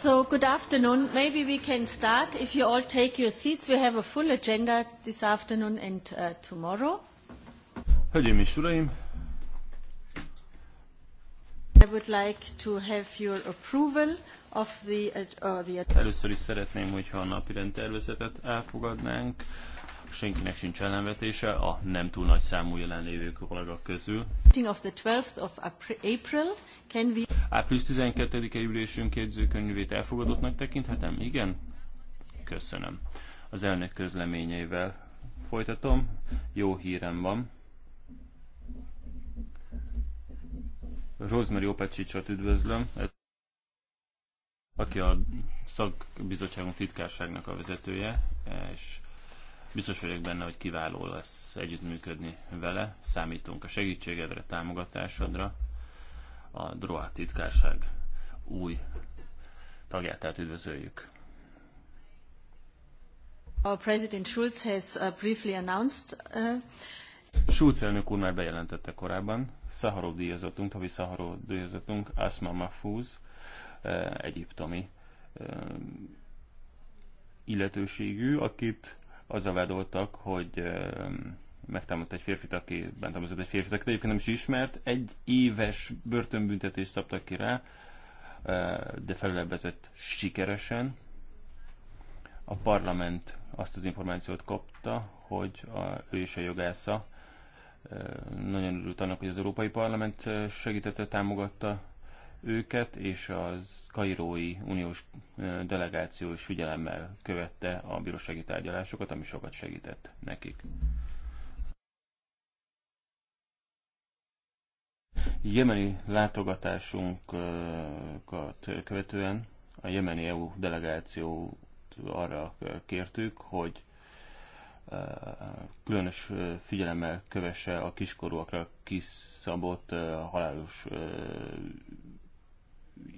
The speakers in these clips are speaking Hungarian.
So, good afternoon. Maybe we can start if you all take your seats. We have a full agenda this afternoon and uh, tomorrow. Hölgyeim és uraim, I would like to have your approval of the, uh, the... Először is szeretném, hogyha a napirend tervezetet elfogadnánk senkinek sincs ellenvetése a nem túl nagy számú jelenlévő kollégák közül. Of the 12th of April, can we... Április 12-e ülésünk jegyzőkönyvét elfogadottnak tekinthetem? Igen? Köszönöm. Az elnök közleményeivel folytatom. Jó hírem van. Rosemary Opecsicsot üdvözlöm, aki a szakbizottságunk titkárságnak a vezetője, és Biztos vagyok benne, hogy kiváló lesz együttműködni vele. Számítunk a segítségedre, támogatásodra. A DROA titkárság új tagját, tehát üdvözöljük. Our President Schulz has uh, briefly announced uh, Schulz elnök úr már bejelentette korábban, Szaharov díjazottunk, további Szaharov díjazottunk, Asma Mahfouz, uh, egyiptomi um, illetőségű, akit azzal vádoltak, hogy megtámadt egy férfit, aki bántalmazott egy férfit, aki egyébként nem is ismert. Egy éves börtönbüntetést szabtak ki rá, de felülebbezett sikeresen. A parlament azt az információt kapta, hogy a, ő is a jogásza. Nagyon örült annak, hogy az Európai Parlament segítette, támogatta őket, és az kairói uniós delegáció is figyelemmel követte a bírósági tárgyalásokat, ami sokat segített nekik. Jemeni látogatásunkat követően a jemeni EU delegációt arra kértük, hogy különös figyelemmel kövesse a kiskorúakra kiszabott halálos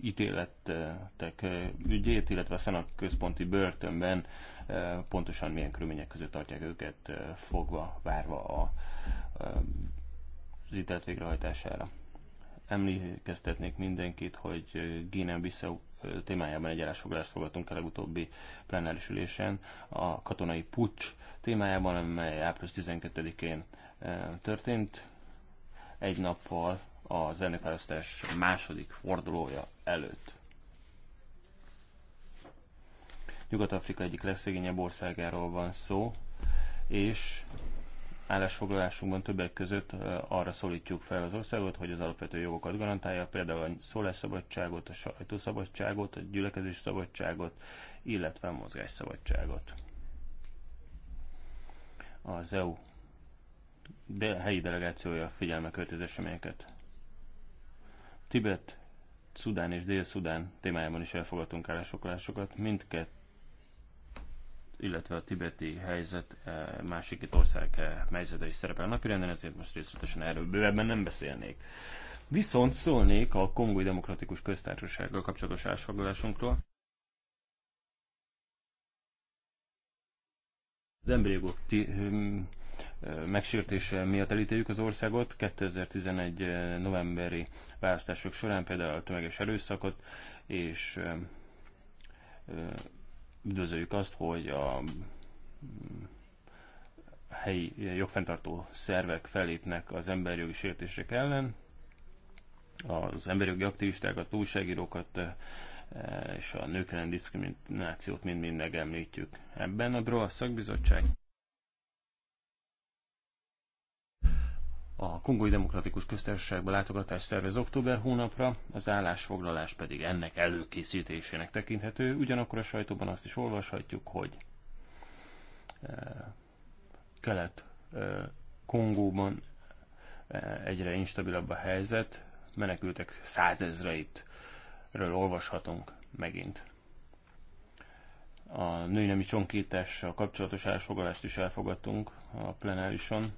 ítéletek eh, ügyét, illetve a Szenak központi börtönben eh, pontosan milyen körülmények között tartják őket eh, fogva, várva a, az ítélet végrehajtására. Emlékeztetnék mindenkit, hogy Génem vissza témájában egy állásfoglalást fogadtunk el a legutóbbi plenáris ülésen a katonai pucs témájában, amely április 12-én történt. Egy nappal az elnökválasztás második fordulója előtt. Nyugat-Afrika egyik legszegényebb országáról van szó, és állásfoglalásunkban többek között arra szólítjuk fel az országot, hogy az alapvető jogokat garantálja, például a szólásszabadságot, a sajtószabadságot, a gyülekezés szabadságot, illetve a mozgásszabadságot. Az EU de helyi delegációja figyelme költ eseményeket. Tibet, Szudán és Dél-Szudán témájában is elfogadtunk állásoklásokat. Mindkett illetve a tibeti helyzet, eh, másik két ország eh, helyzete is szerepel napirenden, ezért most részletesen erről bővebben nem beszélnék. Viszont szólnék a Kongói Demokratikus Köztársasággal kapcsolatos állásfoglalásunkról. Az emberi jogok megsértése miatt elítéljük az országot. 2011. novemberi választások során például a tömeges erőszakot, és üdvözöljük azt, hogy a mm, helyi jogfenntartó szervek felépnek az emberjogi sértések ellen, az emberjogi aktivistákat, újságírókat és a nőkelen diszkriminációt mind-mind megemlítjük. Ebben a DROA szakbizottság a Kongói Demokratikus Köztársaságba látogatást szervez október hónapra, az állásfoglalás pedig ennek előkészítésének tekinthető. Ugyanakkor a sajtóban azt is olvashatjuk, hogy eh, Kelet-Kongóban eh, eh, egyre instabilabb a helyzet, menekültek százezreitről olvashatunk megint. A női nemi csonkítással kapcsolatos elfogalást is elfogadtunk a plenárison,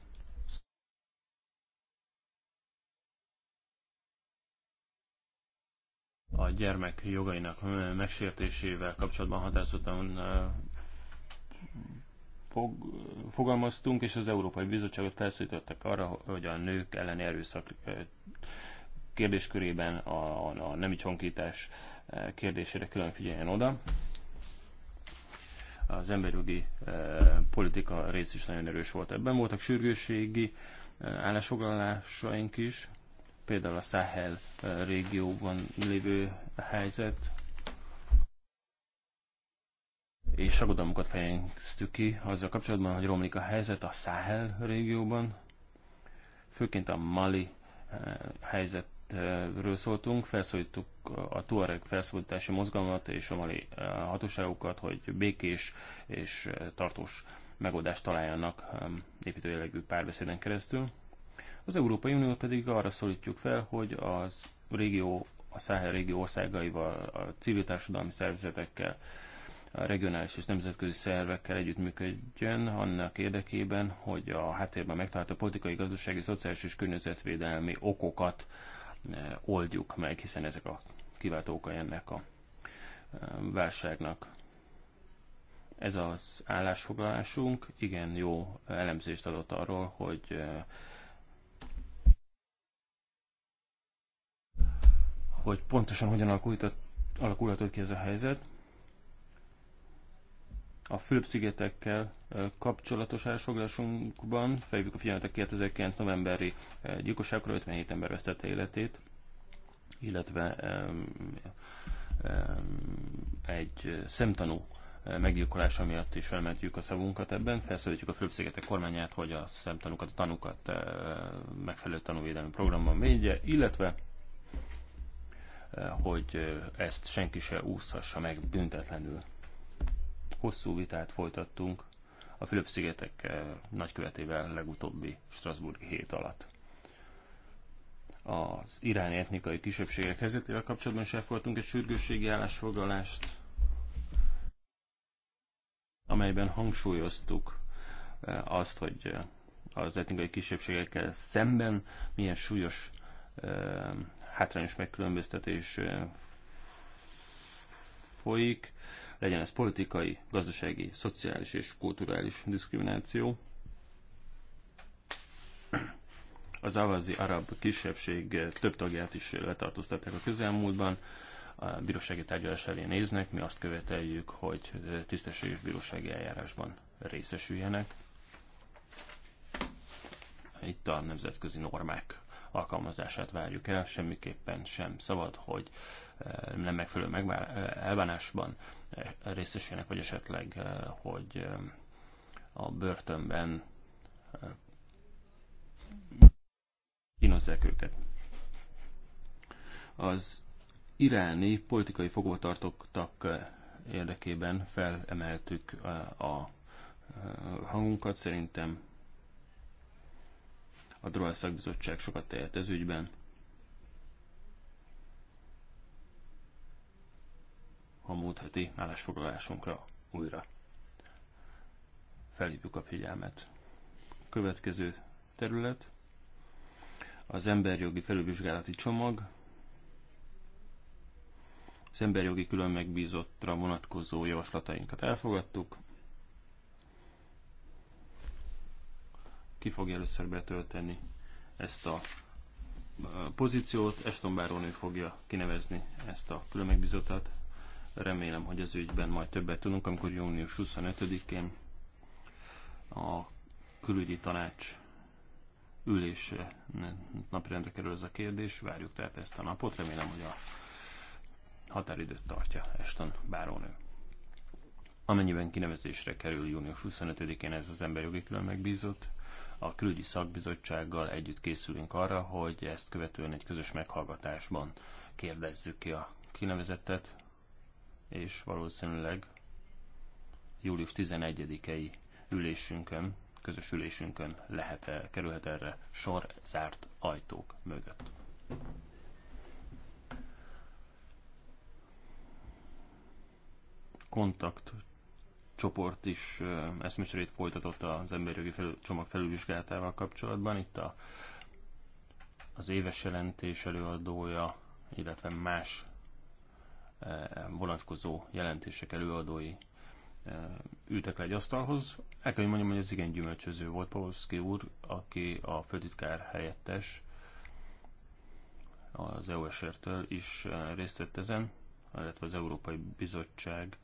a gyermek jogainak megsértésével kapcsolatban határozottan uh, fog, fogalmaztunk, és az Európai Bizottságot felszólítottak arra, hogy a nők elleni erőszak uh, kérdéskörében a, a nemi csonkítás uh, kérdésére külön figyeljen oda. Az emberjogi politika rész is nagyon erős volt ebben. Voltak sürgősségi állásfoglalásaink is, például a Sahel régióban lévő helyzet, és aggodalmukat fejeztük ki azzal kapcsolatban, hogy romlik a helyzet a Sahel régióban, főként a Mali helyzetről szóltunk, felszólítottuk a Tuareg felszólítási mozgalmat és a mali hatóságokat, hogy békés és tartós megoldást találjanak építőjelegű párbeszéden keresztül. Az Európai Uniót pedig arra szólítjuk fel, hogy az régió, a Száhel régió országaival, a civil társadalmi szervezetekkel, a regionális és nemzetközi szervekkel együttműködjön annak érdekében, hogy a háttérben megtalálható politikai, gazdasági, szociális és környezetvédelmi okokat eh, oldjuk meg, hiszen ezek a kiváltó ennek a eh, válságnak. Ez az állásfoglalásunk igen jó elemzést adott arról, hogy eh, hogy pontosan hogyan alakulhatott, ki ez a helyzet. A Fülöp-szigetekkel kapcsolatos elsoglásunkban fejlődik a figyelmet a 2009. novemberi gyilkosságra 57 ember vesztette életét, illetve um, um, egy szemtanú meggyilkolása miatt is felmentjük a szavunkat ebben, felszólítjuk a Fülöp-szigetek kormányát, hogy a szemtanúkat, a tanúkat megfelelő tanúvédelmi programban védje, illetve hogy ezt senki se úszhassa meg büntetlenül. Hosszú vitát folytattunk a Fülöp-szigetek nagykövetével legutóbbi Strasburgi hét alatt. Az iráni etnikai kisebbségek helyzetével kapcsolatban is elfogadtunk egy sürgősségi állásfoglalást, amelyben hangsúlyoztuk azt, hogy az etnikai kisebbségekkel szemben milyen súlyos hátrányos megkülönböztetés folyik, legyen ez politikai, gazdasági, szociális és kulturális diszkrimináció. Az avazi arab kisebbség több tagját is letartóztatták a közelmúltban, a bírósági tárgyalás elé néznek, mi azt követeljük, hogy tisztességes bírósági eljárásban részesüljenek. Itt a nemzetközi normák alkalmazását várjuk el, semmiképpen sem szabad, hogy eh, nem megfelelő megvá- eh, elbánásban eh, vagy esetleg, hogy a börtönben kínozzák őket. Az iráni politikai fogvatartottak érdekében felemeltük a hangunkat, szerintem a Droá Szakbizottság sokat tehet ez ügyben. A múlt heti állásfoglalásunkra újra felhívjuk a figyelmet. Következő terület az emberjogi felülvizsgálati csomag, az emberjogi külön megbízottra vonatkozó javaslatainkat elfogadtuk. ki fogja először betölteni ezt a pozíciót, Eston Báronő fogja kinevezni ezt a különmegbizotat. Remélem, hogy az ügyben majd többet tudunk, amikor június 25-én a külügyi tanács ülése napirendre kerül ez a kérdés. Várjuk tehát ezt a napot. Remélem, hogy a határidőt tartja Eston bárónő. Amennyiben kinevezésre kerül június 25-én ez az emberjogi külön megbízott, a külügyi szakbizottsággal együtt készülünk arra, hogy ezt követően egy közös meghallgatásban kérdezzük ki a kinevezettet, és valószínűleg július 11-i ülésünkön, közös ülésünkön lehet el, kerülhet erre sor zárt ajtók mögött. Kontakt csoport is eszmecserét folytatott az jogi felül, csomag felülvizsgálatával kapcsolatban. Itt a, az éves jelentés előadója, illetve más vonatkozó jelentések előadói ültek le egy asztalhoz. El kell, hogy mondjam, hogy ez igen gyümölcsöző volt Pavlovszki úr, aki a főtitkár helyettes az EU-esértől is részt vett ezen, illetve az Európai Bizottság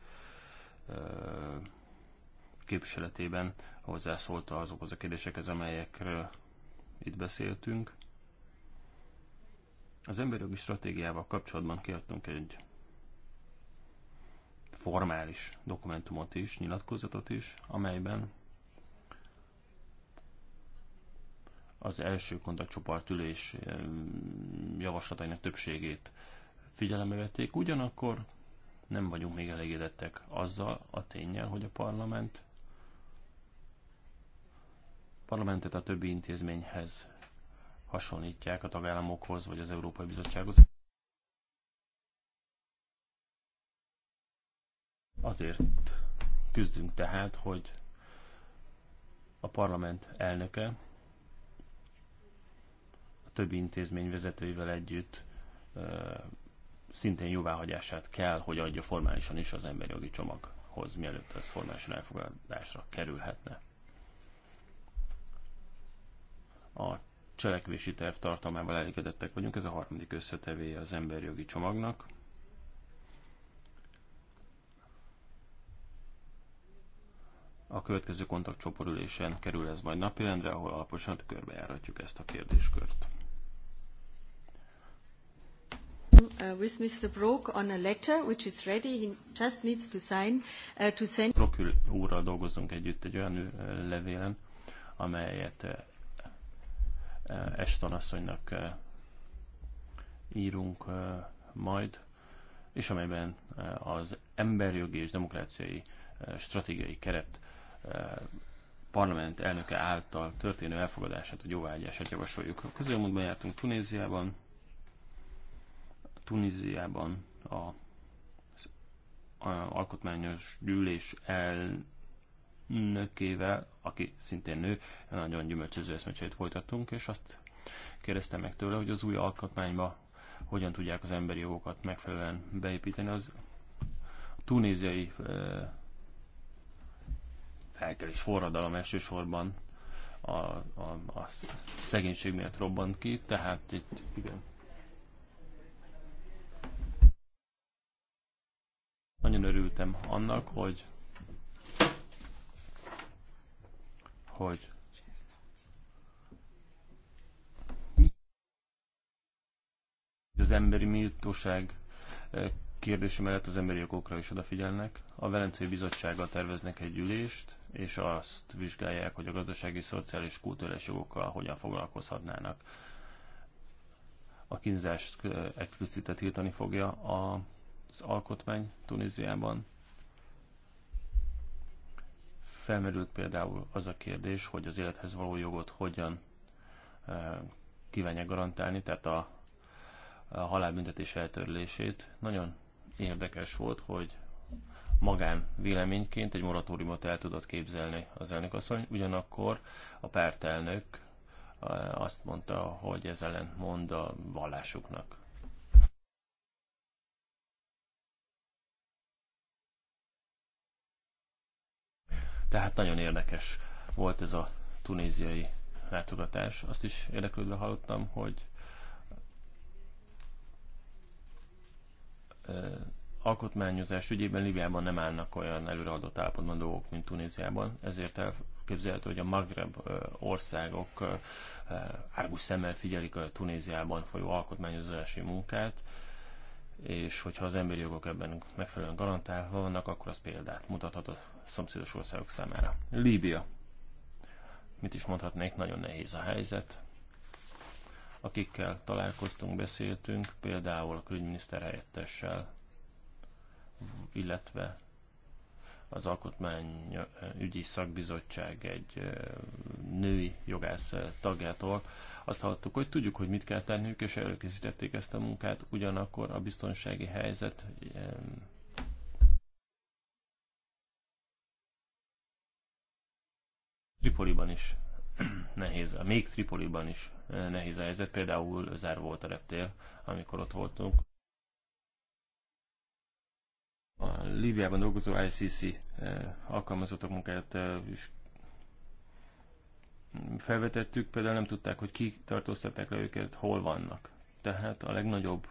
képviseletében hozzászólt azokhoz a kérdésekhez, amelyekről itt beszéltünk. Az emberjogi stratégiával kapcsolatban kiadtunk egy formális dokumentumot is, nyilatkozatot is, amelyben az első kontaktcsoport ülés javaslatainak többségét figyelembe vették. Ugyanakkor nem vagyunk még elégedettek azzal a tényel, hogy a parlament parlamentet a többi intézményhez hasonlítják, a tagállamokhoz vagy az Európai Bizottsághoz. Azért küzdünk tehát, hogy a parlament elnöke a többi intézmény vezetőivel együtt szintén jóváhagyását kell, hogy adja formálisan is az emberi jogi csomaghoz, mielőtt ez formálisan elfogadásra kerülhetne. A cselekvési terv tartalmával elégedettek vagyunk, ez a harmadik összetevéje az emberi jogi csomagnak. A következő ülésen kerül ez majd napirendre, ahol alaposan körbejáratjuk ezt a kérdéskört. Uh, with Mr. Brok on a letter which is ready. He just needs to sign uh, to send. Brok úrral dolgozunk együtt egy olyan uh, levélen, amelyet uh, uh, Eston asszonynak uh, írunk uh, majd, és amelyben uh, az emberjogi és demokráciai uh, stratégiai keret uh, parlament elnöke által történő elfogadását, a jóvágyását javasoljuk. Közelmúltban jártunk Tunéziában, Tuníziában a, alkotmányos gyűlés elnökével, aki szintén nő, nagyon gyümölcsöző eszmecsét folytattunk, és azt kérdeztem meg tőle, hogy az új alkotmányba hogyan tudják az emberi jogokat megfelelően beépíteni. Az tunéziai felkelés forradalom elsősorban a, a, a szegénység miatt robbant ki, tehát itt igen, Nagyon örültem annak, hogy hogy az emberi méltóság eh, kérdése mellett az emberi jogokra is odafigyelnek. A Velencei Bizottsággal terveznek egy ülést, és azt vizsgálják, hogy a gazdasági, szociális, kulturális jogokkal hogyan foglalkozhatnának. A kínzást eh, explicitet tiltani fogja a az alkotmány Tunéziában. Felmerült például az a kérdés, hogy az élethez való jogot hogyan eh, kívánja garantálni, tehát a, a halálbüntetés eltörlését. Nagyon érdekes volt, hogy magán véleményként egy moratóriumot el tudott képzelni az elnökasszony, ugyanakkor a pártelnök eh, azt mondta, hogy ez ellen mond a vallásuknak. Tehát nagyon érdekes volt ez a tunéziai látogatás. Azt is érdeklődve hallottam, hogy alkotmányozás ügyében Libiában nem állnak olyan előreadott állapotban dolgok, mint Tunéziában, ezért elképzelhető, hogy a Magreb országok árgus szemmel figyelik a Tunéziában folyó alkotmányozási munkát, és hogyha az emberi jogok ebben megfelelően garantálva vannak, akkor az példát mutathat a szomszédos országok számára. Líbia. Mit is mondhatnék, nagyon nehéz a helyzet. Akikkel találkoztunk, beszéltünk, például a külügyminiszter helyettessel, illetve az Alkotmányügyi Szakbizottság egy női jogász tagjától. Azt hallottuk, hogy tudjuk, hogy mit kell tenniük, és előkészítették ezt a munkát, ugyanakkor a biztonsági helyzet Tripoliban is nehéz, még Tripoliban is nehéz a helyzet, például zár volt a reptér, amikor ott voltunk a Líbiában dolgozó ICC eh, alkalmazottak munkáját eh, is felvetettük, például nem tudták, hogy ki tartóztatták le őket, hol vannak. Tehát a legnagyobb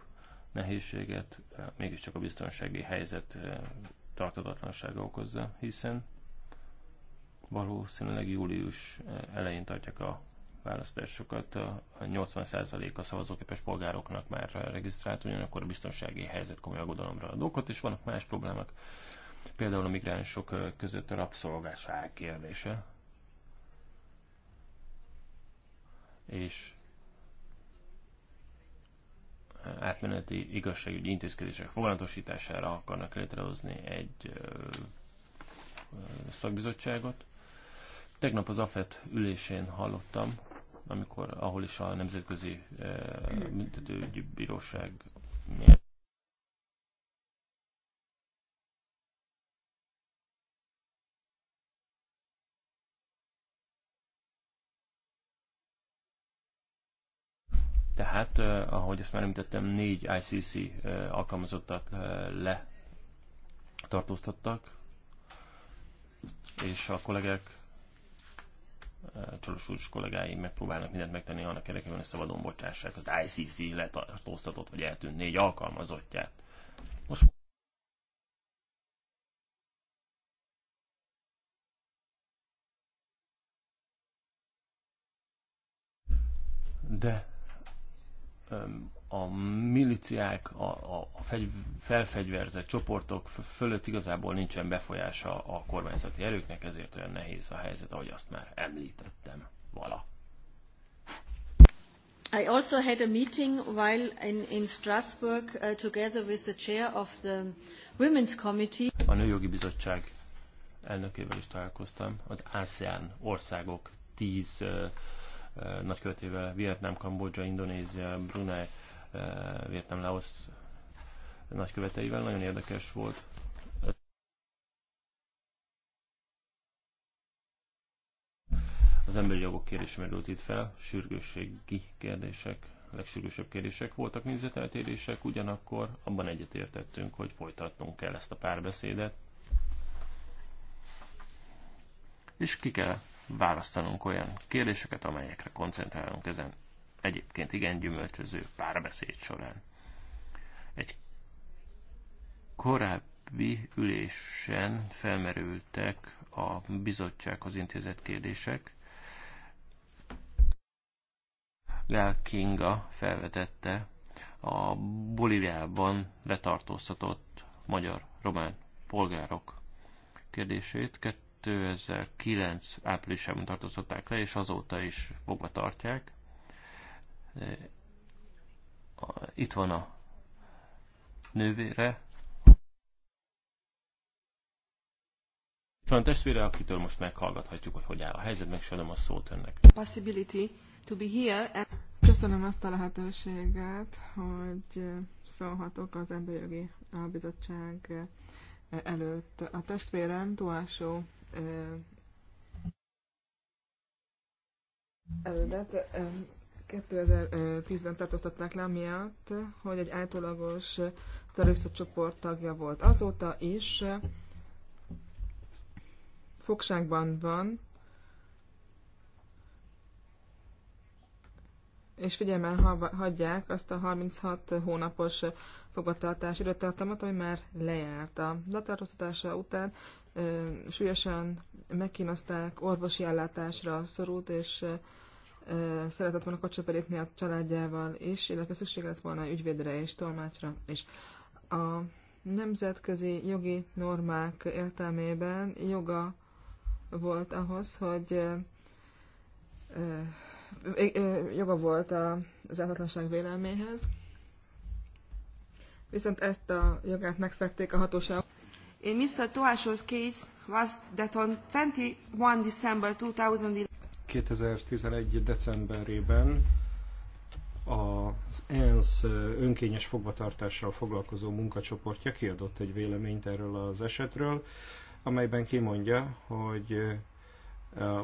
nehézséget eh, mégiscsak a biztonsági helyzet tartatatlansága okozza, hiszen valószínűleg július elején tartják a választásokat, a 80% a szavazóképes polgároknak már regisztrált, ugyanakkor a biztonsági helyzet komoly aggodalomra ad okot, és vannak más problémák, például a migránsok között a rabszolgaság kérdése. És átmeneti igazságügyi intézkedések foglalatosítására akarnak létrehozni egy szakbizottságot. Tegnap az AFET ülésén hallottam, amikor, ahol is a Nemzetközi eh, Büntetőügyi Bíróság Tehát, eh, ahogy ezt már említettem, négy ICC eh, alkalmazottat eh, le és a kollégák Csoros úr megpróbálnak mindent megtenni annak érdekében, hogy szabadon bocsássák az ICC letartóztatott vagy eltűnt négy alkalmazottját. Most de a miliciák, a, a, a fegy, felfegyverzett csoportok fölött igazából nincsen befolyása a kormányzati erőknek, ezért olyan nehéz a helyzet, ahogy azt már említettem vala. I also had a meeting while in, in Strasbourg uh, together with the chair of the Women's Committee. A Nőjogi Bizottság elnökével is találkoztam, az ASEAN országok tíz uh, uh, nagykövetével, Vietnám, Kambodzsa, Indonézia, Brunei, Eh, Vietnam Laos nagyköveteivel. Nagyon érdekes volt. Az emberi jogok kérdése merült itt fel, sürgősségi kérdések, legsürgősebb kérdések voltak, nézeteltérések, ugyanakkor abban egyetértettünk, hogy folytatnunk kell ezt a párbeszédet, és ki kell választanunk olyan kérdéseket, amelyekre koncentrálunk ezen egyébként igen gyümölcsöző párbeszéd során. Egy korábbi ülésen felmerültek a bizottsághoz intézett kérdések. Gál Kinga felvetette a Bolíviában letartóztatott magyar-román polgárok kérdését. 2009 áprilisában tartóztatták le, és azóta is fogva tartják. Itt van a nővére. Itt van a testvére, akitől most meghallgathatjuk, hogy hogy áll a helyzet, meg a szót önnek. Possibility to be here Köszönöm azt a lehetőséget, hogy eh, szólhatok az Emberi Jogi Bizottság eh, előtt. A testvérem Tuásó eh, elődet 2010-ben tartóztatták le miatt, hogy egy általagos terrorista csoport tagja volt. Azóta is fogságban van, és figyelmen hagyják azt a 36 hónapos fogadtartási időtartamot, ami már lejárt. A letartóztatása után ö, súlyosan megkínozták, orvosi ellátásra szorult, és ö, szeretett volna kapcsolatba a családjával is, illetve szükség lett volna ügyvédre és tolmácsra is. A nemzetközi jogi normák értelmében joga volt ahhoz, hogy joga volt az áltatlanság véleméhez, viszont ezt a jogát megszerték a hatóságok. In Mr. Tuaso's case was that on 21 December 2011 2011. decemberében az ENSZ önkényes fogvatartással foglalkozó munkacsoportja kiadott egy véleményt erről az esetről, amelyben kimondja, hogy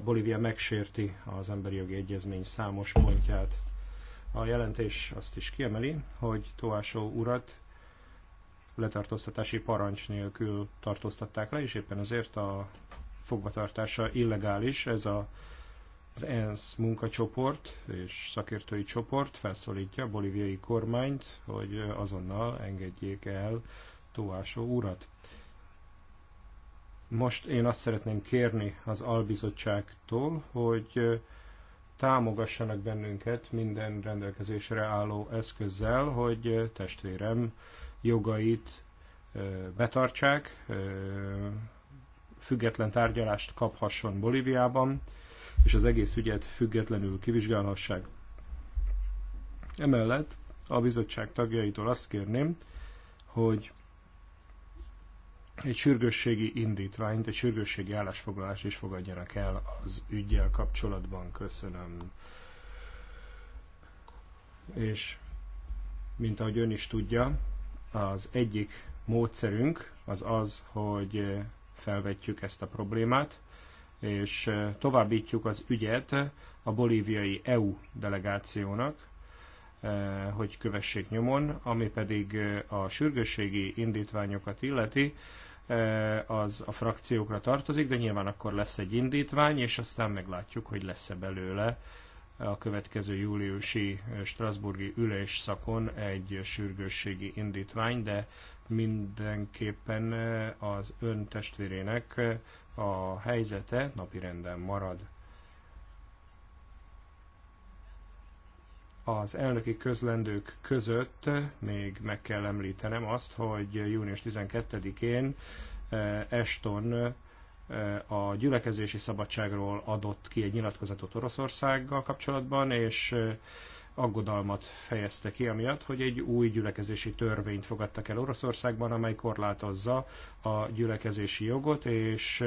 Bolívia megsérti az emberi jogi egyezmény számos pontját. A jelentés azt is kiemeli, hogy Toásó urat letartóztatási parancs nélkül tartóztatták le, és éppen ezért a fogvatartása illegális. Ez a az ENSZ munkacsoport és szakértői csoport felszólítja a bolíviai kormányt, hogy azonnal engedjék el Tóásó urat. Most én azt szeretném kérni az albizottságtól, hogy támogassanak bennünket minden rendelkezésre álló eszközzel, hogy testvérem jogait betartsák, független tárgyalást kaphasson Bolíviában, és az egész ügyet függetlenül kivizsgálhassák. Emellett a bizottság tagjaitól azt kérném, hogy egy sürgősségi indítványt, egy sürgősségi állásfoglalást is fogadjanak el az ügyjel kapcsolatban. Köszönöm. És mint ahogy ön is tudja, az egyik módszerünk az az, hogy felvetjük ezt a problémát, és továbbítjuk az ügyet a bolíviai EU delegációnak, hogy kövessék nyomon, ami pedig a sürgősségi indítványokat illeti, az a frakciókra tartozik, de nyilván akkor lesz egy indítvány, és aztán meglátjuk, hogy lesz-e belőle a következő júliusi Strasburgi ülésszakon egy sürgősségi indítvány, de mindenképpen az ön testvérének a helyzete napirenden marad. Az elnöki közlendők között még meg kell említenem azt, hogy június 12-én eh, Eston eh, a gyülekezési szabadságról adott ki egy nyilatkozatot Oroszországgal kapcsolatban, és eh, aggodalmat fejezte ki, amiatt, hogy egy új gyülekezési törvényt fogadtak el Oroszországban, amely korlátozza a gyülekezési jogot, és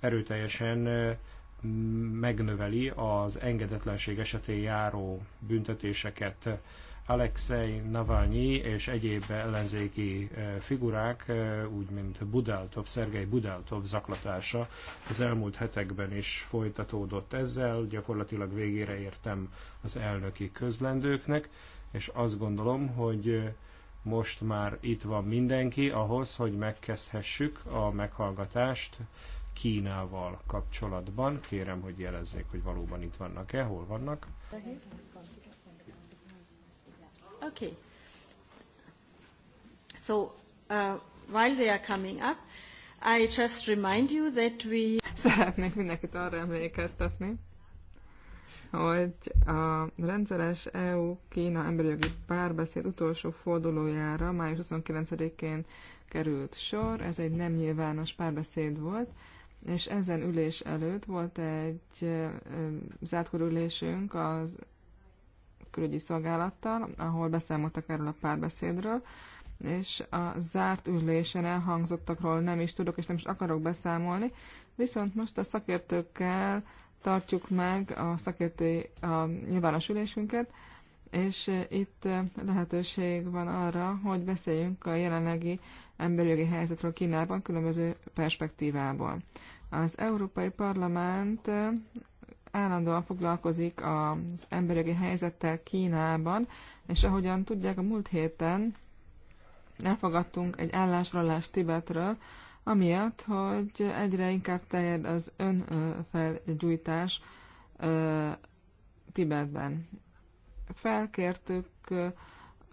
erőteljesen megnöveli az engedetlenség esetén járó büntetéseket. Alexei Navalnyi és egyéb ellenzéki eh, figurák, eh, úgy mint Budáltov, Szergei Budáltov zaklatása az elmúlt hetekben is folytatódott ezzel, gyakorlatilag végére értem az elnöki közlendőknek, és azt gondolom, hogy eh, most már itt van mindenki ahhoz, hogy megkezdhessük a meghallgatást Kínával kapcsolatban. Kérem, hogy jelezzék, hogy valóban itt vannak-e, hol vannak. Okay. So, uh, while they are coming up, I just remind you that we... Szeretnék mindenkit arra emlékeztetni, hogy a rendszeres EU-Kína emberjogi párbeszéd utolsó fordulójára május 29-én került sor. Ez egy nem nyilvános párbeszéd volt, és ezen ülés előtt volt egy ülésünk az külügyi szolgálattal, ahol beszámoltak erről a párbeszédről, és a zárt ülésen elhangzottakról nem is tudok és nem is akarok beszámolni, viszont most a szakértőkkel tartjuk meg a szakértői a nyilvános ülésünket, és itt lehetőség van arra, hogy beszéljünk a jelenlegi emberjogi helyzetről Kínában különböző perspektívából. Az Európai Parlament állandóan foglalkozik az emberi helyzettel Kínában, és ahogyan tudják, a múlt héten elfogadtunk egy állásrólást Tibetről, amiatt, hogy egyre inkább terjed az önfelgyújtás Tibetben. Felkértük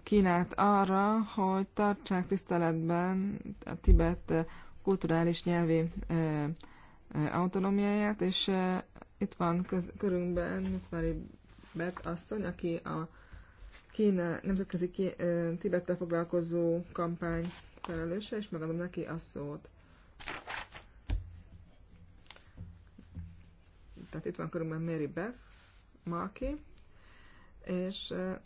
Kínát arra, hogy tartsák tiszteletben a Tibet kulturális nyelvi autonómiáját, és itt van köz, körünkben Mary Bet asszony, aki a Kína, nemzetközi Tibettel foglalkozó kampány felelőse, és megadom neki a szót. Tehát itt van körülbelül Mary Beth Marki, és eh,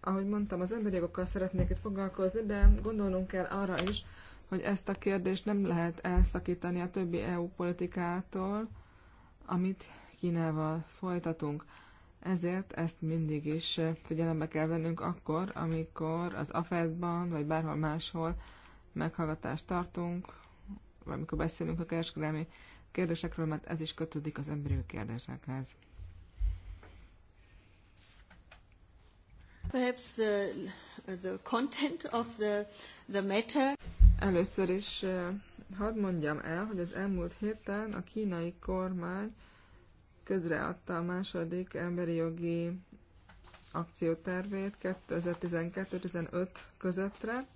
ahogy mondtam, az emberi jogokkal szeretnék itt foglalkozni, de gondolnunk kell arra is, hogy ezt a kérdést nem lehet elszakítani a többi EU politikától, amit Kínával folytatunk. Ezért ezt mindig is figyelembe kell vennünk akkor, amikor az AFED-ban vagy bárhol máshol meghallgatást tartunk, vagy amikor beszélünk a kereskedelmi kérdésekről, mert ez is kötődik az emberi kérdésekhez. Perhaps the, the content of the, the matter. Először is Hadd mondjam el, hogy az elmúlt héten a kínai kormány közreadta a második emberi jogi akciótervét 2012-15 közöttre,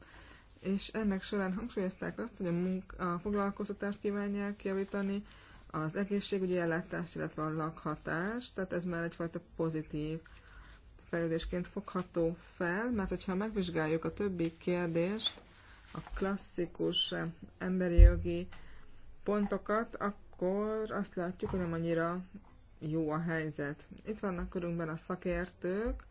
és ennek során hangsúlyozták azt, hogy a, munka a foglalkoztatást kívánják javítani, az egészségügyi ellátást, illetve a lakhatást, tehát ez már egyfajta pozitív fejlődésként fogható fel, mert hogyha megvizsgáljuk a többi kérdést, a klasszikus emberi jogi pontokat, akkor azt látjuk, hogy nem annyira jó a helyzet. Itt vannak körünkben a szakértők,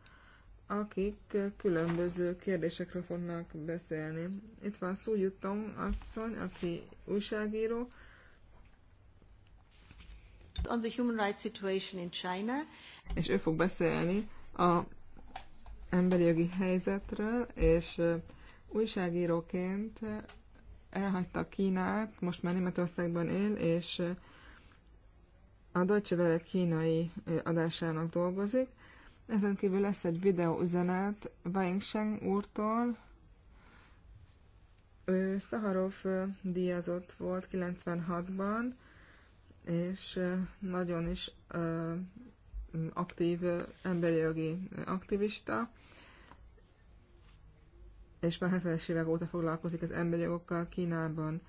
akik különböző kérdésekről fognak beszélni. Itt van Szúgyutom asszony, aki újságíró. On the human rights situation in China. És ő fog beszélni a emberi jogi helyzetről, és újságíróként elhagyta Kínát, most már Németországban él, és a Deutsche Welle kínai adásának dolgozik. Ezen kívül lesz egy videóüzenet Wangsheng úrtól. Ő Szaharov díjazott volt 96-ban, és nagyon is aktív emberi jogi aktivista és már 70-es évek óta foglalkozik az emberi jogokkal Kínában.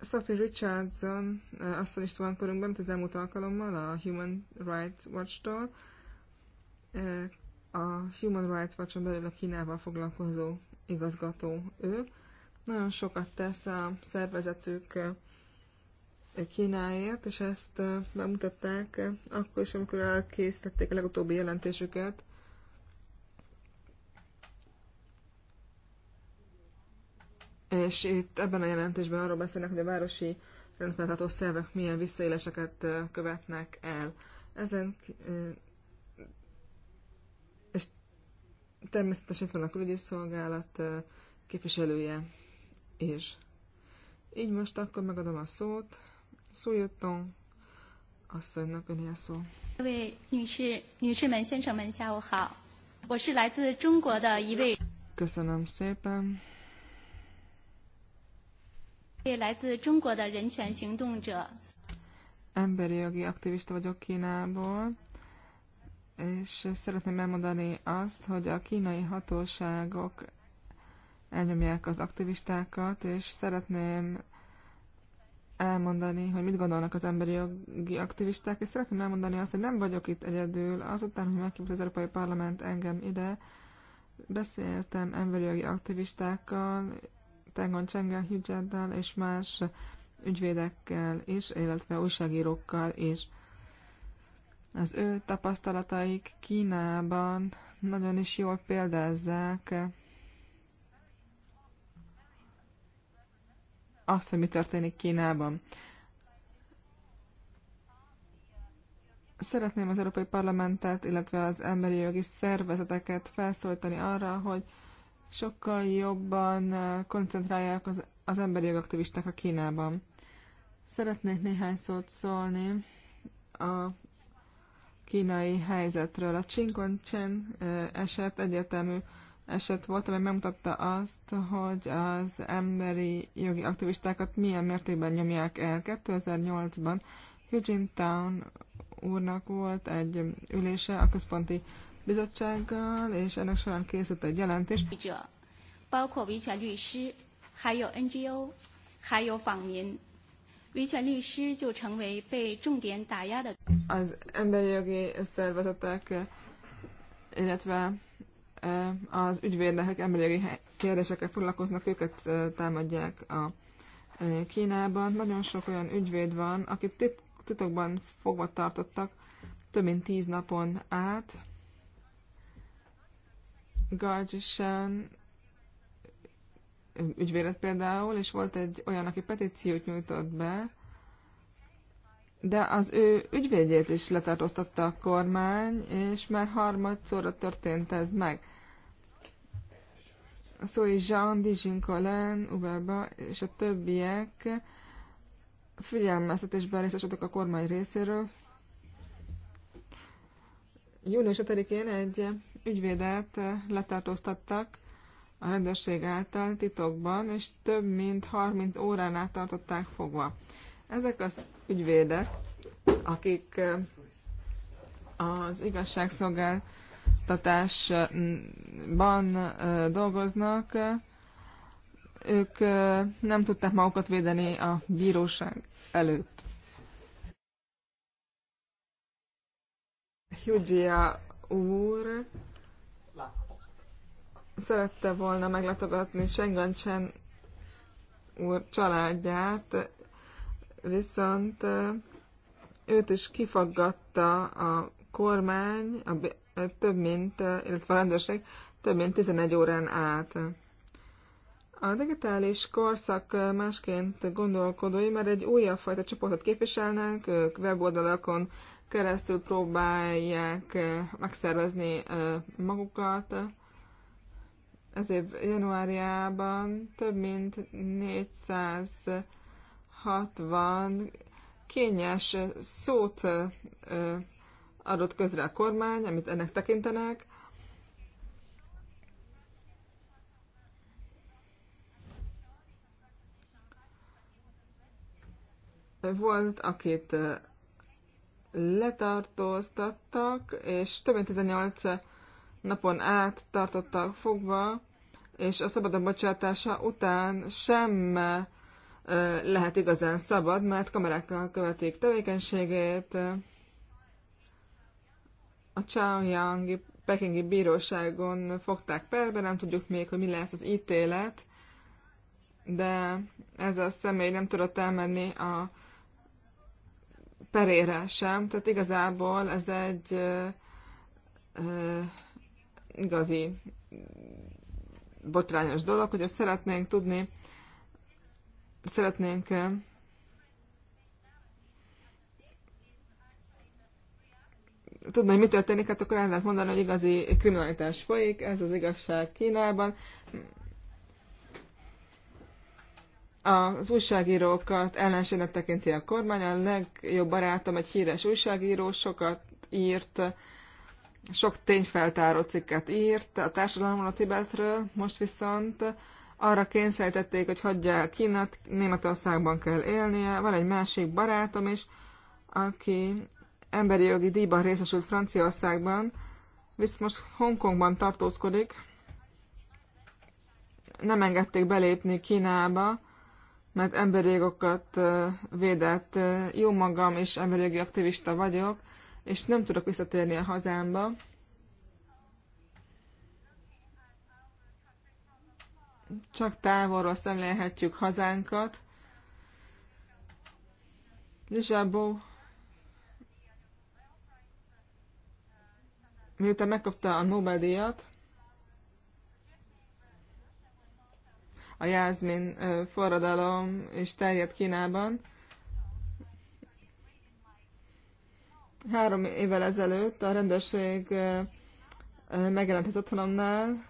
Sophie Richardson eh, asszony is van körünkben, mint az elmúlt alkalommal a Human Rights Watch-tól. Eh, a Human Rights Watch-on belül a Kínával foglalkozó igazgató ő. Nagyon sokat tesz a szervezetük eh, Kínáért, és ezt bemutatták akkor is, amikor elkészítették a legutóbbi jelentésüket És itt ebben a jelentésben arról beszélnek, hogy a városi rendfenntartó szervek milyen visszaéléseket követnek el. Ezen és természetesen itt van a külügyi szolgálat képviselője és Így most akkor megadom a szót. Szújjötton asszonynak a szó. Köszönöm szépen. Emberi jogi aktivista vagyok Kínából, és szeretném elmondani azt, hogy a kínai hatóságok elnyomják az aktivistákat, és szeretném elmondani, hogy mit gondolnak az emberi jogi aktivisták, és szeretném elmondani azt, hogy nem vagyok itt egyedül. Azután, hogy megkívott az Európai Parlament engem ide, beszéltem emberi jogi aktivistákkal, Magyarországon Csengel, Hugheddel és más ügyvédekkel is, illetve újságírókkal is. Az ő tapasztalataik Kínában nagyon is jól példázzák azt, hogy mi történik Kínában. Szeretném az Európai Parlamentet, illetve az emberi jogi szervezeteket felszólítani arra, hogy sokkal jobban eh, koncentrálják az, az emberi jogaktivisták a Kínában. Szeretnék néhány szót szólni a kínai helyzetről. A Csinkon Chen eh, eset egyértelmű eset volt, amely megmutatta azt, hogy az emberi jogi aktivistákat milyen mértékben nyomják el. 2008-ban Eugene Town úrnak volt egy ülése a központi bizottsággal, és ennek során készült egy jelentés. Az emberi jogi szervezetek, illetve e, az ügyvédnek emberi jogi kérdésekkel foglalkoznak, őket e, támadják a e, Kínában. Nagyon sok olyan ügyvéd van, akit titokban fogva tartottak több mint tíz napon át, Galcsisán ügyvédet például, és volt egy olyan, aki petíciót nyújtott be, de az ő ügyvédjét is letartóztatta a kormány, és már harmadszorra történt ez meg. Szóval Jean Dijin Colin, Uweba és a többiek figyelmeztetésben részesültek a kormány részéről. Június 5-én egy ügyvédet letartóztattak a rendőrség által titokban, és több mint 30 órán át tartották fogva. Ezek az ügyvédek, akik az igazságszolgáltatásban dolgoznak, ők nem tudták magukat védeni a bíróság előtt. Hugia úr szerette volna meglátogatni Schengen úr családját, viszont őt is kifaggatta a kormány, a, több mint, illetve a rendőrség több mint 11 órán át. A digitális korszak másként gondolkodói, mert egy újabb fajta csoportot képviselnek, ők weboldalakon keresztül próbálják megszervezni magukat, az év januárjában több mint 460 kényes szót adott közre a kormány, amit ennek tekintenek. Volt, akit letartóztattak, és több mint 18 napon át tartottak fogva, és a szabadon bocsátása után sem lehet igazán szabad, mert kamerákkal követik tevékenységét. A Chaoyangi pekingi bíróságon fogták perbe, nem tudjuk még, hogy mi lesz az ítélet, de ez a személy nem tudott elmenni a perére sem, tehát igazából ez egy ö, ö, igazi botrányos dolog, hogy ezt szeretnénk tudni, szeretnénk eh, tudni, hogy mi történik, hát akkor el lehet mondani, hogy igazi kriminalitás folyik, ez az igazság Kínában. Az újságírókat ellenségnek tekinti a kormány, a legjobb barátom egy híres újságíró, sokat írt sok tényfeltáró cikket írt a társadalomról, a Tibetről, most viszont arra kényszerítették, hogy hagyja el Kínát, Németországban kell élnie. Van egy másik barátom is, aki emberi jogi díjban részesült Franciaországban, viszont most Hongkongban tartózkodik. Nem engedték belépni Kínába, mert emberi jogokat védett. Jó magam is emberi jogi aktivista vagyok, és nem tudok visszatérni a hazámba. Csak távolról szemlélhetjük hazánkat. Zsabó miután megkapta a Nobel-díjat, a Jászmin forradalom és terjedt Kínában, Három évvel ezelőtt a rendőrség eh, megjelent az otthonomnál,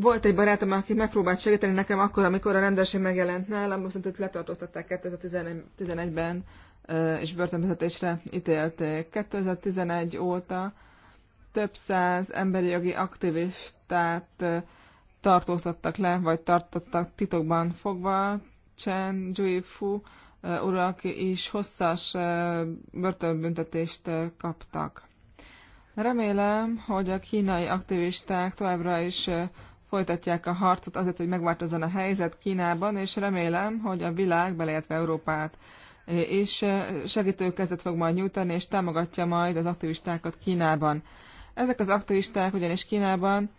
Volt egy barátom, aki megpróbált segíteni nekem akkor, amikor a rendőrség megjelent nálam, viszont őt letartóztatták 2011-ben, és börtönbüntetésre ítélték. 2011 óta több száz emberi jogi aktivistát tartóztattak le, vagy tartottak titokban fogva. Chen Juifu aki is hosszas börtönbüntetést kaptak. Remélem, hogy a kínai aktivisták továbbra is folytatják a harcot azért, hogy megváltozzon a helyzet Kínában, és remélem, hogy a világ, beleértve Európát, és eh, segítőkezet fog majd nyújtani, és támogatja majd az aktivistákat Kínában. Ezek az aktivisták ugyanis Kínában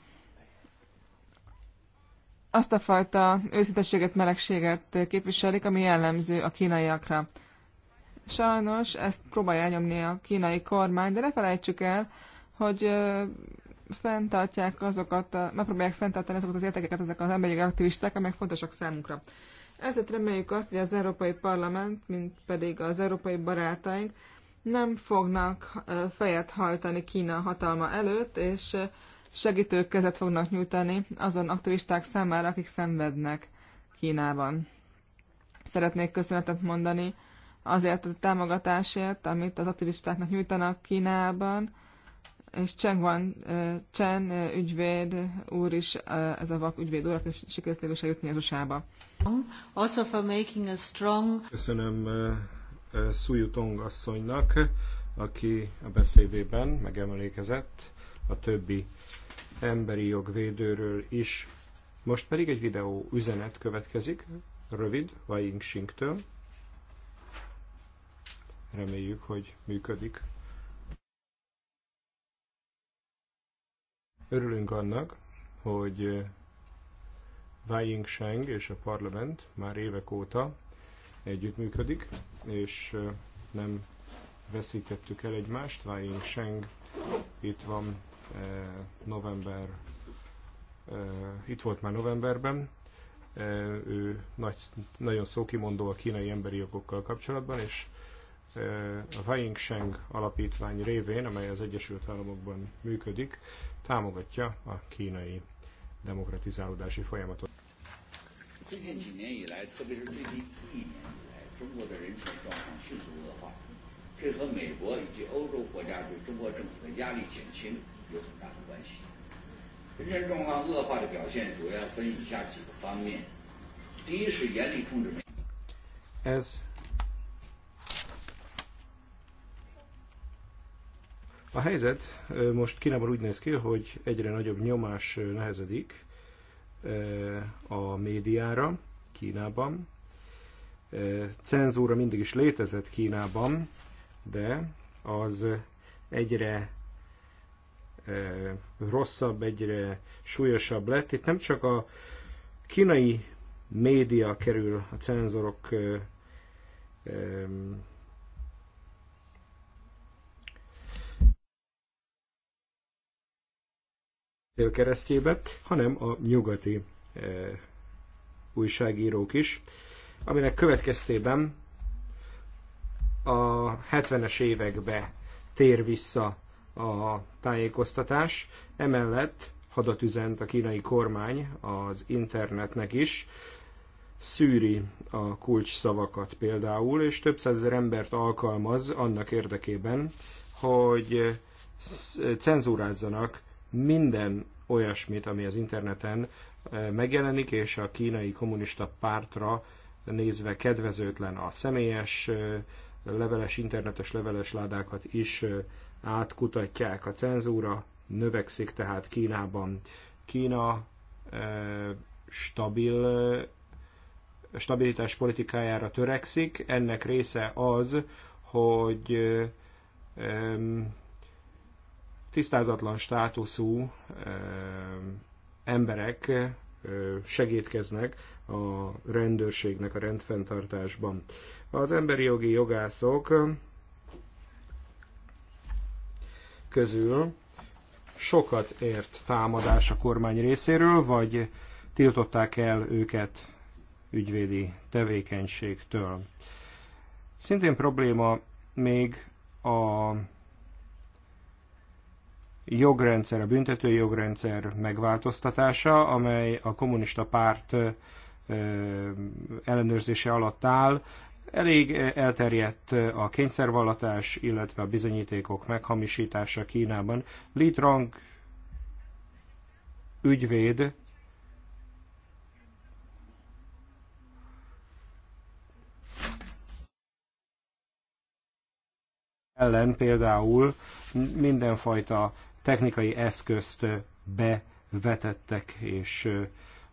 azt a fajta őszintességet, melegséget képviselik, ami jellemző a kínaiakra. Sajnos ezt próbálja nyomni a kínai kormány, de ne felejtsük el, hogy eh, fenntartják azokat, a, megpróbálják fenntartani azokat az értékeket, ezek az emberi aktivisták, amelyek fontosak számunkra. Ezért reméljük azt, hogy az Európai Parlament, mint pedig az európai barátaink nem fognak fejet hajtani Kína hatalma előtt, és segítő kezet fognak nyújtani azon aktivisták számára, akik szenvednek Kínában. Szeretnék köszönetet mondani azért a támogatásért, amit az aktivistáknak nyújtanak Kínában, és Cheng van, Chen ügyvéd úr is, ez a vak ügyvéd úr, aki sikerült végül jutni az usa Also for making a strong... Köszönöm uh, Suyu Tong asszonynak, aki a beszédében megemlékezett a többi emberi jogvédőről is. Most pedig egy videó üzenet következik, rövid, Wai Ying Reméljük, hogy működik. Örülünk annak, hogy eh, Wai Ying-sheng és a parlament már évek óta együttműködik, és eh, nem veszítettük el egymást. Wai Ying-sheng itt van eh, november, itt volt már novemberben, ő nagy, nagyon szókimondó a kínai emberi jogokkal kapcsolatban, és a Vaingseng alapítvány révén, amely az Egyesült Államokban működik, támogatja a kínai demokratizálódási folyamatot. Ez A helyzet most Kínában úgy néz ki, hogy egyre nagyobb nyomás nehezedik a médiára Kínában. Cenzúra mindig is létezett Kínában, de az egyre rosszabb, egyre súlyosabb lett. Itt nem csak a kínai média kerül a cenzorok keresztjébe, hanem a nyugati eh, újságírók is, aminek következtében a 70-es évekbe tér vissza a tájékoztatás, emellett hadat üzent a kínai kormány az internetnek is, szűri a kulcs szavakat például, és több százezer embert alkalmaz annak érdekében, hogy cenzúrázzanak minden olyasmit, ami az interneten eh, megjelenik, és a kínai kommunista pártra nézve kedvezőtlen a személyes eh, leveles, internetes leveles ládákat is eh, átkutatják. A cenzúra növekszik tehát Kínában. Kína stabil stabilitás politikájára törekszik. Ennek része az, hogy tisztázatlan státuszú emberek segítkeznek a rendőrségnek a rendfenntartásban. Az emberi jogi jogászok közül sokat ért támadás a kormány részéről, vagy tiltották el őket ügyvédi tevékenységtől. Szintén probléma még a jogrendszer, a büntető jogrendszer megváltoztatása, amely a kommunista párt ellenőrzése alatt áll. Elég elterjedt a kényszervallatás, illetve a bizonyítékok meghamisítása Kínában. Li Trang ügyvéd ellen például mindenfajta technikai eszközt bevetettek, és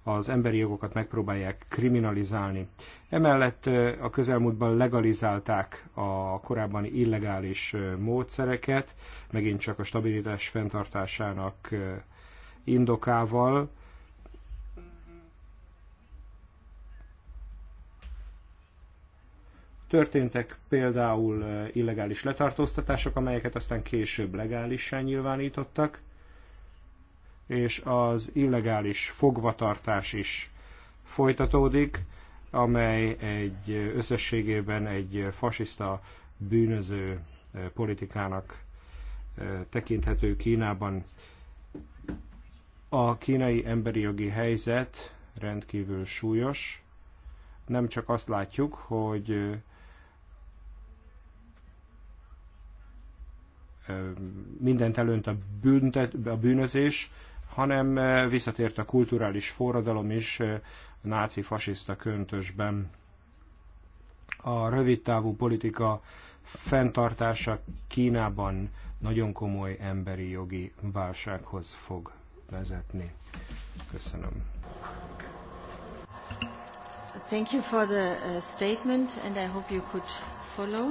az emberi jogokat megpróbálják kriminalizálni. Emellett a közelmúltban legalizálták a korábban illegális módszereket, megint csak a stabilitás fenntartásának indokával, Történtek például illegális letartóztatások, amelyeket aztán később legálisan nyilvánítottak, és az illegális fogvatartás is folytatódik, amely egy összességében egy fasiszta bűnöző politikának tekinthető Kínában. A kínai emberi jogi helyzet rendkívül súlyos. Nem csak azt látjuk, hogy mindent elönt a, büntet, a bűnözés, hanem visszatért a kulturális forradalom is náci fasiszta köntösben. A rövidtávú politika fenntartása Kínában nagyon komoly emberi jogi válsághoz fog vezetni. Köszönöm. Thank you for the uh, statement and I hope you could follow.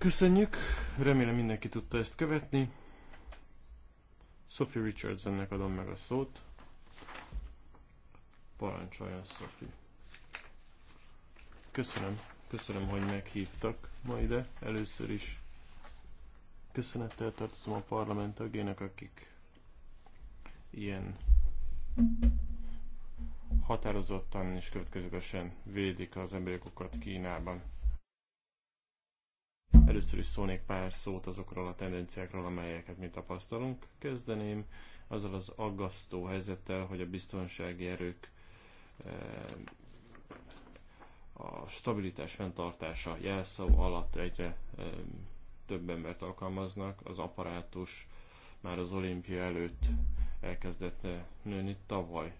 Köszönjük, remélem mindenki tudta ezt követni. Sophie richards ennek adom meg a szót. Parancsoljon, Sophie. Köszönöm, köszönöm, hogy meghívtak ma ide. Először is köszönettel tartozom a parlament tagjének, akik ilyen határozottan és következetesen védik az emberi Kínában. Először is szólnék pár szót azokról a tendenciákról, amelyeket mi tapasztalunk. Kezdeném azzal az aggasztó helyzettel, hogy a biztonsági erők eh, a stabilitás fenntartása jelszó alatt egyre eh, több embert alkalmaznak. Az apparátus már az olimpia előtt elkezdett eh, nőni. Tavaly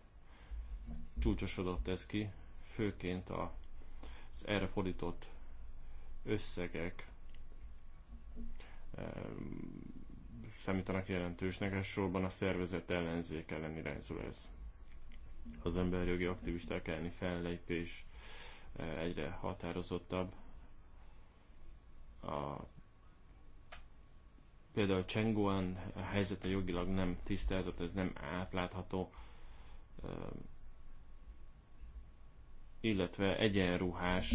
csúcsosodott ez ki, főként az erre fordított összegek számítanak jelentősnek, elsősorban a szervezet ellenzék ellen irányzó ez. Az emberjogi aktivisták elleni fellépés eh, egyre határozottabb. A, például a helyzete jogilag nem tisztázott, ez nem átlátható, eh, illetve egyenruhás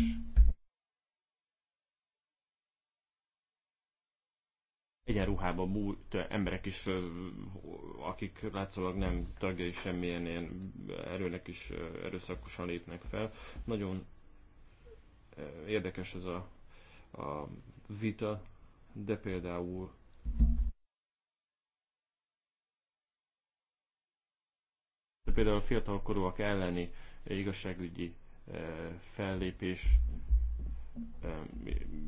egyenruhában múlt emberek is, akik látszólag nem tagjai semmilyen ilyen erőnek is erőszakosan lépnek fel. Nagyon érdekes ez a, a vita, de például de például a fiatalkorúak elleni igazságügyi fellépés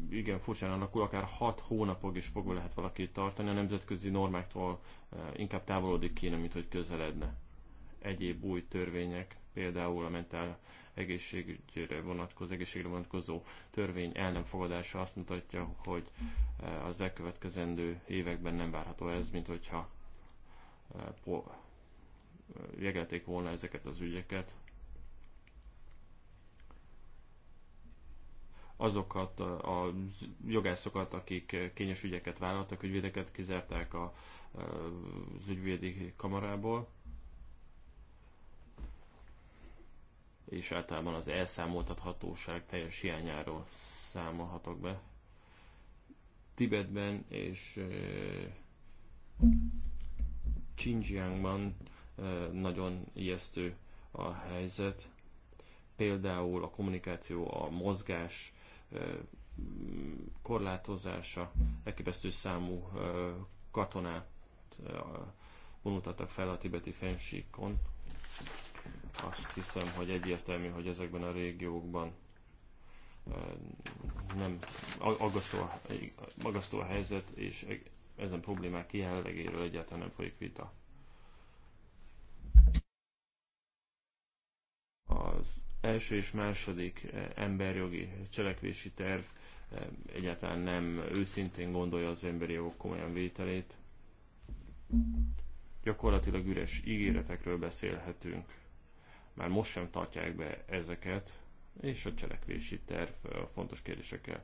igen furcsán alakul, akár 6 hónapig is fogva lehet valakit tartani, a nemzetközi normáktól inkább távolodik kéne, mint hogy közeledne. Egyéb új törvények, például a mentál egészségügyre vonatkozó, egészségre vonatkozó törvény el nem fogadása azt mutatja, hogy az elkövetkezendő években nem várható ez, mint hogyha jegelték volna ezeket az ügyeket. azokat a jogászokat, akik kényes ügyeket vállaltak, ügyvédeket kizárták a, az ügyvédi kamarából, és általában az elszámoltathatóság teljes hiányáról számolhatok be. Tibetben és Xinjiangban nagyon ijesztő a helyzet. Például a kommunikáció, a mozgás korlátozása, elképesztő számú katonát vonultattak fel a tibeti fensíkon. Azt hiszem, hogy egyértelmű, hogy ezekben a régiókban nem aggasztó, aggasztó a helyzet, és ezen problémák jelenlegéről egyáltalán nem folyik vita. Az első és második eh, emberjogi cselekvési terv eh, egyáltalán nem őszintén gondolja az emberi jogok komolyan vételét. Gyakorlatilag üres ígéretekről beszélhetünk. Már most sem tartják be ezeket, és a cselekvési terv eh, a fontos kérdésekkel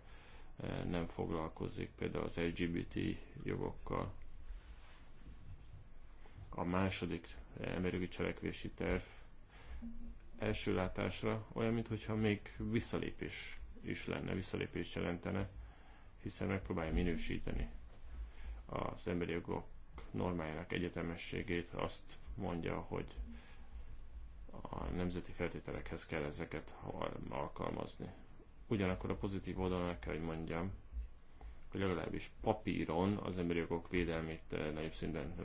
nem foglalkozik, például az LGBT jogokkal. A második emberi cselekvési terv első látásra olyan, mintha még visszalépés is lenne, visszalépés jelentene, hiszen megpróbálja minősíteni az emberi jogok normájának egyetemességét, azt mondja, hogy a nemzeti feltételekhez kell ezeket alkalmazni. Ugyanakkor a pozitív oldalon kell, hogy mondjam, legalábbis papíron az emberi jogok védelmét eh, nagyobb szinten eh,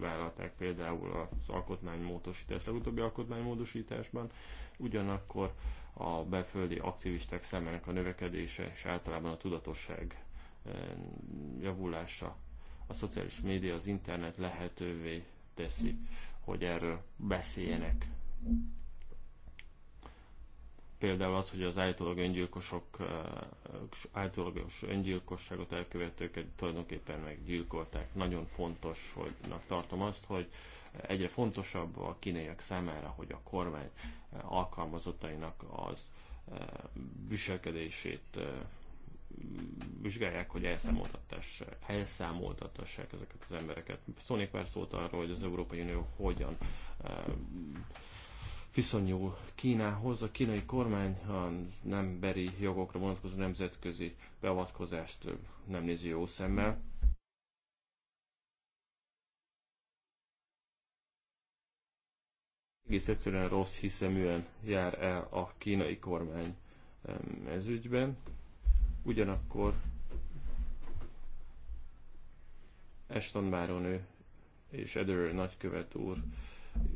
vállalták, például az alkotmánymódosítás, legutóbbi alkotmánymódosításban, ugyanakkor a belföldi aktivisták számának a növekedése és általában a tudatosság eh, javulása. A szociális média, az internet lehetővé teszi, hogy erről beszéljenek Például az, hogy az állítólag öngyilkosok, eh, állítólagos öngyilkosságot elkövetőket tulajdonképpen meggyilkolták. Nagyon fontos, hogy tartom azt, hogy egyre fontosabb a kínaiak számára, hogy a kormány eh, alkalmazottainak az eh, viselkedését vizsgálják, hogy elszámoltatás, elszámoltatassák ezeket az embereket. Szólnék pár szót arról, hogy az Európai Unió hogyan viszonyul Kínához. A kínai kormány nem emberi jogokra vonatkozó nemzetközi beavatkozást nem nézi jó szemmel. Egész egyszerűen rossz hiszeműen jár el a kínai kormány ezügyben. Ugyanakkor Eston ő és Edőr nagykövet úr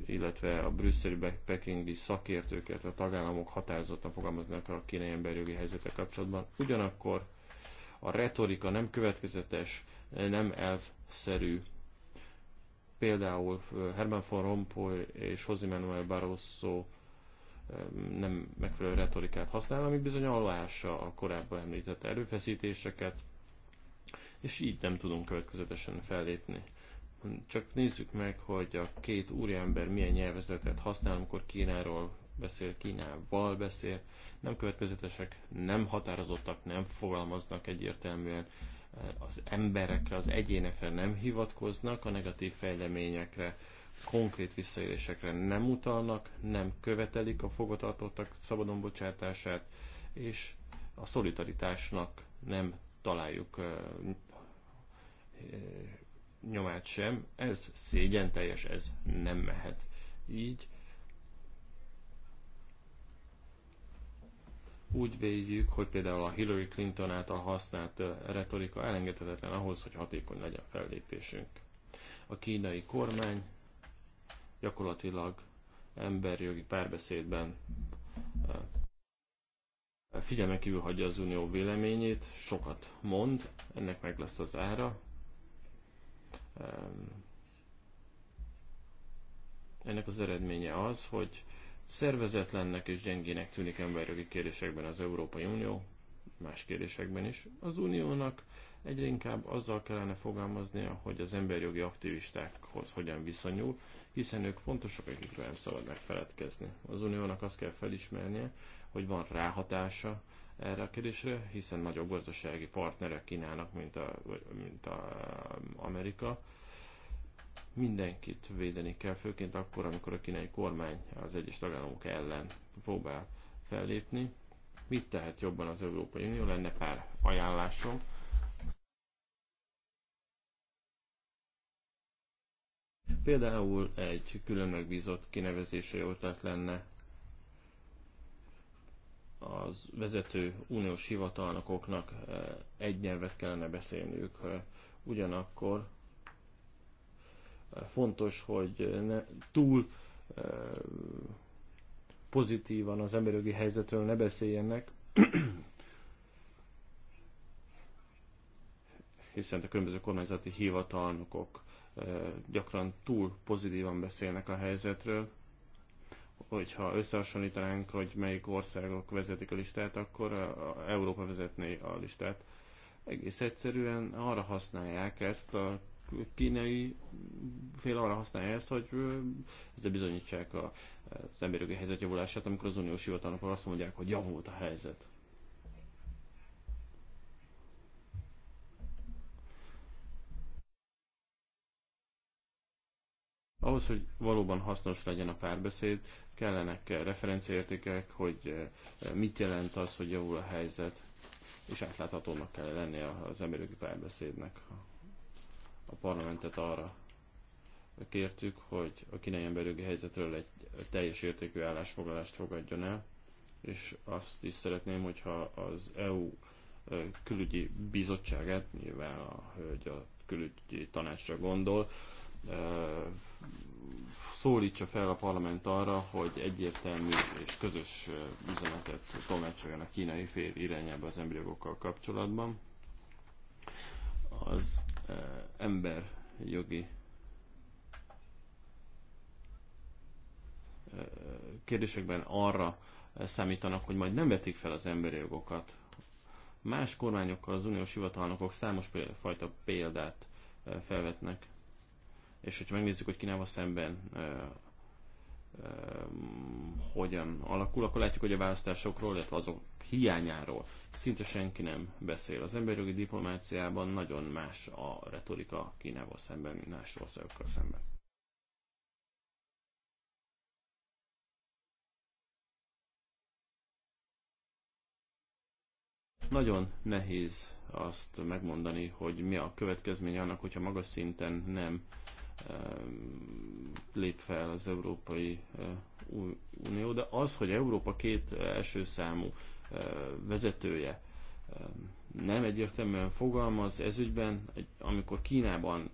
illetve a brüsszeli pekingi szakértők, illetve a tagállamok határozottan fogalmaznak a kínai emberjogi helyzetek kapcsolatban. Ugyanakkor a retorika nem következetes, nem elvszerű. Például Herman von Rompuy és José Manuel Barroso nem megfelelő retorikát használ, ami bizony aláássa a korábban említett erőfeszítéseket, és így nem tudunk következetesen fellépni. Csak nézzük meg, hogy a két úriember milyen nyelvezetet használ, amikor Kínáról beszél, Kínával beszél. Nem következetesek, nem határozottak, nem fogalmaznak egyértelműen az emberekre, az egyénekre nem hivatkoznak, a negatív fejleményekre, konkrét visszaélésekre nem utalnak, nem követelik a fogvatartottak szabadon bocsátását, és a szolidaritásnak nem találjuk nyomát sem. Ez szégyen teljes, ez nem mehet így. Úgy védjük, hogy például a Hillary Clinton által használt retorika elengedhetetlen ahhoz, hogy hatékony legyen fellépésünk. A kínai kormány gyakorlatilag emberjogi párbeszédben figyelme kívül hagyja az unió véleményét, sokat mond, ennek meg lesz az ára, ennek az eredménye az, hogy szervezetlennek és gyengének tűnik emberjogi kérdésekben az Európai Unió, más kérdésekben is. Az Uniónak egyre inkább azzal kellene fogalmaznia, hogy az emberjogi aktivistákhoz hogyan viszonyul, hiszen ők fontosak, akikről nem szabad megfeledkezni. Az Uniónak azt kell felismernie, hogy van ráhatása erre a kérdésre, hiszen nagyobb gazdasági partnerek kínálnak, mint, a, mint a Amerika. Mindenkit védeni kell, főként akkor, amikor a kínai kormány az egyes tagállamok ellen próbál fellépni. Mit tehet jobban az Európai Unió? Lenne pár ajánlásom. Például egy külön megbízott kinevezése jó lenne az vezető uniós hivatalnokoknak eh, egy nyelvet kellene beszélniük. Eh, ugyanakkor eh, fontos, hogy ne, túl pozitívan az emberi helyzetről ne beszéljenek, hiszen a különböző kormányzati hivatalnokok gyakran túl pozitívan beszélnek a helyzetről, hogyha összehasonlítanánk, hogy melyik országok vezetik a listát, akkor a, a Európa vezetné a listát. Egész egyszerűen arra használják ezt, a kínai fél arra használja ezt, hogy ezzel bizonyítsák a, az emberi helyzet javulását, amikor az uniós hivatalnak azt mondják, hogy javult a helyzet. Ahhoz, hogy valóban hasznos legyen a párbeszéd, kellenek eh, referenciaértékek, hogy eh, mit jelent az, hogy javul a helyzet, és átláthatónak kell lennie az emberi párbeszédnek. A parlamentet arra kértük, hogy a kínai emberi helyzetről egy teljes értékű állásfoglalást fogadjon el, és azt is szeretném, hogyha az EU eh, külügyi bizottságát, nyilván a hölgy a külügyi tanácsra gondol, szólítsa fel a parlament arra, hogy egyértelmű és közös üzenetet tolmácsoljon a kínai fél irányába az emberi jogokkal kapcsolatban. Az ember jogi kérdésekben arra számítanak, hogy majd nem vetik fel az emberi jogokat. Más kormányokkal az uniós hivatalnokok számos fajta példát felvetnek és hogyha megnézzük, hogy Kínával szemben hogyan alakul, akkor látjuk, hogy a választásokról, illetve azok hiányáról szinte senki nem beszél. Az emberjogi diplomáciában nagyon más a retorika Kínával szemben, mint más országokkal szemben. Nagyon nehéz azt megmondani, hogy mi a következménye annak, hogyha magas szinten nem lép fel az Európai Unió, de az, hogy Európa két első számú vezetője nem egyértelműen fogalmaz ez ügyben, amikor Kínában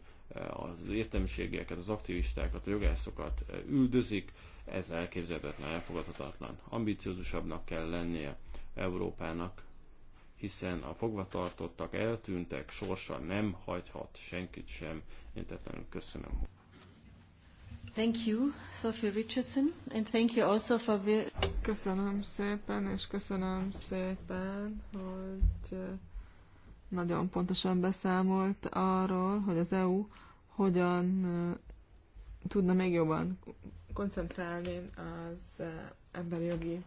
az értelmiségeket, az aktivistákat, a jogászokat üldözik, ez elképzelhetetlen, elfogadhatatlan. Ambiciózusabbnak kell lennie Európának hiszen a fogvatartottak eltűntek, sorsa nem hagyhat senkit sem. Én tetlenül köszönöm. Thank you, Sophie Richardson, and thank you also for... Köszönöm szépen, és köszönöm szépen, hogy eh, nagyon pontosan beszámolt arról, hogy az EU hogyan eh, tudna még jobban koncentrálni az eh, emberi jogi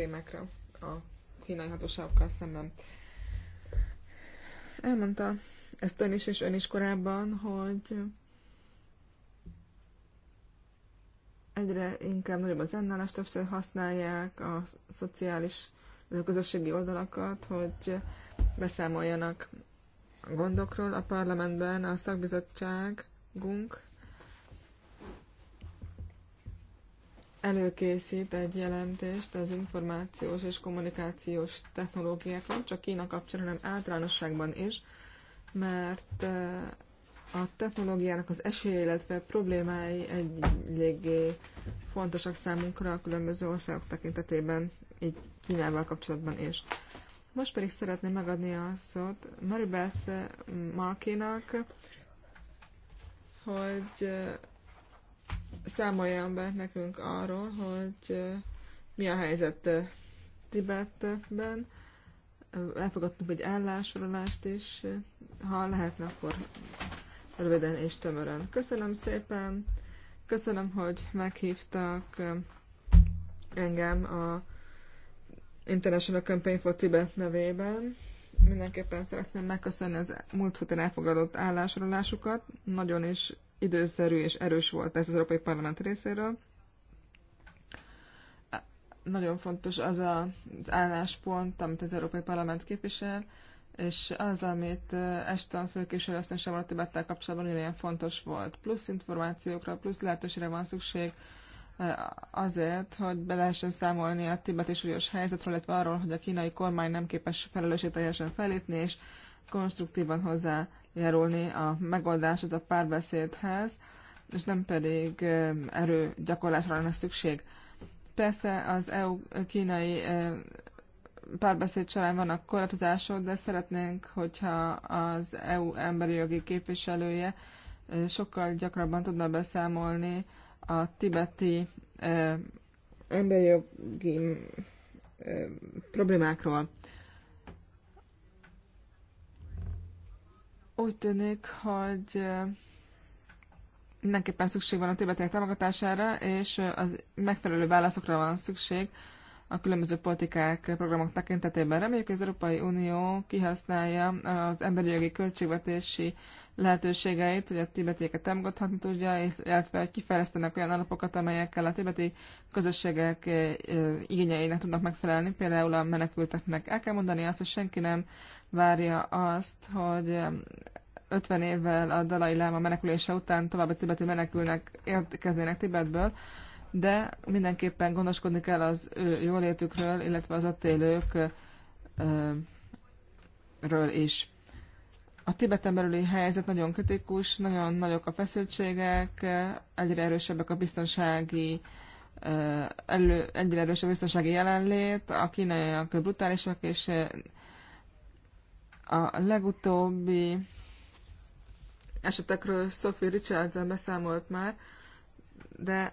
témákra a kínai hatóságokkal szemben. Elmondta ezt ön is, és ön is korábban, hogy egyre inkább nagyobb az ennállás, többször használják a szociális, a közösségi oldalakat, hogy beszámoljanak a gondokról. A parlamentben a szakbizottságunk előkészít egy jelentést az információs és kommunikációs technológiák csak Kína kapcsán, hanem általánosságban is, mert eh, a technológiának az esélye, illetve problémái egy eléggé fontosak számunkra a különböző országok tekintetében, így Kínával kapcsolatban is. Most pedig szeretném megadni a szót Maribeth Markinak, hogy eh, számoljon be nekünk arról, hogy mi a helyzet Tibetben. Elfogadtunk egy állásfoglalást is, ha lehetne, akkor röviden és tömören. Köszönöm szépen, köszönöm, hogy meghívtak engem a International Campaign for Tibet nevében. Mindenképpen szeretném megköszönni az múlt héten elfogadott állásrólásukat. Nagyon is időszerű és erős volt ez az Európai Parlament részéről. Nagyon fontos az a, az álláspont, amit az Európai Parlament képvisel, és az, amit Eston főképviselő aztán sem a Tibettel kapcsolatban olyan fontos volt. Plusz információkra, plusz lehetőségre van szükség azért, hogy be lehessen számolni a és súlyos helyzetről, illetve arról, hogy a kínai kormány nem képes felelősségteljesen felépni és konstruktívan hozzá járulni a megoldáshoz, a párbeszédhez, és nem pedig erő gyakorlásra lenne szükség. Persze az EU-kínai párbeszéd során vannak korlátozások, de szeretnénk, hogyha az EU emberi jogi képviselője sokkal gyakrabban tudna beszámolni a tibeti emberi jogi problémákról. Úgy tűnik, hogy mindenképpen szükség van a tibetiek támogatására, és az megfelelő válaszokra van szükség a különböző politikák, programok tekintetében. Reméljük, hogy az Európai Unió kihasználja az emberi jogi költségvetési lehetőségeit, hogy a tibetieket támogathatni tudja, illetve hogy kifejlesztenek olyan alapokat, amelyekkel a tibeti közösségek igényeinek tudnak megfelelni, például a menekülteknek. El kell mondani azt, hogy senki nem várja azt, hogy 50 évvel a Dalai Láma menekülése után további tibeti menekülnek érkeznének Tibetből, de mindenképpen gondoskodni kell az ő jólétükről, illetve az ott élőkről is. A Tibeten belüli helyzet nagyon kritikus, nagyon nagyok a feszültségek, egyre erősebbek a biztonsági elő, egyre erősebb biztonsági jelenlét, a kínaiak brutálisak, és a legutóbbi esetekről Sophie richards beszámolt már, de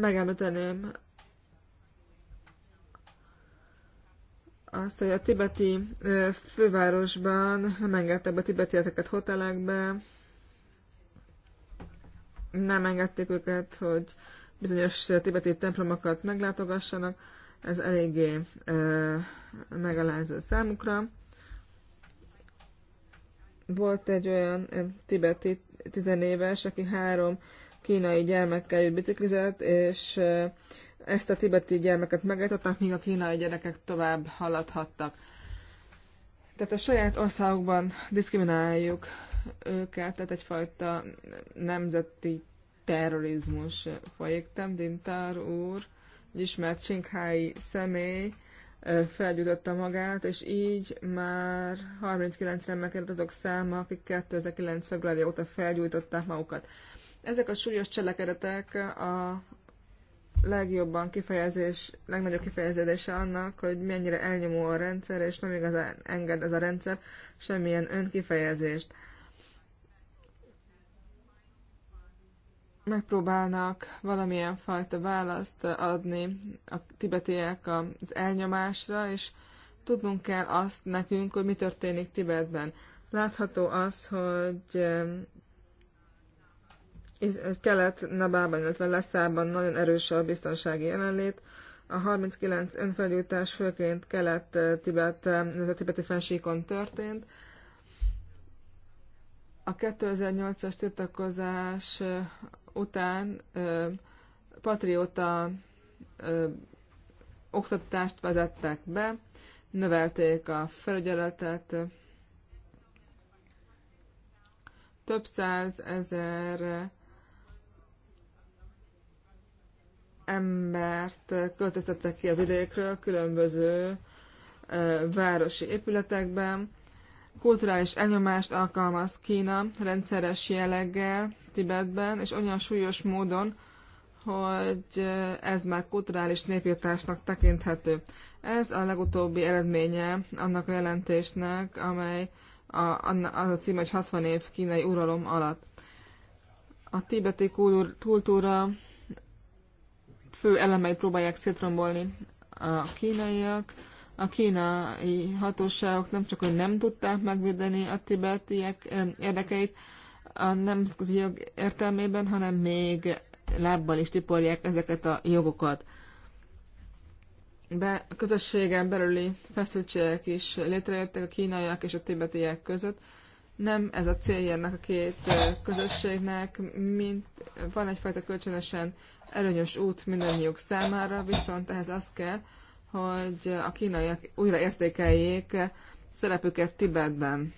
megemlíteném azt, hogy a tibeti fővárosban nem engedtek be tibetieteket hotelekbe, nem engedték őket, hogy bizonyos tibeti templomokat meglátogassanak. Ez eléggé uh, megalázó számukra. Volt egy olyan tibeti tizenéves, aki három kínai gyermekkel jött biciklizett, és ezt a tibeti gyermeket megállították, míg a kínai gyerekek tovább haladhattak. Tehát a saját országokban diszkrimináljuk őket, tehát egyfajta nemzeti terrorizmus folyik. Temdintár úr, egy ismert csinkhái személy, felgyújtotta magát, és így már 39-re megkerült azok száma, akik 2009. februárja óta felgyújtották magukat. Ezek a súlyos cselekedetek a legjobban kifejezés, legnagyobb kifejezése annak, hogy mennyire elnyomó a rendszer, és nem igazán enged ez a rendszer semmilyen önkifejezést. megpróbálnak valamilyen fajta választ adni a tibetiek az elnyomásra, és tudnunk kell azt nekünk, hogy mi történik Tibetben. Látható az, hogy Kelet-Nabában, illetve Leszában nagyon erős a biztonsági jelenlét. A 39 önfelgyújtás főként Kelet-Tibet, eh, eh, illetve tibeti fensíkon történt. A 2008-as tiltakozás eh, után patrióta oktatást vezettek be, növelték a felügyeletet, több száz ezer embert költöztettek ki a vidékről különböző városi épületekben. Kulturális elnyomást alkalmaz Kína rendszeres jelleggel, Tibetben, és olyan súlyos módon, hogy ez már kulturális népírtásnak tekinthető. Ez a legutóbbi eredménye annak a jelentésnek, amely a, az a cím, hogy 60 év kínai uralom alatt. A tibeti kultúra fő elemeit próbálják szétrombolni a kínaiak. A kínai hatóságok nem csak, hogy nem tudták megvédeni a tibetiek érdekeit, a nemzetközi jog értelmében, hanem még lábbal is tiporják ezeket a jogokat. Be, a közösségen belüli feszültségek is létrejöttek a kínaiak és a tibetiek között. Nem ez a célja ennek a két közösségnek, mint van egyfajta kölcsönösen előnyös út mindannyiuk számára, viszont ehhez az kell, hogy a kínaiak újra értékeljék szerepüket Tibetben.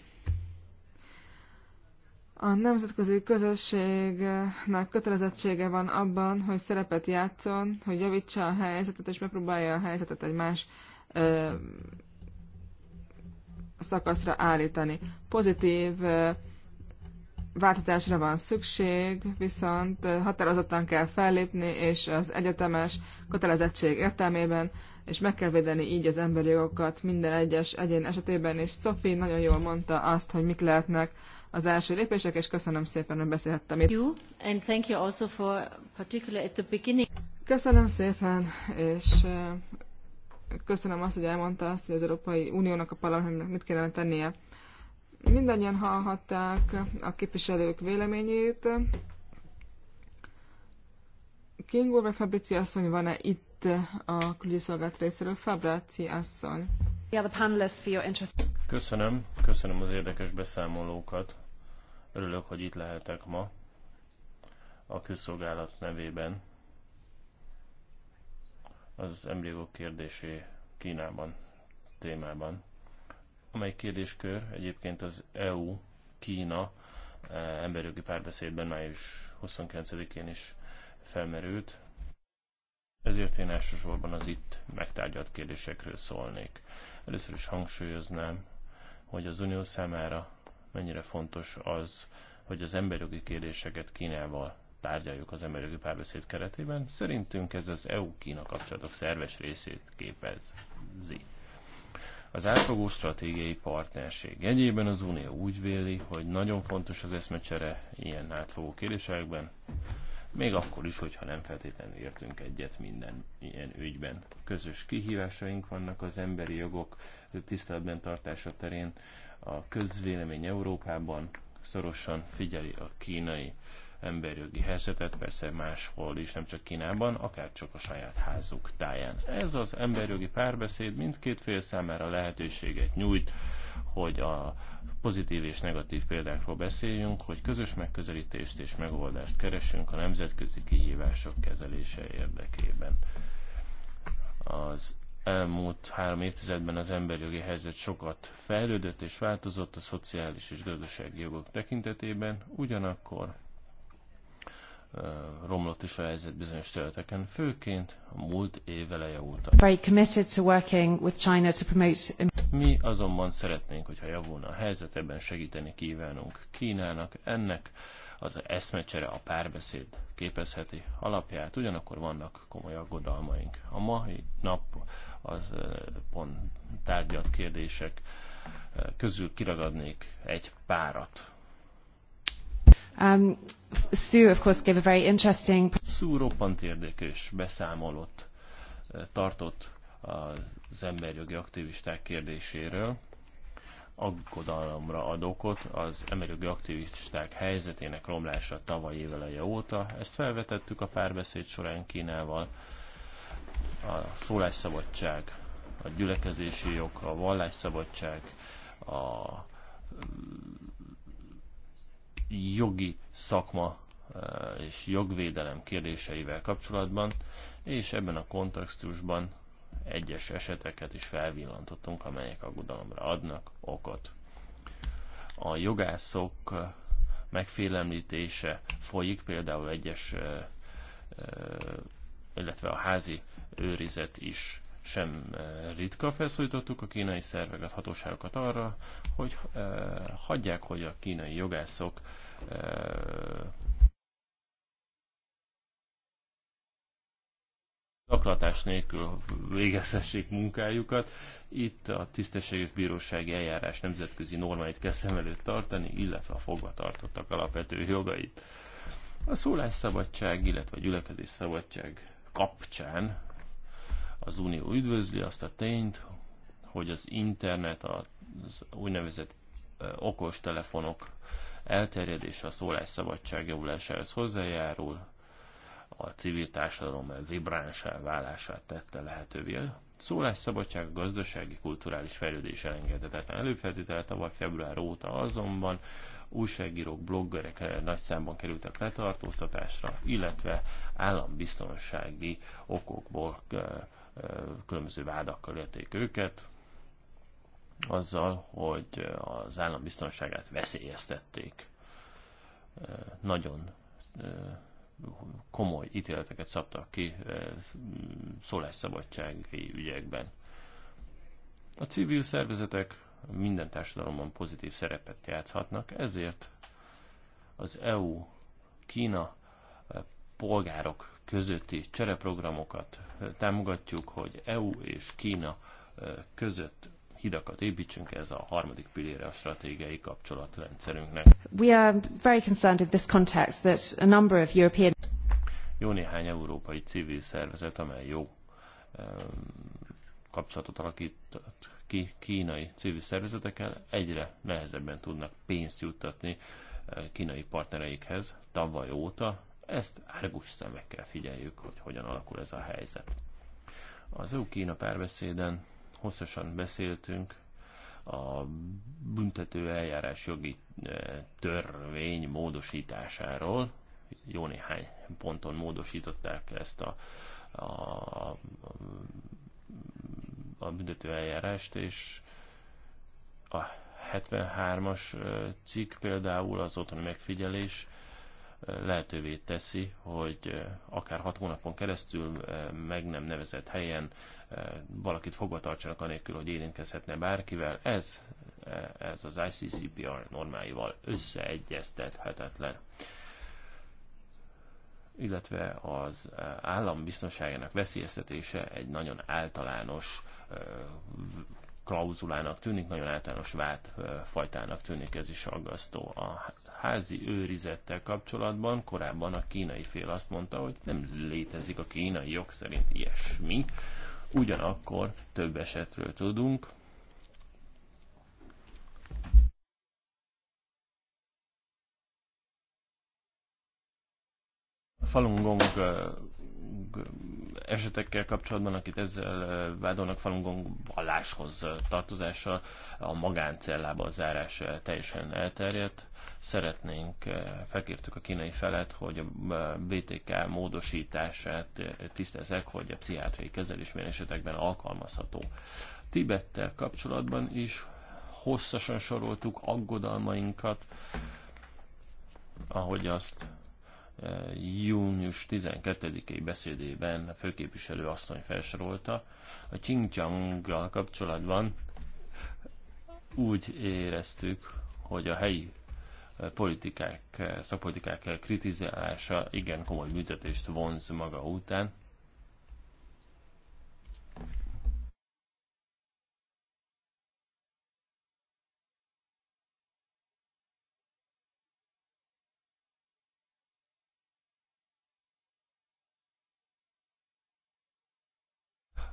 A nemzetközi közösségnek kötelezettsége van abban, hogy szerepet játszon, hogy javítsa a helyzetet, és megpróbálja a helyzetet egy más ö, szakaszra állítani. Pozitív ö, változásra van szükség, viszont határozottan kell fellépni, és az egyetemes kötelezettség értelmében, és meg kell védeni így az emberi jogokat minden egyes egyén esetében, és Sophie nagyon jól mondta azt, hogy mik lehetnek az első lépések, és köszönöm szépen, hogy beszélhettem itt. You, and thank you also for particular at the beginning. Köszönöm szépen, és köszönöm azt, hogy elmondta azt, hogy az Európai Uniónak, a parlamentnek mit kellene tennie. Mindannyian hallhatták a képviselők véleményét. Kingo vagy Fabrici asszony van-e itt a külügyszolgált részéről? Fabrici asszony. Köszönöm, köszönöm az érdekes beszámolókat. Örülök, hogy itt lehetek ma a közszolgálat nevében az embriók kérdésé Kínában témában, amely kérdéskör egyébként az EU-Kína eh, emberjogi párbeszédben május 29-én is felmerült, ezért én elsősorban az itt megtárgyalt kérdésekről szólnék. Először is hangsúlyoznám, hogy az Unió számára mennyire fontos az, hogy az emberjogi kérdéseket Kínával tárgyaljuk az emberjogi párbeszéd keretében. Szerintünk ez az EU-Kína kapcsolatok szerves részét képezzi. Az átfogó stratégiai partnerség egyébben az Unió úgy véli, hogy nagyon fontos az eszmecsere ilyen átfogó kérdésekben, még akkor is, hogyha nem feltétlenül értünk egyet minden ilyen ügyben. Közös kihívásaink vannak az emberi jogok tiszteletben tartása terén, a közvélemény Európában szorosan figyeli a kínai emberjogi helyzetet, persze máshol is, nem csak Kínában, akár csak a saját házuk táján. Ez az emberjogi párbeszéd mindkét fél számára lehetőséget nyújt, hogy a pozitív és negatív példákról beszéljünk, hogy közös megközelítést és megoldást keresünk a nemzetközi kihívások kezelése érdekében. Az elmúlt három évtizedben az emberjogi helyzet sokat fejlődött és változott a szociális és gazdasági jogok tekintetében, ugyanakkor romlott is a helyzet bizonyos területeken, főként a múlt év eleje óta. Very committed to working with China to promote... Mi azonban szeretnénk, hogyha javulna a helyzet, ebben segíteni kívánunk Kínának. Ennek az eszmecsere, a párbeszéd képezheti alapját, ugyanakkor vannak komoly aggodalmaink. A mai nap az pont tárgyat kérdések közül kiragadnék egy párat. Um, Sue, of course, gave a very interesting... Sue roppant érdekes beszámolót tartott az emberjogi aktivisták kérdéséről. Aggodalomra ad okot az emberjogi aktivisták helyzetének romlása tavaly éveleje óta. Ezt felvetettük a párbeszéd során Kínával a szólásszabadság, a gyülekezési jog, a vallásszabadság, a mm, jogi szakma e, és jogvédelem kérdéseivel kapcsolatban, és ebben a kontextusban egyes eseteket is felvillantottunk, amelyek aggodalomra adnak okot. A jogászok megfélemlítése folyik, például egyes, e, e, illetve a házi őrizet is sem eh, ritka. Felszólítottuk a kínai szerveket, hatóságokat arra, hogy eh, hagyják, hogy a kínai jogászok eh, zaklatás nélkül végezhessék munkájukat. Itt a tisztességes bírósági eljárás nemzetközi normáit kell szem előtt tartani, illetve a fogvatartottak alapvető jogait. A szólásszabadság, illetve a gyülekezés szabadság kapcsán az Unió üdvözli azt a tényt, hogy az internet, az úgynevezett okos telefonok elterjedése a szólásszabadság javulásához hozzájárul, a civil társadalom vibránsá válását tette lehetővé. Szólásszabadság a gazdasági kulturális fejlődés elengedhetetlen előfeltétele tavaly február óta azonban újságírók, bloggerek nagy számban kerültek letartóztatásra, illetve állambiztonsági okokból különböző vádakkal élték őket, azzal, hogy az állam biztonságát veszélyeztették. Nagyon komoly ítéleteket szabtak ki szólásszabadsági ügyekben. A civil szervezetek minden társadalomban pozitív szerepet játszhatnak, ezért az EU Kína polgárok közötti csereprogramokat támogatjuk, hogy EU és Kína között hidakat építsünk, ez a harmadik pillére a stratégiai kapcsolatrendszerünknek. We are very concerned in this context that a number of European jó néhány európai civil szervezet, amely jó kapcsolatot alakított ki kínai civil szervezetekkel, egyre nehezebben tudnak pénzt juttatni kínai partnereikhez tavaly óta ezt árgus szemekkel figyeljük, hogy hogyan alakul ez a helyzet. Az EU-Kína párbeszéden hosszasan beszéltünk a büntető eljárás jogi e, törvény módosításáról. Jó néhány ponton módosították ezt a, a, a, a büntető eljárást, és a 73-as e, cikk például az otthoni megfigyelés lehetővé teszi, hogy akár hat hónapon keresztül meg nem nevezett helyen valakit fogva tartsanak anélkül, hogy érintkezhetne bárkivel. Ez, ez az ICCPR normáival összeegyeztethetetlen illetve az állam biztonságának veszélyeztetése egy nagyon általános klauzulának tűnik, nagyon általános vált fajtának tűnik, ez is aggasztó. A házi őrizettel kapcsolatban korábban a kínai fél azt mondta, hogy nem létezik a kínai jog szerint ilyesmi. Ugyanakkor több esetről tudunk, Falun Gong esetekkel kapcsolatban, akit ezzel vádolnak falunkon valláshoz tartozása, a magáncellába a zárás teljesen elterjedt. Szeretnénk, felkértük a kínai felet, hogy a BTK módosítását tisztezek, hogy a pszichiátriai kezelés milyen esetekben alkalmazható. Tibettel kapcsolatban is hosszasan soroltuk aggodalmainkat, ahogy azt június 12-i beszédében a főképviselő asszony felsorolta, a Xinjianggal kapcsolatban úgy éreztük, hogy a helyi eh, politikák, eh, szakpolitikák kritizálása igen komoly büntetést vonz maga után,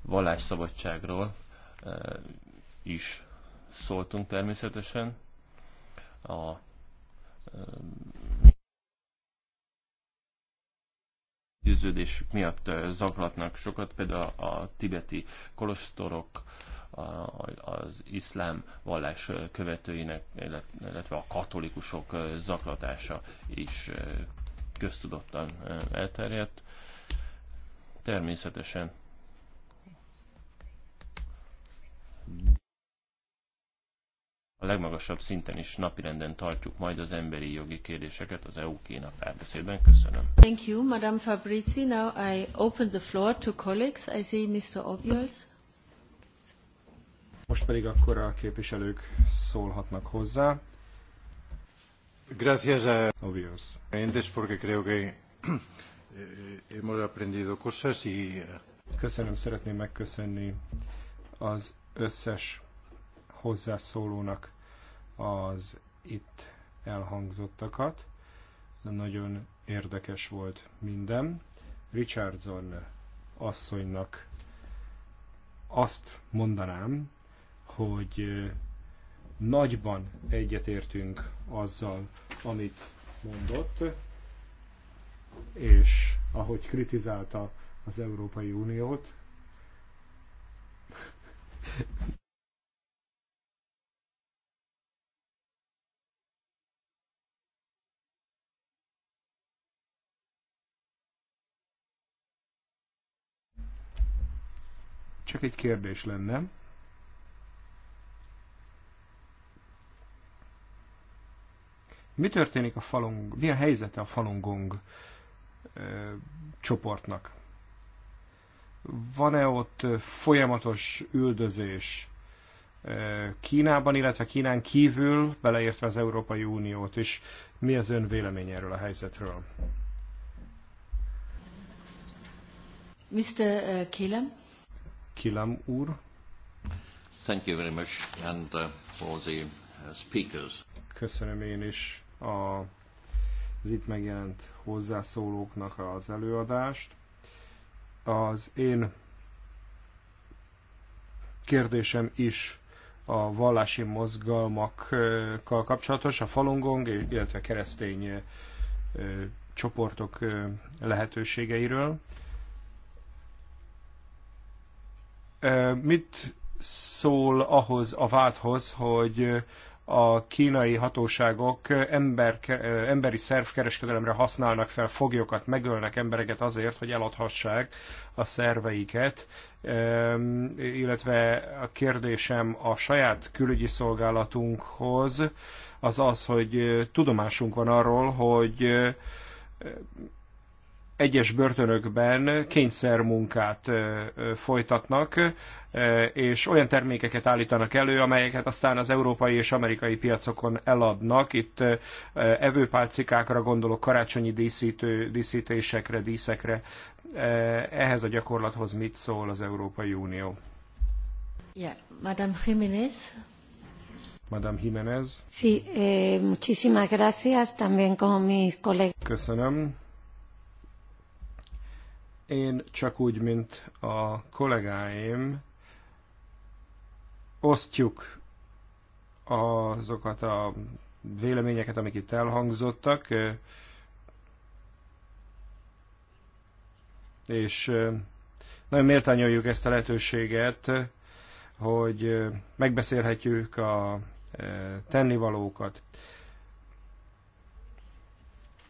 vallásszabadságról is szóltunk természetesen. A győződés miatt zaklatnak sokat, például a tibeti kolostorok, az iszlám vallás követőinek, illetve a katolikusok zaklatása is köztudottan elterjedt. Természetesen a legmagasabb szinten is napirenden tartjuk majd az emberi jogi kérdéseket az EU-Kína párbeszédben. Köszönöm. Thank you, Madame Fabrizi. Now I open the floor to colleagues. I see Mr. Obiols. Most pedig akkor a képviselők szólhatnak hozzá. Gracias a eh, Obiols. porque creo que eh, hemos aprendido cosas y... Eh, Köszönöm, szeretném megköszönni az összes hozzászólónak az itt elhangzottakat. Nagyon érdekes volt minden. Richardson asszonynak azt mondanám, hogy nagyban egyetértünk azzal, amit mondott, és ahogy kritizálta az Európai Uniót, csak egy kérdés lenne. Mi történik a falong, mi a helyzete a falongong ö, csoportnak? van-e ott folyamatos üldözés Kínában, illetve Kínán kívül, beleértve az Európai Uniót is. Mi az ön vélemény erről a helyzetről? Mr. Kilem. Kilem úr. Thank you very much and uh, for the uh, speakers. Köszönöm én is a, az itt megjelent hozzászólóknak az előadást. Az én kérdésem is a vallási mozgalmakkal kapcsolatos, a falungong, illetve keresztény csoportok lehetőségeiről. Mit szól ahhoz a vádhoz, hogy a kínai hatóságok ember, emberi szervkereskedelemre használnak fel foglyokat, megölnek embereket azért, hogy eladhassák a szerveiket, ehm, illetve a kérdésem a saját külügyi szolgálatunkhoz az az, hogy eh, tudomásunk van arról, hogy eh, egyes börtönökben kényszermunkát folytatnak, és olyan termékeket állítanak elő, amelyeket aztán az európai és amerikai piacokon eladnak. Itt evőpálcikákra gondolok, karácsonyi díszítő, díszítésekre, díszekre. Ehhez a gyakorlathoz mit szól az Európai Unió? Yeah, Madame Jiménez. Madame Jiménez. Sí, eh, muchísimas gracias también con mis colegas. Köszönöm én csak úgy, mint a kollégáim, osztjuk azokat a véleményeket, amik itt elhangzottak, és nagyon méltányoljuk ezt a lehetőséget, hogy megbeszélhetjük a tennivalókat.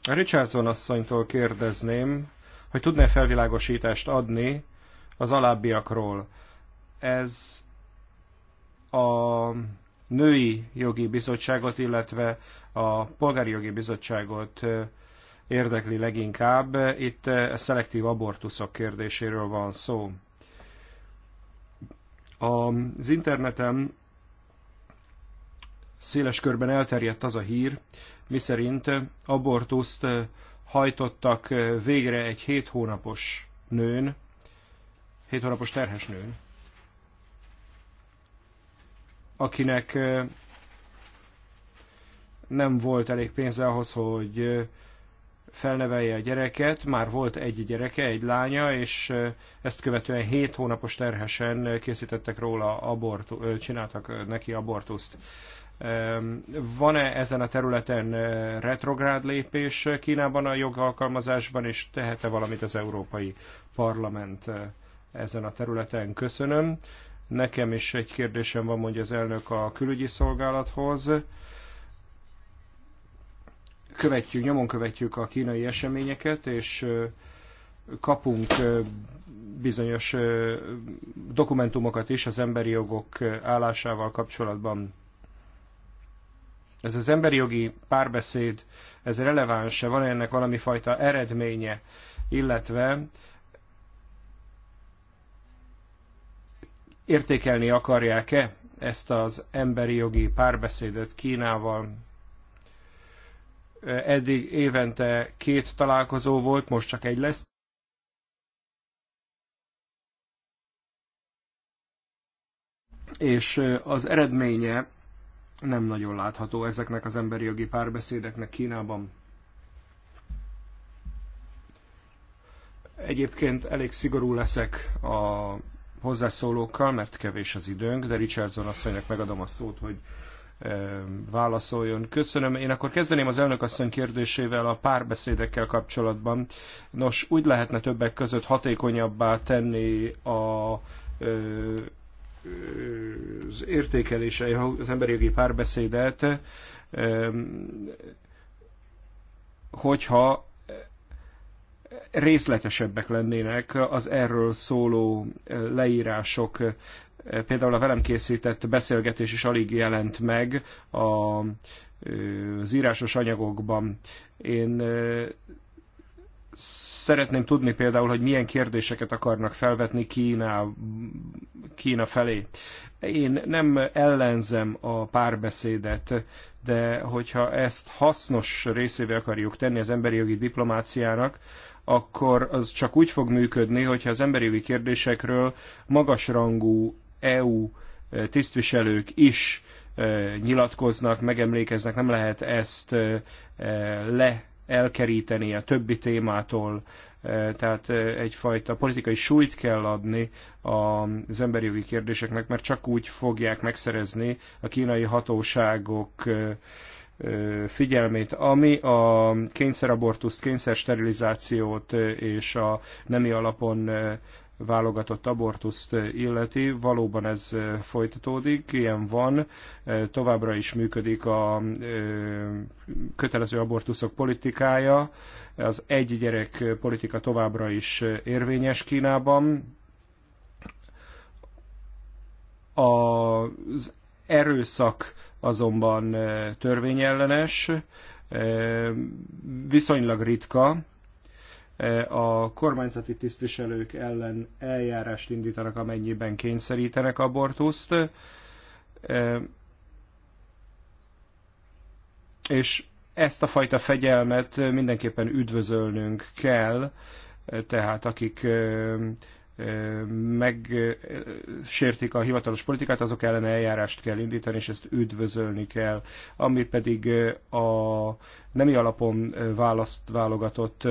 A Richardson asszonytól kérdezném, hogy tudné felvilágosítást adni az alábbiakról. Ez a női jogi bizottságot, illetve a polgári jogi bizottságot érdekli leginkább. Itt a szelektív abortuszok kérdéséről van szó. Az interneten széles körben elterjedt az a hír, miszerint abortuszt hajtottak végre egy 7 hónapos nőn, 7 hónapos terhes nőn, akinek nem volt elég pénze ahhoz, hogy felnevelje a gyereket, már volt egy gyereke, egy lánya, és ezt követően 7 hónapos terhesen készítettek róla abortu, csináltak neki abortuszt. Van-e ezen a területen eh, retrográd lépés Kínában a jogalkalmazásban, és tehet-e valamit az Európai Parlament eh, ezen a területen? Köszönöm. Nekem is egy kérdésem van, mondja az elnök a külügyi szolgálathoz. Követjük, nyomon követjük a kínai eseményeket, és eh, kapunk bizonyos dokumentumokat is az emberi jogok állásával kapcsolatban ez az emberi jogi párbeszéd, ez releváns-e, van -e ennek valami fajta eredménye, illetve értékelni akarják-e ezt az emberi jogi párbeszédet Kínával. Eddig évente két találkozó volt, most csak egy lesz. És az eredménye nem nagyon látható ezeknek az emberi jogi párbeszédeknek Kínában. Egyébként elég szigorú leszek a hozzászólókkal, mert kevés az időnk, de Richardson asszonynak megadom a szót, hogy eh, válaszoljon. Köszönöm. Én akkor kezdeném az elnök asszony kérdésével a párbeszédekkel kapcsolatban. Nos, úgy lehetne többek között hatékonyabbá tenni a eh, az értékelése, az emberi jogi párbeszédet, hogyha részletesebbek lennének az erről szóló leírások. Például a velem készített beszélgetés is alig jelent meg a, az írásos anyagokban. Én szeretném tudni például, hogy milyen kérdéseket akarnak felvetni Kína, Kína felé. Én nem ellenzem a párbeszédet, de hogyha ezt hasznos részévé akarjuk tenni az emberi jogi diplomáciának, akkor az csak úgy fog működni, hogyha az emberi jogi kérdésekről magasrangú EU e, tisztviselők is e, nyilatkoznak, megemlékeznek, nem lehet ezt e, le elkeríteni a többi témától, e, tehát e, egyfajta politikai súlyt kell adni az emberi jogi kérdéseknek, mert csak úgy fogják megszerezni a kínai hatóságok e, figyelmét, ami a kényszerabortuszt, kényszersterilizációt és a nemi alapon válogatott abortuszt illeti, valóban ez folytatódik, ilyen van, továbbra is működik a kötelező abortuszok politikája, az egy gyerek politika továbbra is érvényes Kínában, az erőszak azonban törvényellenes, viszonylag ritka, E, a kormányzati tisztviselők ellen eljárást indítanak, amennyiben kényszerítenek abortuszt. E, és ezt a fajta fegyelmet mindenképpen üdvözölnünk kell, e, tehát akik megsértik a hivatalos politikát, azok ellen eljárást kell indítani, és ezt üdvözölni kell. Ami pedig a nemi alapon választ válogatott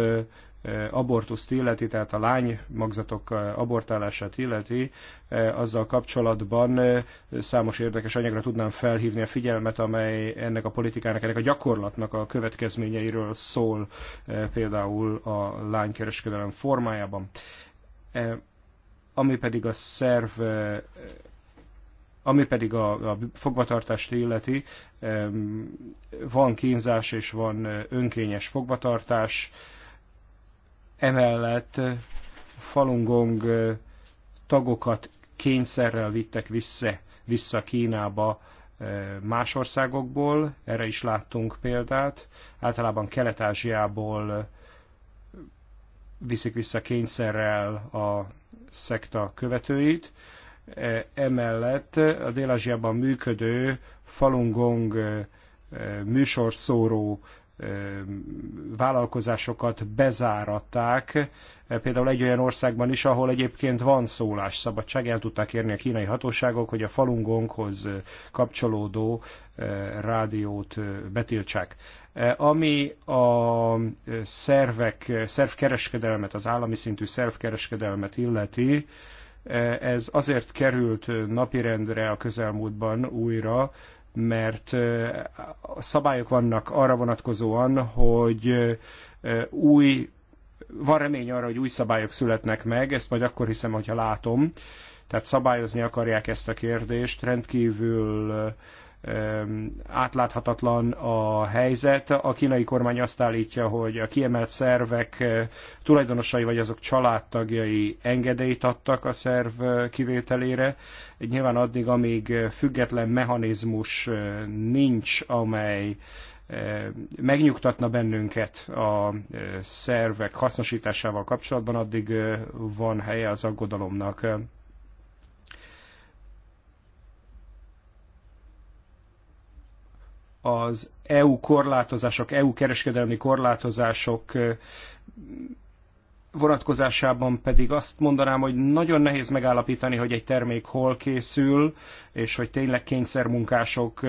Eh, abortuszt illeti, tehát a lány magzatok eh, abortálását illeti, eh, azzal kapcsolatban számos érdekes anyagra tudnám felhívni a figyelmet, amely ennek a politikának, ennek a gyakorlatnak a következményeiről szól, például a lánykereskedelem formájában. Ami pedig a szerv ami pedig a, a fogvatartást illeti, van kínzás és van önkényes fogvatartás, Emellett Falun Gong tagokat kényszerrel vittek vissza, vissza Kínába más országokból, erre is láttunk példát, általában Kelet-Ázsiából viszik vissza kényszerrel a szekta követőit. Emellett a Dél-Ázsiában működő Falun Gong műsorszóró vállalkozásokat bezáratták, például egy olyan országban is, ahol egyébként van szólásszabadság, el tudták érni a kínai hatóságok, hogy a falungonghoz kapcsolódó rádiót betiltsák. Ami a szervek, szervkereskedelmet, az állami szintű szervkereskedelmet illeti, ez azért került napirendre a közelmúltban újra, mert szabályok vannak arra vonatkozóan, hogy új, van remény arra, hogy új szabályok születnek meg, ezt majd akkor hiszem, hogyha látom. Tehát szabályozni akarják ezt a kérdést, rendkívül átláthatatlan a helyzet. A kínai kormány azt állítja, hogy a kiemelt szervek eh, tulajdonosai vagy azok családtagjai engedélyt adtak a szerv eh, kivételére. Nyilván addig, amíg eh, független mechanizmus nincs, amely megnyugtatna bennünket a szervek hasznosításával kapcsolatban, addig van helye az aggodalomnak. az EU korlátozások, EU kereskedelmi korlátozások vonatkozásában pedig azt mondanám, hogy nagyon nehéz megállapítani, hogy egy termék hol készül, és hogy tényleg kényszermunkások,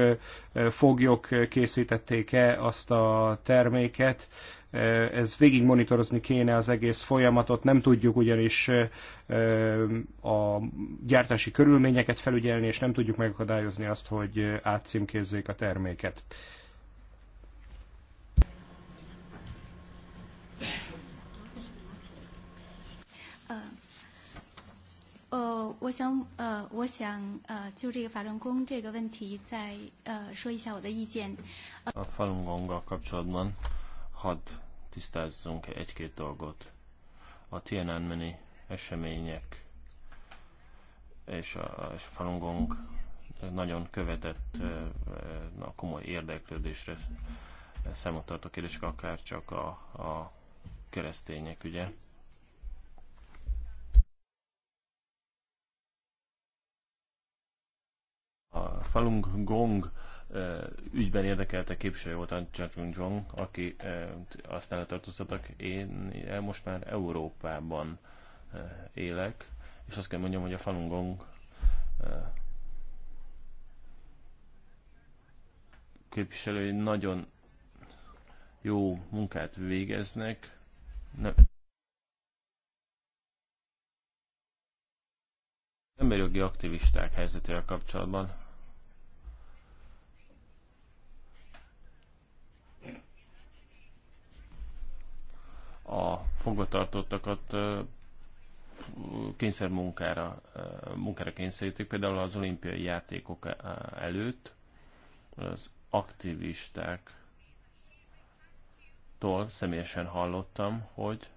foglyok készítették-e azt a terméket ez végig monitorozni kéne az egész folyamatot, nem tudjuk ugyanis a gyártási körülményeket felügyelni, és nem tudjuk megakadályozni azt, hogy átcímkézzék a terméket. 呃，我想呃，我想呃，就这个法轮功这个问题再呃说一下我的意见。A uh, uh, a Gonga kapcsolatban hadd tisztázzunk egy-két dolgot. A Tiananmeni események és a, és a Falun Gong nagyon követett, na, komoly érdeklődésre számot tartó kérdések, akár csak a, a keresztények, ugye? A Falun Gong ügyben érdekelte képviselő volt a Chachung Jong, aki aztán letartóztattak. Én most már Európában élek, és azt kell mondjam, hogy a Falun Gong képviselői nagyon jó munkát végeznek. Nem. Emberjogi aktivisták helyzetével kapcsolatban a fogvatartottakat kényszer munkára munkára kényszerítik, például az olimpiai játékok előtt az aktivistáktól személyesen hallottam, hogy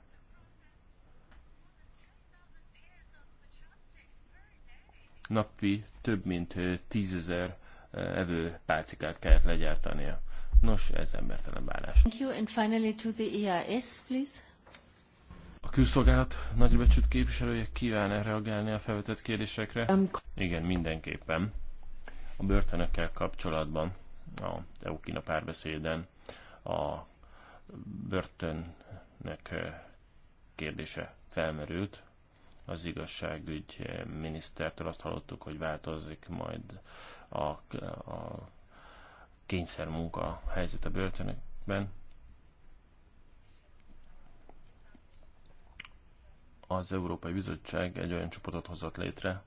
napi több mint tízezer evő pálcikát kellett legyártania. Nos, ez embertelen bánás. Thank you, and finally to the EIS, please. A külszolgálat nagybecsült képviselője kíván-e reagálni a felvetett kérdésekre? Um, Igen, mindenképpen. A börtönökkel kapcsolatban, a EU-Kína párbeszéden a börtönök eh, kérdése felmerült. Az igazságügy eh, minisztertől azt hallottuk, hogy változik majd a, a kényszermunka helyzet a börtönökben. Az Európai Bizottság egy olyan csoportot hozott létre,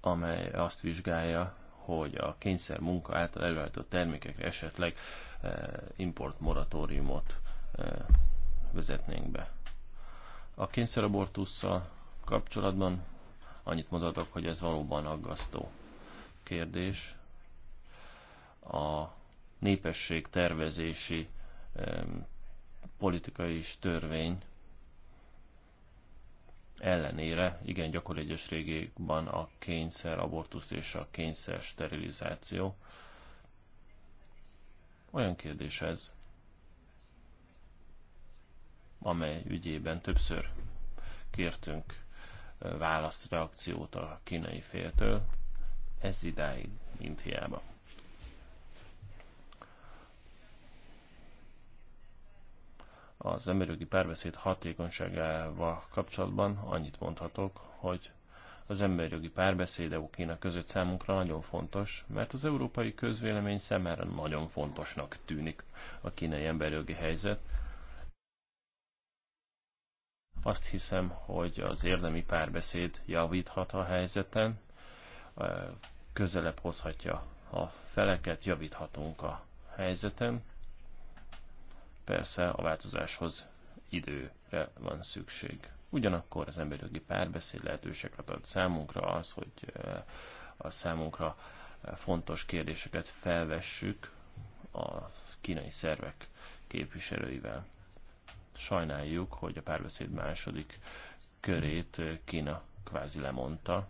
amely azt vizsgálja, hogy a kényszer munka által előállított termékekre esetleg eh, import moratóriumot eh, vezetnénk be. A kényszerabortusszal kapcsolatban annyit mondhatok, hogy ez valóban aggasztó kérdés a népesség tervezési politikai és törvény ellenére igen gyakori egyes régiekban a kényszer abortusz és a kényszer sterilizáció. Olyan kérdés ez, amely ügyében többször kértünk választ, reakciót a kínai féltől, ez idáig mint hiába. az emberjogi párbeszéd hatékonyságával kapcsolatban annyit mondhatok, hogy az emberjogi párbeszéd EU Kína között számunkra nagyon fontos, mert az európai közvélemény szemére nagyon fontosnak tűnik a kínai emberjogi helyzet. Azt hiszem, hogy az érdemi párbeszéd javíthat a helyzeten, közelebb hozhatja a feleket, javíthatunk a helyzeten persze a változáshoz időre van szükség. Ugyanakkor az emberjogi párbeszéd lehetőséget ad számunkra az, hogy eh, a számunkra eh, fontos kérdéseket felvessük a kínai szervek képviselőivel. Sajnáljuk, hogy a párbeszéd második körét eh, Kína kvázi lemondta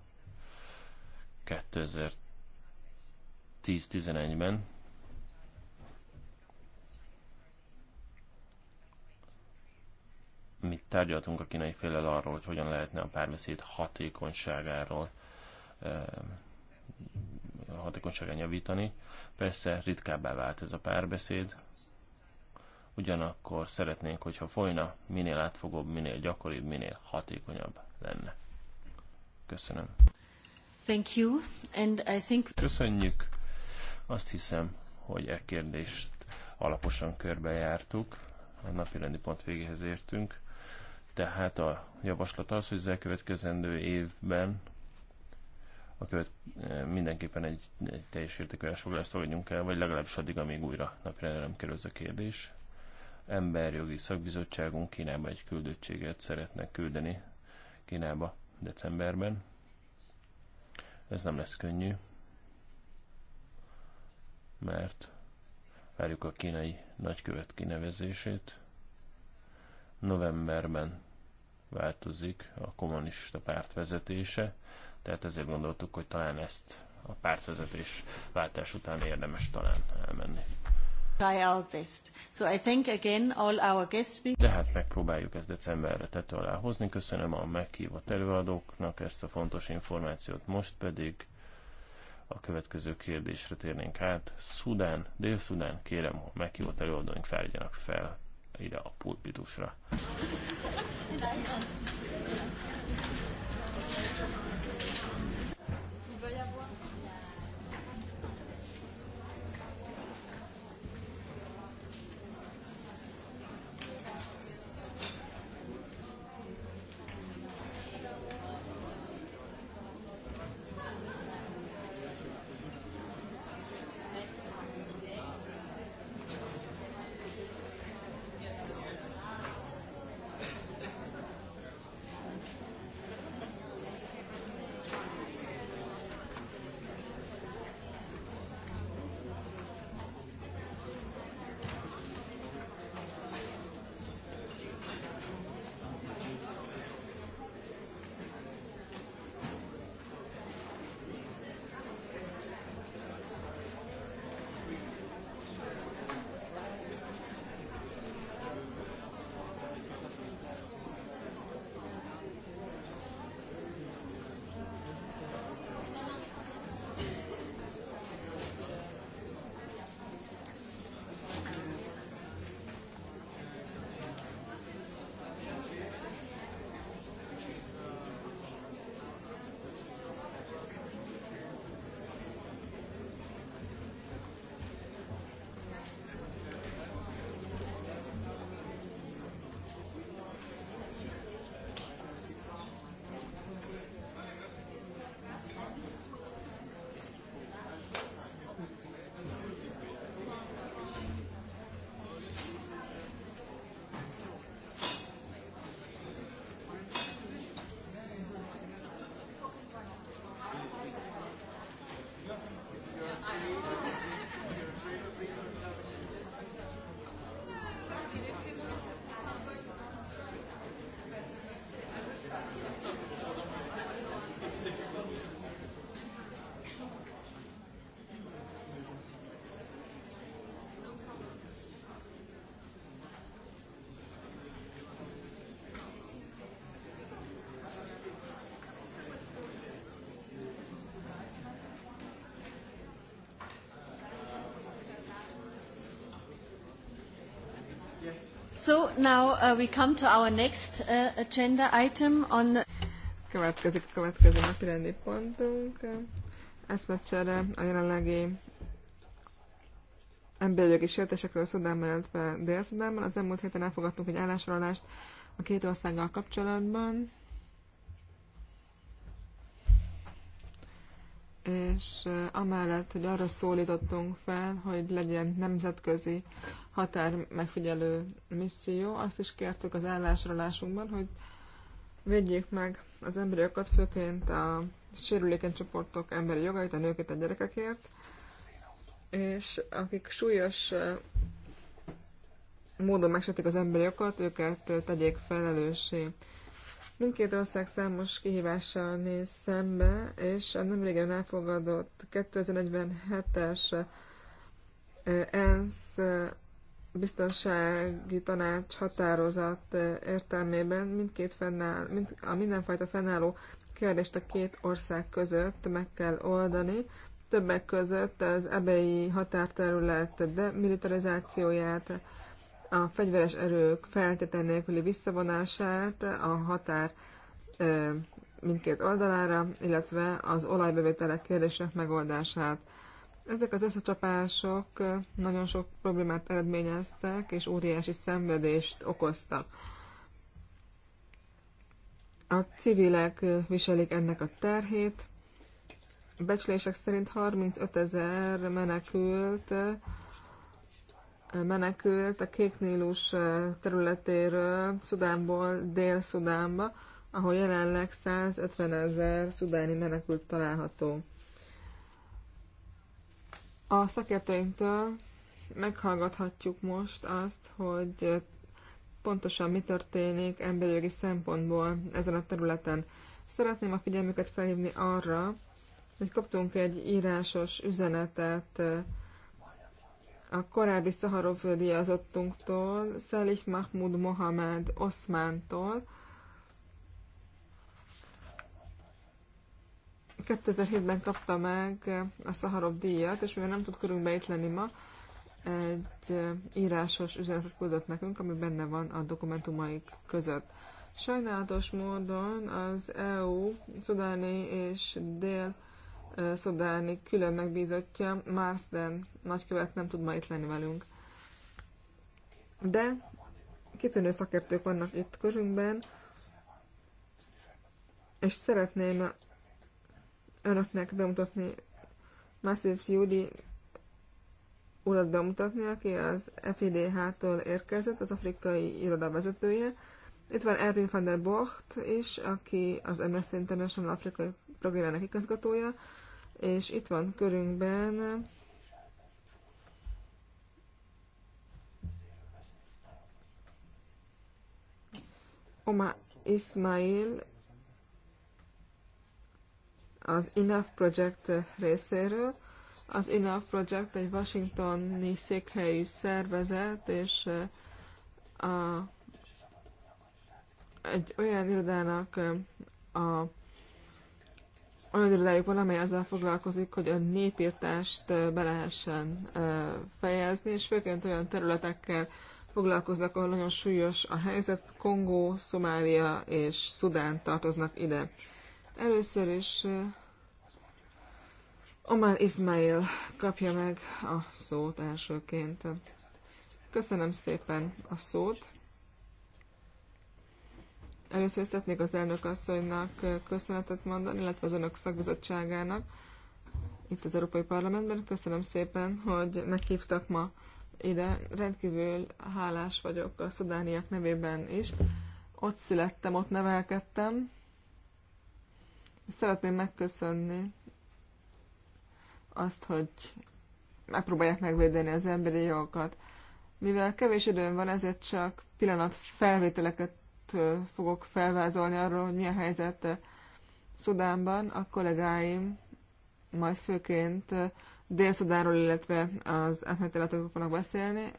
2010-11-ben, mit tárgyaltunk a kínai félel arról, hogy hogyan lehetne a párbeszéd hatékonyságáról hatékonyságán javítani. Persze ritkábbá vált ez a párbeszéd, ugyanakkor szeretnénk, hogyha folyna, minél átfogóbb, minél gyakoribb, minél hatékonyabb lenne. Köszönöm. Thank you, and I think... Köszönjük. Azt hiszem, hogy e kérdést alaposan körbejártuk, a napi rendi pont végéhez értünk. Tehát a javaslat az, hogy az elkövetkezendő évben a követ, mindenképpen egy, egy teljes értékű elsoglást fogadjunk el, vagy legalábbis addig, amíg újra napirendre nem kerül ez a kérdés. Emberjogi szakbizottságunk Kínába egy küldöttséget szeretne küldeni Kínába decemberben. Ez nem lesz könnyű, mert várjuk a kínai nagykövet kinevezését. Novemberben változik a kommunista párt vezetése, tehát ezért gondoltuk, hogy talán ezt a pártvezetés váltás után érdemes talán elmenni. De hát megpróbáljuk ezt decemberre tető alá hozni. Köszönöm a meghívott előadóknak ezt a fontos információt. Most pedig a következő kérdésre térnénk át. Szudán, Dél-Szudán, kérem, hogy meghívott előadóink felgyanak fel ide a pulpitusra. now uh, we come to our next uh, agenda item on... Következik a következő napi rendi pontunk. Eszmecsere a jelenlegi emberjogi sértésekről Szudánban, illetve Dél-Szudánban. Az elmúlt héten elfogadtunk egy állásolást a két országgal kapcsolatban. És uh, amellett, hogy arra szólítottunk fel, hogy legyen nemzetközi határ megfigyelő misszió. Azt is kértük az állásrólásunkban, hogy védjék meg az embereket, főként a sérülékeny csoportok emberi jogait, a nőket, a gyerekekért, és akik súlyos módon megsértik az emberi jogokat, őket tegyék felelőssé. Mindkét ország számos kihívással néz szembe, és a nemrégen elfogadott 2047-es ENSZ biztonsági tanács határozat értelmében mindkét fennáll, mind, a mindenfajta fennálló kérdést a két ország között meg kell oldani, többek között az ebei határterület demilitarizációját, a fegyveres erők feltétel nélküli visszavonását a határ mindkét oldalára, illetve az olajbevételek kérdések megoldását. Ezek az összecsapások nagyon sok problémát eredményeztek, és óriási szenvedést okoztak. A civilek viselik ennek a terhét. Becslések szerint 35 ezer menekült menekült a Nílus területéről Szudánból Dél-Szudánba, ahol jelenleg 150 ezer szudáni menekült található. A szakértőinktől meghallgathatjuk most azt, hogy pontosan mi történik emberjogi szempontból ezen a területen. Szeretném a figyelmüket felhívni arra, hogy kaptunk egy írásos üzenetet a korábbi Szaharov díjazottunktól, Szelih Mahmud Mohamed Oszmántól, 2007-ben kapta meg a Szaharov díjat, és mivel nem tud körünkbe itt lenni ma, egy írásos üzenetet küldött nekünk, ami benne van a dokumentumaik között. Sajnálatos módon az EU szudáni és dél szudáni külön megbízottja, Marsden nagykövet nem tud ma itt lenni velünk. De kitűnő szakértők vannak itt körünkben, és szeretném önöknek bemutatni Massive Judy urat bemutatni, aki az FIDH-tól érkezett, az afrikai iroda vezetője. Itt van Erwin van der Bocht is, aki az Amnesty International afrikai programjának igazgatója, és itt van körünkben Oma Ismail, az Enough Project részéről. Az Enough Project egy washingtoni székhelyű szervezet, és eh, a, egy olyan irodának eh, a olyan irodájuk van, amely azzal foglalkozik, hogy a népírtást eh, be lehessen fejezni, és főként olyan területekkel foglalkoznak, ahol nagyon súlyos a helyzet. Kongó, Szomália és Szudán tartoznak ide. Először is Omar Ismail kapja meg a szót elsőként. Köszönöm szépen a szót. Először is szeretnék az elnök asszonynak köszönetet mondani, illetve az önök szakbizottságának itt az Európai Parlamentben. Köszönöm szépen, hogy meghívtak ma ide. Rendkívül hálás vagyok a szudániak nevében is. Ott születtem, ott nevelkedtem, Szeretném megköszönni azt, hogy megpróbálják megvédeni az emberi jogokat. Mivel kevés időm van, ezért csak pillanat felvételeket fogok felvázolni arról, hogy milyen helyzet Szudánban. A kollégáim majd főként Dél-Szudánról, illetve az átmeneteletről fognak beszélni.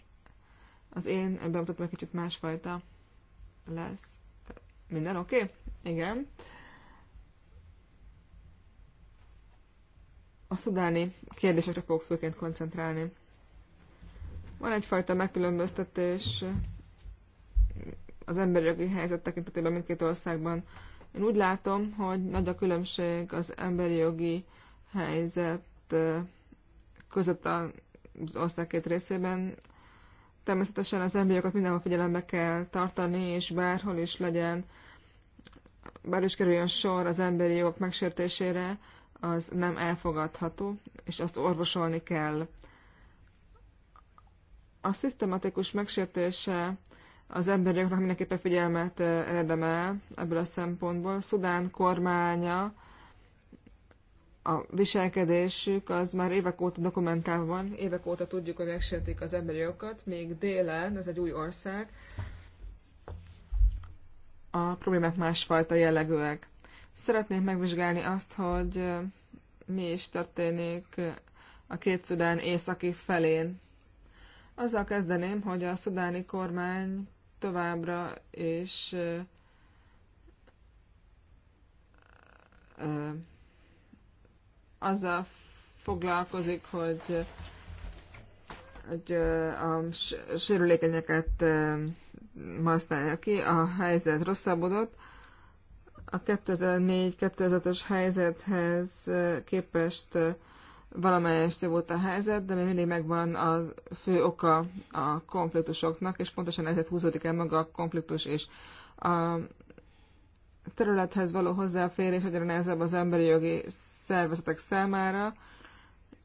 Az én bemutatom egy kicsit másfajta lesz. Minden oké? Okay? Igen. a szudáni kérdésekre fogok főként koncentrálni. Van egyfajta megkülönböztetés az emberi jogi helyzet tekintetében mindkét országban. Én úgy látom, hogy nagy a különbség az emberi jogi helyzet között az ország két részében. Természetesen az emberi jogokat mindenhol figyelembe kell tartani, és bárhol is legyen, bár is kerüljön sor az emberi jogok megsértésére, az nem elfogadható, és azt orvosolni kell. A szisztematikus megsértése az emberi mindenképpen figyelmet érdemel ebből a szempontból. Szudán kormánya, a viselkedésük az már évek óta dokumentálva van, évek óta tudjuk, hogy megsértik az emberi jogokat, még délen, ez egy új ország, a problémák másfajta jellegűek. Szeretnék megvizsgálni azt, hogy mi is történik a két szudán északi felén. Azzal kezdeném, hogy a szudáni kormány továbbra is azzal foglalkozik, hogy, hogy a sérülékenyeket használja ki, a helyzet rosszabbodott, a 2004-2005-ös helyzethez képest valamelyest volt a helyzet, de még mindig megvan a fő oka a konfliktusoknak, és pontosan ezért húzódik el maga a konfliktus is. A területhez való hozzáférés egyre nehezebb az emberi jogi szervezetek számára,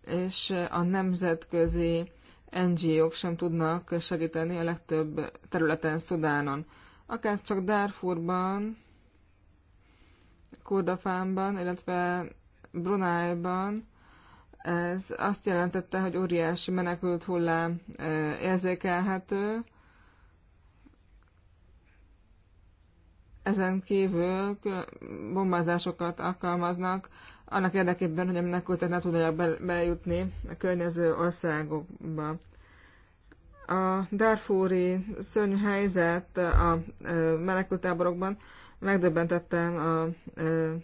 és a nemzetközi NGO-k sem tudnak segíteni a legtöbb területen Szudánon. Akár csak Darfurban Kordafánban, illetve Brunájban, ez azt jelentette, hogy óriási menekült hullám érzékelhető. Ezen kívül bombázásokat alkalmaznak annak érdekében, hogy a menekültek ne tudjanak bejutni a környező országokba. A Darfúri szörnyű helyzet a menekültáborokban megdöbbentettem a ö,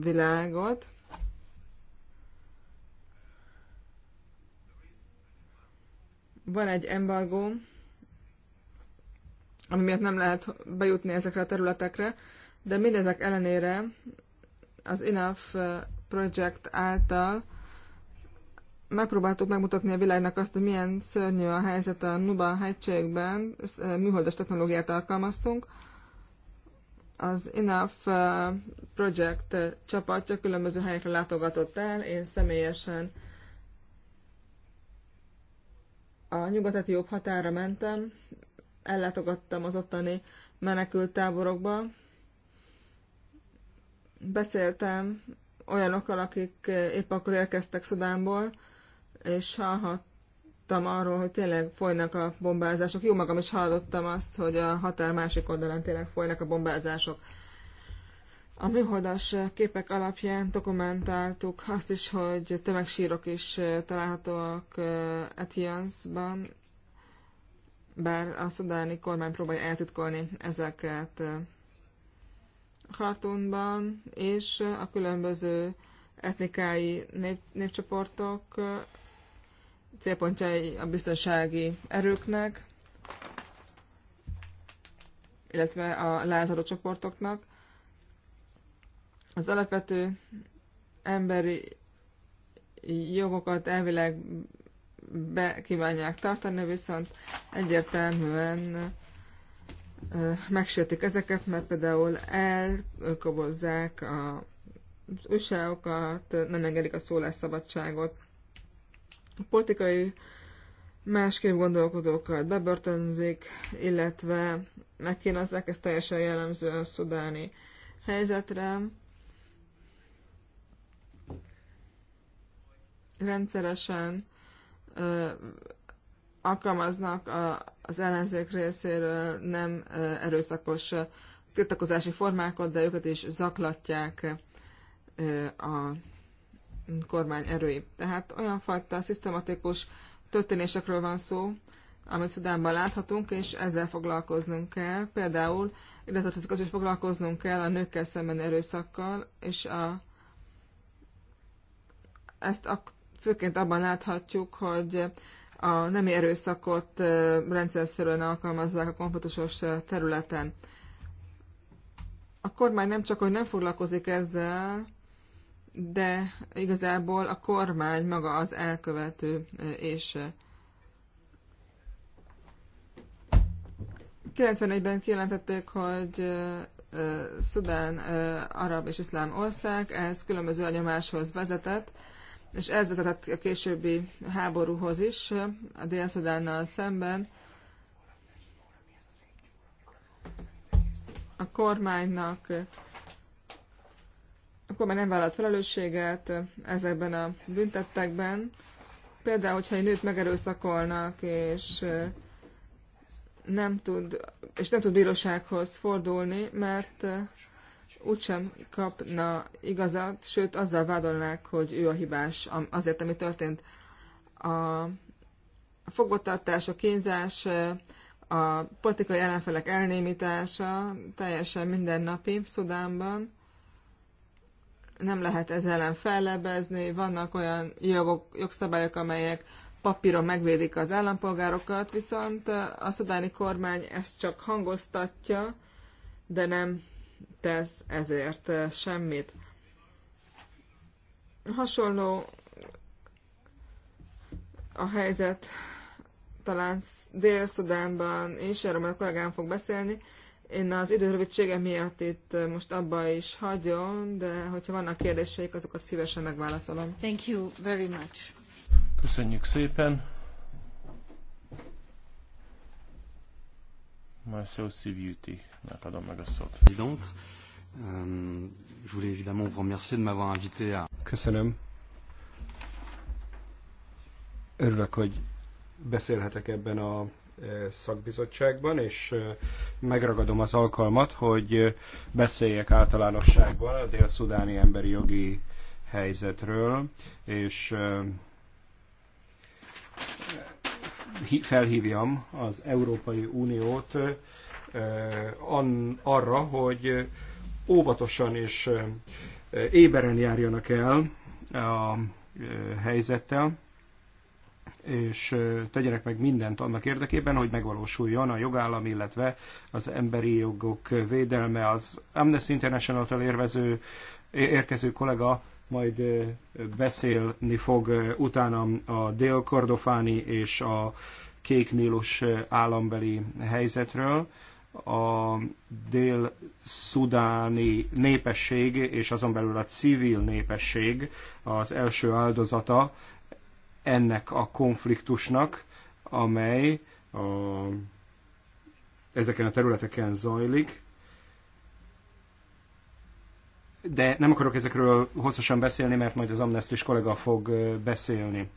világot. Van egy embargó, ami miatt nem lehet bejutni ezekre a területekre, de mindezek ellenére az Enough Project által megpróbáltuk megmutatni a világnak azt, hogy milyen szörnyű a helyzet a Nuba hegységben, műholdas technológiát alkalmaztunk, az Enough uh, Project uh, csapatja különböző helyekre látogatott el. Én személyesen a nyugati jobb határa mentem, ellátogattam az ottani menekült táborokba. Beszéltem olyanokkal, akik uh, épp akkor érkeztek Szudánból, és hallhat, hallottam arról, hogy tényleg folynak a bombázások. Jó magam is hallottam azt, hogy a határ másik oldalán tényleg folynak a bombázások. A műholdas képek alapján dokumentáltuk azt is, hogy tömegsírok is találhatóak eh, Etiansban, bár a szudáni kormány próbálja eltitkolni ezeket eh, Hartunban, és a különböző etnikai nép, népcsoportok célpontjai a biztonsági erőknek, illetve a lázadó csoportoknak. Az alapvető emberi jogokat elvileg be kívánják tartani, viszont egyértelműen megsértik ezeket, mert például elkobozzák a újságokat, nem engedik a szólásszabadságot a politikai másképp gondolkodókat bebörtönzik, illetve megkínozzák, ez teljesen jellemző a szudáni helyzetre. Rendszeresen ö, alkalmaznak a, az ellenzék részéről nem ö, erőszakos tiltakozási formákat, de őket is zaklatják ö, a kormány erői. Tehát olyan fajta szisztematikus történésekről van szó, amit Szudánban láthatunk, és ezzel foglalkoznunk kell. Például illetve az, hogy foglalkoznunk kell a nőkkel szemben erőszakkal, és a, ezt a, főként abban láthatjuk, hogy a nemi erőszakot rendszerszerűen alkalmazzák a konfliktusos területen. A kormány nem csak, hogy nem foglalkozik ezzel, de igazából a kormány maga az elkövető, és 91-ben kijelentették, hogy Szudán arab és iszlám ország, ez különböző anyomáshoz vezetett, és ez vezetett a későbbi háborúhoz is, a Dél-Szudánnal szemben. A kormánynak akkor már nem vállalt felelősséget ezekben a büntettekben. Például, hogyha egy nőt megerőszakolnak, és nem tud, és nem tud bírósághoz fordulni, mert úgysem kapna igazat, sőt azzal vádolnák, hogy ő a hibás azért, ami történt. A fogottartás, a kínzás, a politikai ellenfelek elnémítása teljesen mindennapi Szudánban nem lehet ez ellen fellebezni, vannak olyan jogok, jogszabályok, amelyek papíron megvédik az állampolgárokat, viszont a szudáni kormány ezt csak hangoztatja, de nem tesz ezért semmit. Hasonló a helyzet talán Dél-Szudánban is, erről a kollégám fog beszélni, én az időrövidsége miatt itt most abba is hagyom, de hogyha vannak kérdéseik, azokat szívesen megválaszolom. Thank you very much. Köszönjük szépen. Marcel Civiuti-nek adom meg a szót. Euh, je voulais évidemment vous remercier de m'avoir invité à... Köszönöm. Örülök, hogy beszélhetek ebben a szakbizottságban, és megragadom az alkalmat, hogy beszéljek általánosságban a dél-szudáni emberi jogi helyzetről, és felhívjam az Európai Uniót arra, hogy óvatosan és éberen járjanak el a helyzettel, és tegyenek meg mindent annak érdekében, hogy megvalósuljon a jogállam, illetve az emberi jogok védelme. Az Amnesty International-től érvező, érkező kollega majd beszélni fog utána a dél-kordofáni és a kéknílus állambeli helyzetről a dél-szudáni népesség, és azon belül a civil népesség az első áldozata ennek a konfliktusnak, amely a, ezeken a területeken zajlik. De nem akarok ezekről hosszasan beszélni, mert majd az amnestis kollega fog beszélni.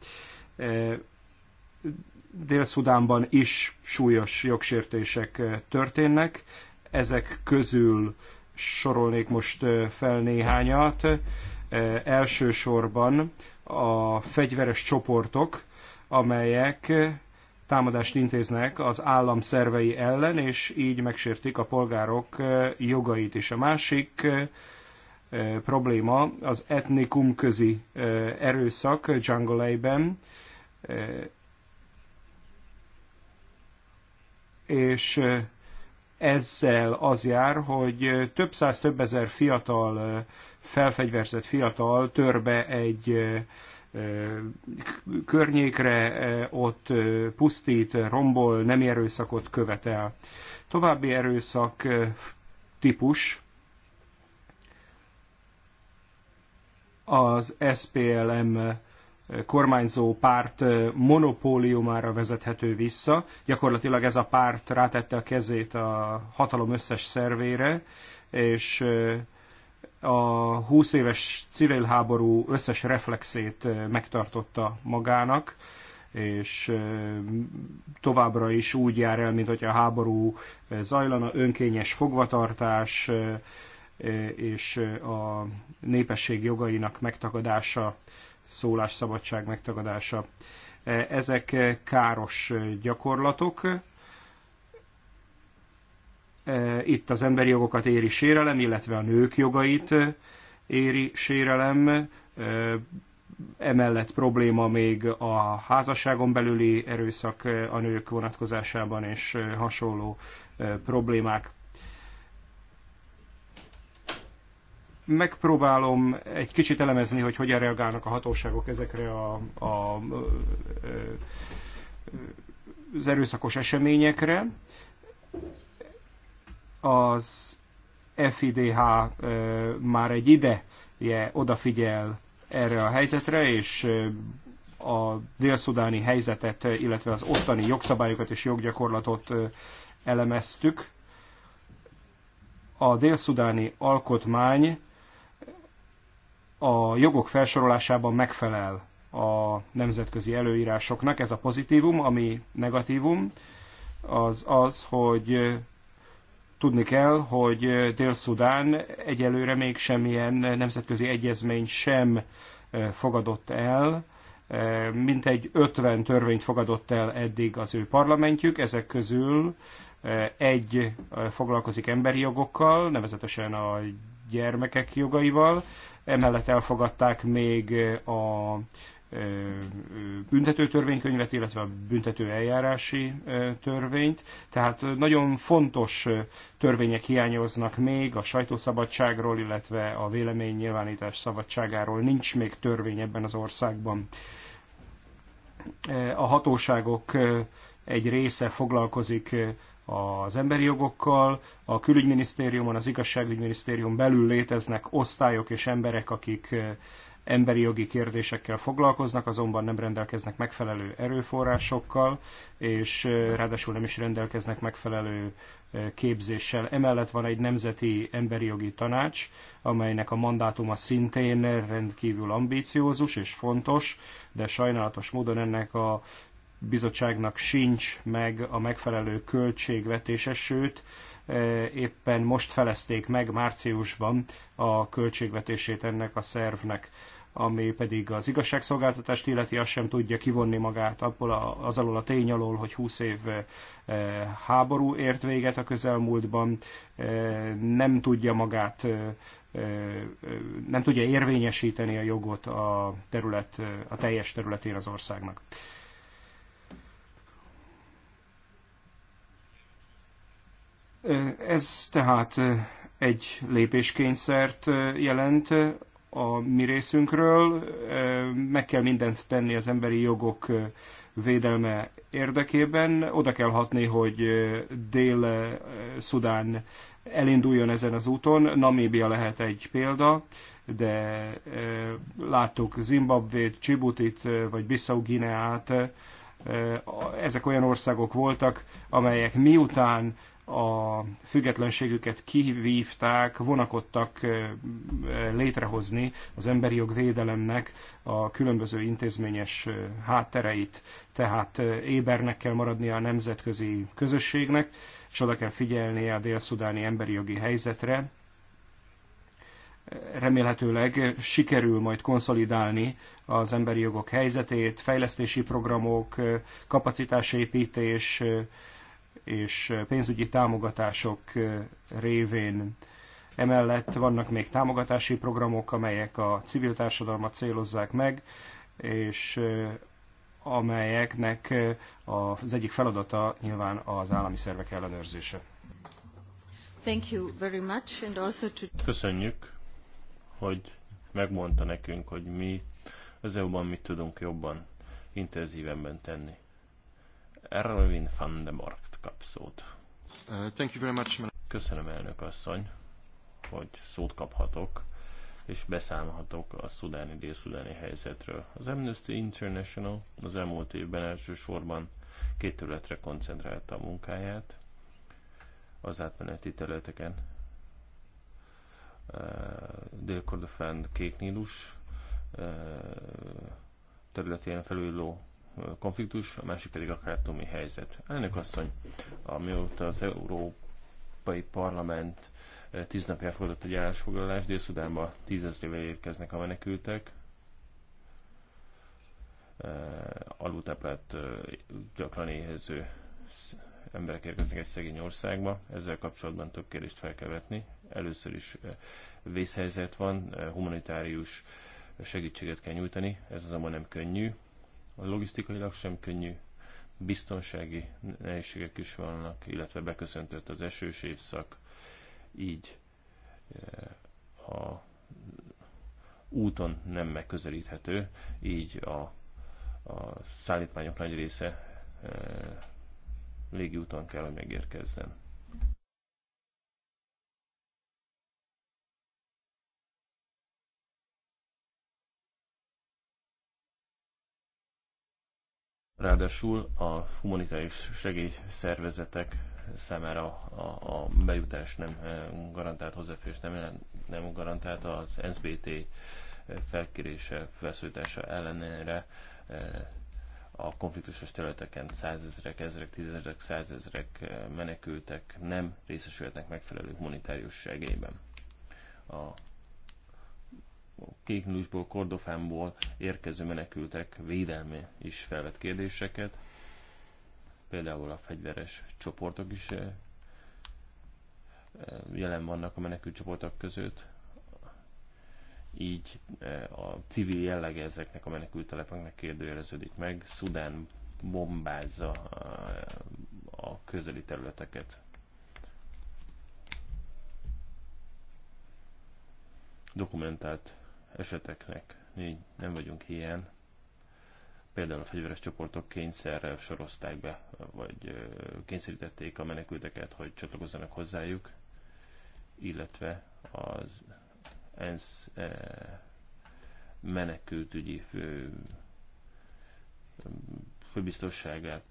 Dél-Szudánban is súlyos jogsértések történnek. Ezek közül sorolnék most fel néhányat. Elsősorban a fegyveres csoportok, amelyek támadást intéznek az állam szervei ellen, és így megsértik a polgárok jogait is. A másik probléma az etnikumközi erőszak Dzsangolejben, és ezzel az jár, hogy több száz, több ezer fiatal, felfegyverzett fiatal törbe egy környékre, ott pusztít, rombol, nem erőszakot követel. További erőszak típus az SPLM kormányzó párt monopóliumára vezethető vissza. Gyakorlatilag ez a párt rátette a kezét a hatalom összes szervére, és a 20 éves civil háború összes reflexét megtartotta magának, és továbbra is úgy jár el, mint hogy a háború zajlana, önkényes fogvatartás és a népesség jogainak megtagadása szólásszabadság megtagadása. E, ezek káros gyakorlatok. E, itt az emberi jogokat éri sérelem, illetve a nők jogait éri sérelem. E, emellett probléma még a házasságon belüli erőszak a nők vonatkozásában és hasonló problémák megpróbálom egy kicsit elemezni, hogy hogyan reagálnak a hatóságok ezekre a, a, a, az erőszakos eseményekre. Az FIDH már egy ide odafigyel erre a helyzetre, és a délszudáni helyzetet, illetve az ottani jogszabályokat és joggyakorlatot elemeztük. A délszudáni alkotmány a jogok felsorolásában megfelel a nemzetközi előírásoknak. Ez a pozitívum, ami negatívum, az az, hogy tudni kell, hogy Dél-Szudán egyelőre még semmilyen nemzetközi egyezmény sem fogadott el, mintegy 50 törvényt fogadott el eddig az ő parlamentjük, ezek közül egy foglalkozik emberi jogokkal, nevezetesen a gyermekek jogaival, Emellett elfogadták még a büntető törvénykönyvet, illetve a büntető eljárási törvényt. Tehát nagyon fontos törvények hiányoznak még a sajtószabadságról, illetve a vélemény nyilvánítás szabadságáról. Nincs még törvény ebben az országban. A hatóságok egy része foglalkozik az emberi jogokkal, a külügyminisztériumon, az igazságügyminisztérium belül léteznek osztályok és emberek, akik emberi jogi kérdésekkel foglalkoznak, azonban nem rendelkeznek megfelelő erőforrásokkal, és ráadásul nem is rendelkeznek megfelelő képzéssel. Emellett van egy nemzeti emberi jogi tanács, amelynek a mandátuma szintén rendkívül ambíciózus és fontos, de sajnálatos módon ennek a bizottságnak sincs meg a megfelelő költségvetése, sőt, e, éppen most felezték meg márciusban a költségvetését ennek a szervnek ami pedig az igazságszolgáltatást illeti, azt sem tudja kivonni magát abból a, az alól a tény alól, hogy 20 év e, háború ért véget a közelmúltban, e, nem tudja magát, e, e nem tudja érvényesíteni a jogot a terület, e, a teljes területén az országnak. Ez tehát egy lépéskényszert jelent a mi részünkről. Meg kell mindent tenni az emberi jogok védelme érdekében. Oda kell hatni, hogy Dél-Szudán elinduljon ezen az úton. Namíbia lehet egy példa, de láttuk Zimbabvét, Csibutit vagy Bissau Gineát. Ezek olyan országok voltak, amelyek miután a függetlenségüket kivívták, vonakodtak létrehozni az emberi jog védelemnek a különböző intézményes háttereit. Tehát ébernek kell maradnia a nemzetközi közösségnek, és oda kell figyelnie a dél-szudáni emberi jogi helyzetre. Remélhetőleg sikerül majd konszolidálni az emberi jogok helyzetét, fejlesztési programok, kapacitásépítés, és pénzügyi támogatások révén. Emellett vannak még támogatási programok, amelyek a civil társadalmat célozzák meg, és amelyeknek az egyik feladata nyilván az állami szervek ellenőrzése. Thank you very much, and also to... Köszönjük, hogy megmondta nekünk, hogy mi az EU-ban mit tudunk jobban, intenzívebben tenni. Erwin van de Markt kap szót. Uh, thank you very much. Köszönöm, elnök asszony, hogy szót kaphatok és beszámolhatok a szudáni dél-szudáni helyzetről. Az Amnesty International az elmúlt évben elsősorban két területre koncentrálta a munkáját, az átmeneti területeken. Uh, Dél-Kordofán Kék Nílus uh, területén felülülő konfliktus, a másik pedig a kártumi helyzet. Elnök asszony, amióta az Európai Parlament eh, tíz napja elfogadott egy állásfoglalás, Dél-Szudánba tízezrével érkeznek a menekültek, eh, alultáplált, eh, gyakran éhező emberek érkeznek egy szegény országba. Ezzel kapcsolatban több kérdést fel kell vetni. Először is vészhelyzet van, humanitárius segítséget kell nyújtani, ez azonban nem könnyű logisztikailag sem könnyű, biztonsági nehézségek is vannak, illetve beköszöntött az esős évszak, így eh, a úton nem megközelíthető, így a, a szállítmányok nagy része eh, légi úton kell, hogy megérkezzen. Ráadásul a humanitárius segélyszervezetek számára a, a bejutás nem eh, garantált hozzáférés, nem, nem garantált az SBT eh, felkérése, felszólítása ellenére eh, a konfliktusos területeken százezrek, ezrek, tízezrek, százezrek menekültek nem részesülhetnek megfelelő humanitárius segélyben. A Kéknulisból, Kordofánból érkező menekültek védelme is felvet kérdéseket. Például a fegyveres csoportok is eh, eh, jelen vannak a menekült csoportok között. Így eh, a civil jellege ezeknek a telepeknek kérdőjeleződik meg. Szudán bombázza a közeli területeket. Dokumentált eseteknek. Így nem vagyunk ilyen. Például a fegyveres csoportok kényszerrel sorozták be, vagy kényszerítették a menekülteket, hogy csatlakozzanak hozzájuk, illetve az ENSZ e, menekültügyi fő, főbiztosságát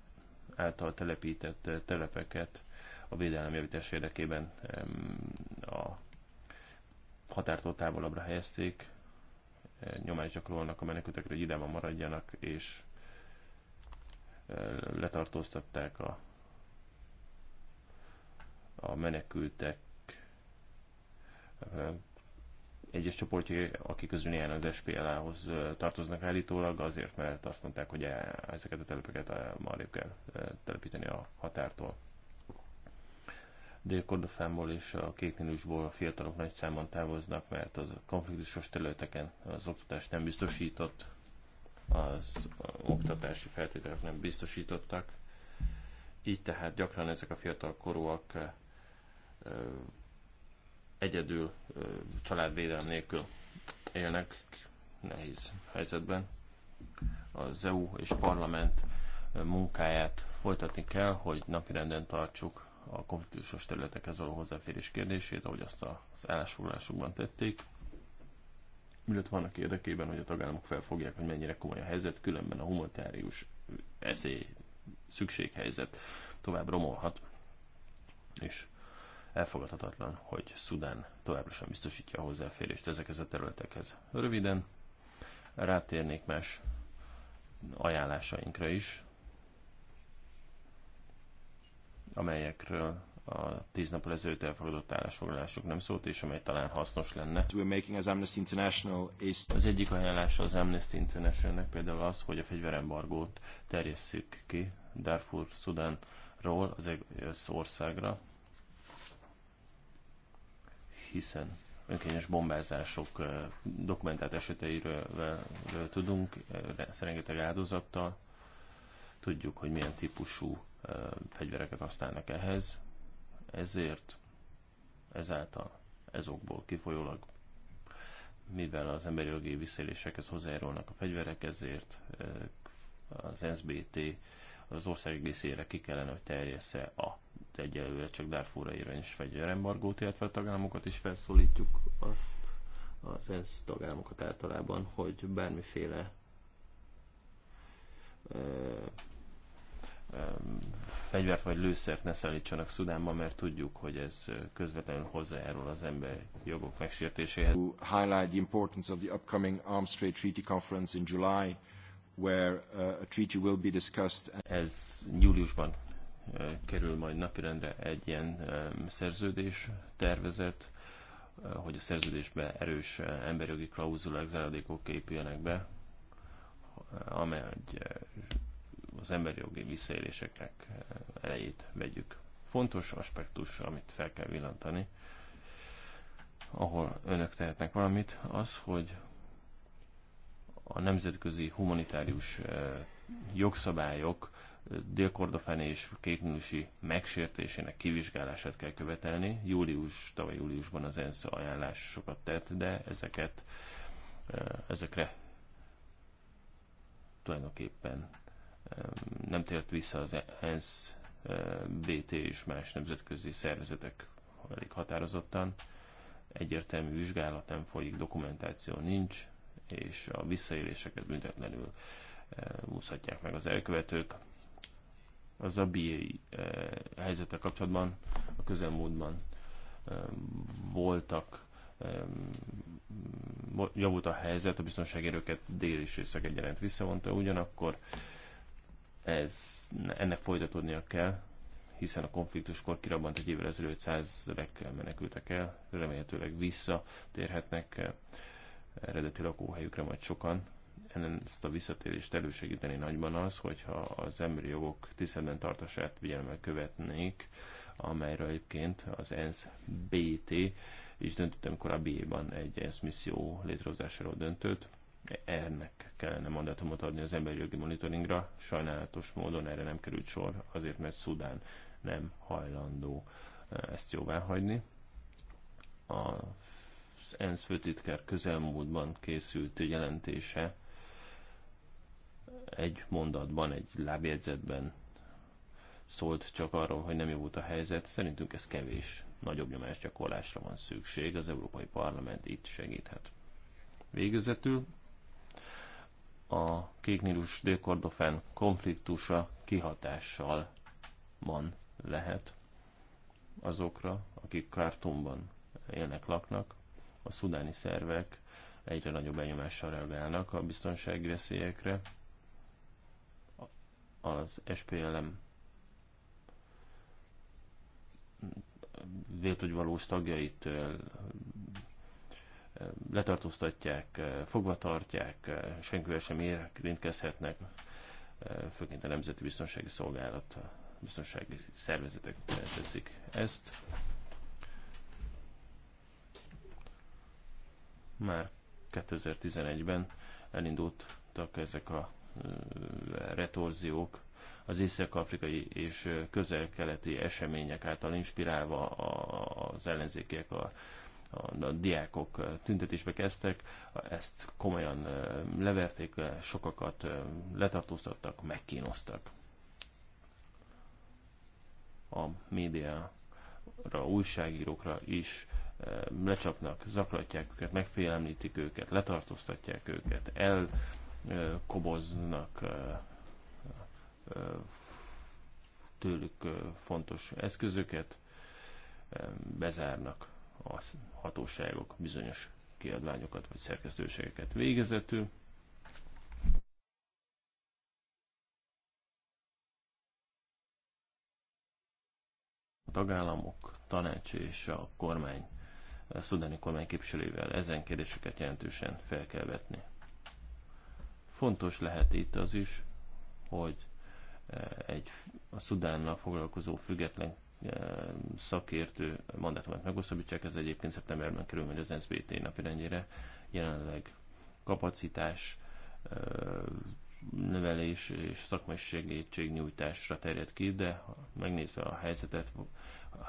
által telepített e, telepeket a védelemjavítás érdekében a határtól távolabbra helyezték, nyomást gyakorolnak a menekültekre, hogy idában maradjanak, és e, letartóztatták a, a menekültek e, egyes csoportjai, akik közül néhány az SPLA-hoz e, tartoznak állítólag, azért, mert azt mondták, hogy ezeket a telepeket már kell telepíteni a határtól. Dél-Kordofánból és a Kéknilúsból a fiatalok nagy számban távoznak, mert az konfliktusos területeken az oktatás nem biztosított, az oktatási feltételek nem biztosítottak. Így tehát gyakran ezek a fiatal korúak egyedül, családvédelem nélkül élnek nehéz helyzetben. Az EU és parlament munkáját folytatni kell, hogy napirenden tartsuk a konfliktusos területekhez való hozzáférés kérdését, ahogy azt az állásfoglalásukban tették, illetve vannak érdekében, hogy a tagállamok felfogják, hogy mennyire komoly a helyzet, különben a humanitárius eszély szükséghelyzet tovább romolhat, és elfogadhatatlan, hogy Szudán továbbra sem biztosítja a hozzáférést ezekhez a területekhez. Röviden rátérnék más ajánlásainkra is, amelyekről a tíz nap ezelőtt elfogadott állásfoglalásuk nem szólt, és amely talán hasznos lenne. Az egyik ajánlása az Amnesty Internationalnek például az, hogy a fegyverembargót terjesszük ki Darfur, Sudanról az egész országra, hiszen önkényes bombázások eh, dokumentált eseteiről eh, tudunk, eh, rengeteg áldozattal, Tudjuk, hogy milyen típusú fegyvereket használnak ehhez, ezért ezáltal ezokból kifolyólag, mivel az emberi jogi visszaélésekhez hozzájárulnak a fegyverek, ezért az SBT az ország egészére ki kellene, hogy terjessze a egyelőre csak Darfurra érvényes fegyverembargót, illetve a tagállamokat is felszólítjuk azt az ENSZ tagállamokat általában, hogy bármiféle fegyvert vagy lőszert ne szállítsanak Szudánba, mert tudjuk, hogy ez közvetlenül hozzájárul az ember jogok megsértéséhez. To highlight the importance of the upcoming Arms Trade Treaty Conference in July, where uh, a treaty will be discussed. Ez júliusban kerül majd napirendre egy ilyen szerződés tervezet, hogy a szerződésbe erős emberjogi klauzulák, záradékok épüljenek be, amely eh, az emberi jogi visszaéléseknek eh, elejét vegyük. Fontos aspektus, amit fel kell villantani, ahol önök tehetnek valamit, az, hogy a nemzetközi humanitárius eh, jogszabályok dél és Kéknulusi megsértésének kivizsgálását kell követelni. Július, tavaly júliusban az ENSZ ajánlásokat tett, de ezeket, ezekre tulajdonképpen nem tért vissza az ENSZ, BT és más nemzetközi szervezetek elég határozottan. Egyértelmű vizsgálat nem folyik, dokumentáció nincs, és a visszaéléseket büntetlenül úszhatják meg az elkövetők. Az a abiai helyzete kapcsolatban a közelmúltban voltak javult a helyzet, a biztonsági erőket déli és észak egyaránt visszavonta, ugyanakkor ez, ennek folytatódnia kell, hiszen a konfliktuskor kirabbant egy évvel ezelőtt százezrek menekültek el, remélhetőleg visszatérhetnek eh, eredeti lakóhelyükre majd sokan. Ennen ezt a visszatérést elősegíteni nagyban az, hogyha az emberi jogok tiszteletben tartását figyelemmel követnék, amelyre egyébként az ENSZ BT is döntöttem korábbiéban egy ENSZ misszió létrehozásáról döntött. Ennek kellene mandátumot adni az emberi jogi monitoringra. Sajnálatos módon erre nem került sor, azért mert Szudán nem hajlandó e, ezt jóvá hagyni. Az ENSZ főtitkár közelmúltban készült jelentése egy mondatban, egy lábjegyzetben szólt csak arról, hogy nem volt a helyzet. Szerintünk ez kevés. Nagyobb nyomásgyakorlásra van szükség, az Európai Parlament itt segíthet. Végezetül a kéknírus délkordofán konfliktusa kihatással van lehet azokra, akik Kártumban élnek, laknak. A szudáni szervek egyre nagyobb benyomással reagálnak a biztonsági veszélyekre. Az SPLM vélt hogy valós tagjait letartóztatják, fogva tartják, senkivel sem érintkezhetnek, főként a Nemzeti Biztonsági Szolgálat, biztonsági szervezetek teszik ezt. Már 2011-ben elindultak ezek a retorziók, az észak-afrikai és közel-keleti események által inspirálva az ellenzékiek a, a, a diákok tüntetésbe kezdtek, ezt komolyan leverték, sokakat letartóztattak, megkínoztak. A médiára, újságírókra is lecsapnak, zaklatják őket, megfélemlítik őket, letartóztatják őket, elkoboznak tőlük fontos eszközöket bezárnak a hatóságok bizonyos kiadványokat vagy szerkesztőségeket végezetül. A tagállamok, tanács és a kormány, a szudáni kormány képviselővel ezen kérdéseket jelentősen fel kell vetni. Fontos lehet itt az is, hogy Eh, egy a Szudánnal foglalkozó független eh, szakértő mandátumát megosztabítsák. ez egyébként szeptemberben kerül majd az NSBT napirendjére. Jelenleg kapacitás eh, növelés és szakmai segítségnyújtásra terjed ki, de ha megnézve a helyzetet,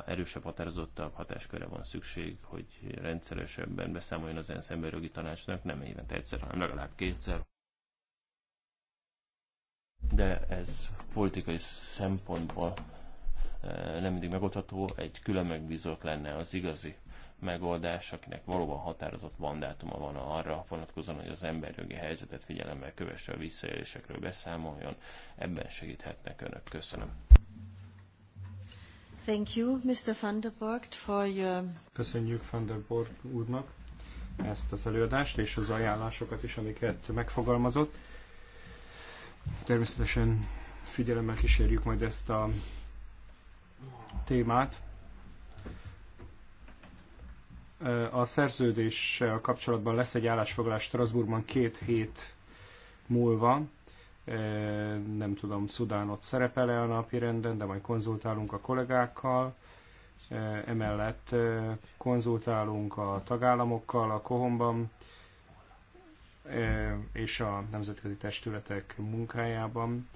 erősebb, határozottabb hatáskörre van szükség, hogy rendszeresebben beszámoljon az ENSZ emberjogi tanácsnak, nem évente egyszer, hanem legalább kétszer de ez politikai szempontból eh, nem mindig megoldható, egy külön megbízott lenne az igazi megoldás, akinek valóban határozott mandátuma van arra vonatkozóan, hogy az emberjogi helyzetet figyelemmel kövesse a visszaélésekről beszámoljon. Ebben segíthetnek önök. Köszönöm. Thank you, Mr. Van der Borg, for your... Köszönjük Van der Borg úrnak ezt az előadást és az ajánlásokat is, amiket megfogalmazott. Természetesen figyelemmel kísérjük majd ezt a témát. A szerződéssel kapcsolatban lesz egy állásfoglalás Strasbourgban két hét múlva. Nem tudom, Szudán ott szerepel-e a napi renden, de majd konzultálunk a kollégákkal. Emellett konzultálunk a tagállamokkal a Kohomban és a nemzetközi testületek munkájában.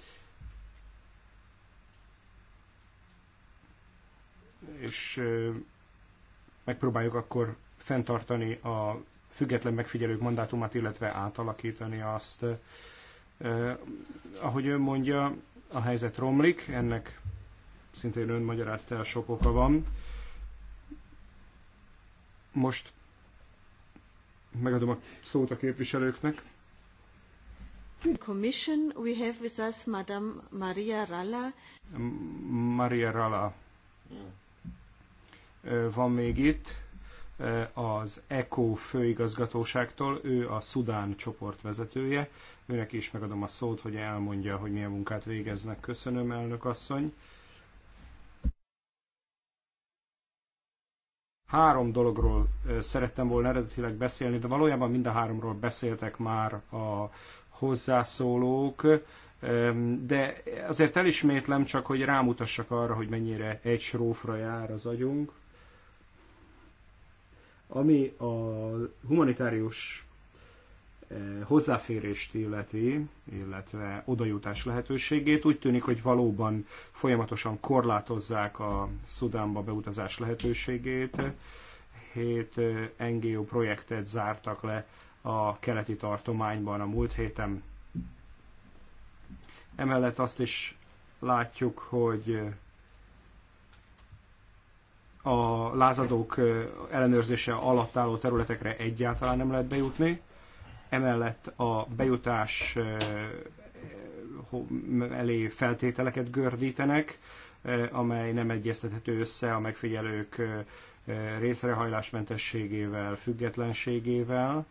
És megpróbáljuk akkor fenntartani a független megfigyelők mandátumát, illetve átalakítani azt. Ahogy ön mondja, a helyzet romlik, ennek szintén ön magyarázta el sok oka van. Most megadom a szót a képviselőknek. Commission, we have with us Madame Maria Rala. Maria Rala. van még itt az ECO főigazgatóságtól, ő a Szudán csoport vezetője. Őnek is megadom a szót, hogy elmondja, hogy milyen munkát végeznek. Köszönöm, elnök asszony. Három dologról szerettem volna eredetileg beszélni, de valójában mind a háromról beszéltek már a hozzászólók, de azért elismétlem csak, hogy rámutassak arra, hogy mennyire egy srófra jár az agyunk. Ami a humanitárius Eh, hozzáférést illeti, illetve odajutás lehetőségét. Úgy tűnik, hogy valóban folyamatosan korlátozzák a Szudánba beutazás lehetőségét. Hét eh, NGO projektet zártak le a keleti tartományban a múlt héten. Emellett azt is látjuk, hogy eh, a lázadók ellenőrzése alatt álló területekre egyáltalán nem lehet bejutni emellett a bejutás elé feltételeket gördítenek, amely nem egyeztethető össze a megfigyelők részrehajlásmentességével, függetlenségével.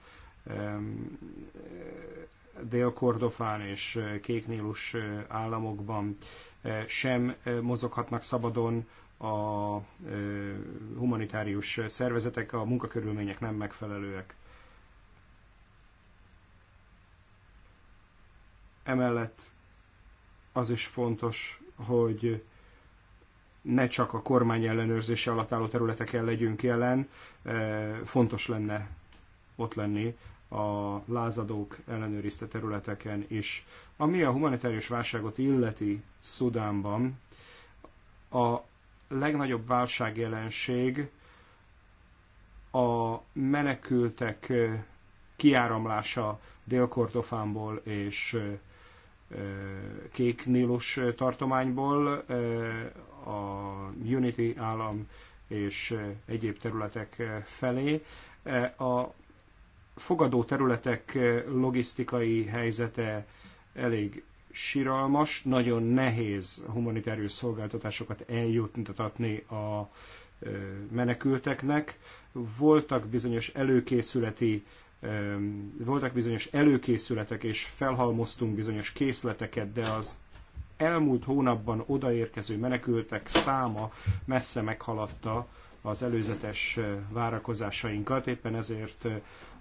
Dél-Kordofán és Kéknélus államokban sem mozoghatnak szabadon a humanitárius szervezetek, a munkakörülmények nem megfelelőek. Emellett az is fontos, hogy ne csak a kormány ellenőrzése alatt álló területeken legyünk jelen, eh, fontos lenne ott lenni a lázadók ellenőrizte területeken is. Ami a humanitárius válságot illeti Szudánban, a legnagyobb válságjelenség a menekültek eh, kiáramlása Dél-Kordofánból és eh, kék nílus tartományból, a Unity állam és egyéb területek felé. A fogadó területek logisztikai helyzete elég síralmas nagyon nehéz humanitárius szolgáltatásokat eljuttatni a menekülteknek. Voltak bizonyos előkészületi voltak bizonyos előkészületek, és felhalmoztunk bizonyos készleteket, de az elmúlt hónapban odaérkező menekültek száma messze meghaladta az előzetes várakozásainkat. Éppen ezért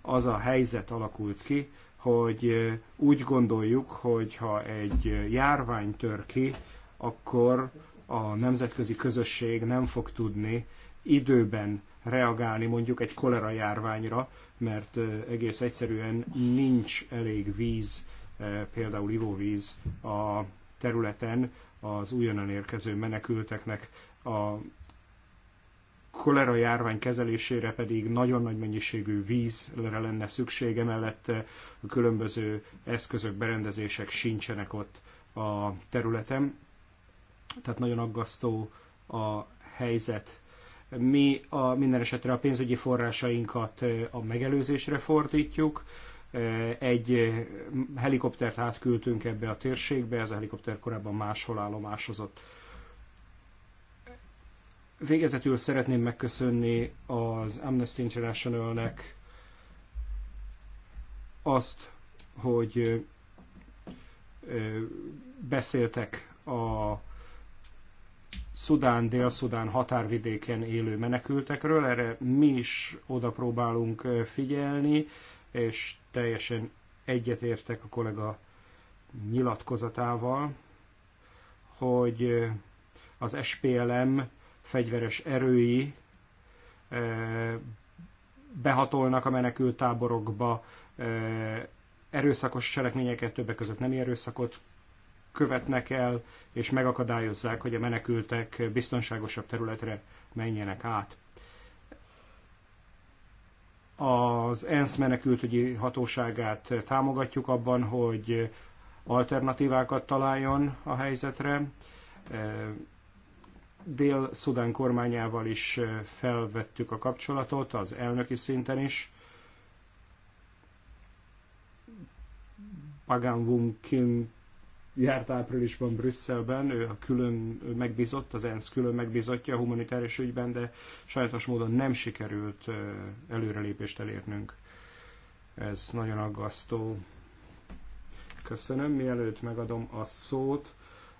az a helyzet alakult ki, hogy úgy gondoljuk, hogy ha egy járvány tör ki, akkor a nemzetközi közösség nem fog tudni időben reagálni mondjuk egy kolera járványra, mert egész egyszerűen nincs elég víz, például ivóvíz a területen az újonnan érkező menekülteknek a kolera járvány kezelésére pedig nagyon nagy mennyiségű vízre lenne szüksége, mellett a különböző eszközök, berendezések sincsenek ott a területen. Tehát nagyon aggasztó a helyzet mi a, minden esetre a pénzügyi forrásainkat a megelőzésre fordítjuk. Egy helikoptert átküldtünk ebbe a térségbe, ez a helikopter korábban máshol állomásozott. Végezetül szeretném megköszönni az Amnesty Internationalnek azt, hogy beszéltek a Szudán, Dél-Szudán határvidéken élő menekültekről. Erre mi is oda próbálunk figyelni, és teljesen egyetértek a kollega nyilatkozatával, hogy az SPLM fegyveres erői behatolnak a menekült táborokba, erőszakos cselekményeket, többek között nem erőszakot követnek el, és megakadályozzák, hogy a menekültek biztonságosabb területre menjenek át. Az ENSZ menekültügyi hatóságát támogatjuk abban, hogy alternatívákat találjon a helyzetre. Dél-Szudán kormányával is felvettük a kapcsolatot, az elnöki szinten is. Pagan Wung Kim járt áprilisban Brüsszelben, ő a külön megbízott, az ENSZ külön megbízottja a humanitárius ügyben, de sajátos módon nem sikerült előrelépést elérnünk. Ez nagyon aggasztó. Köszönöm, mielőtt megadom a szót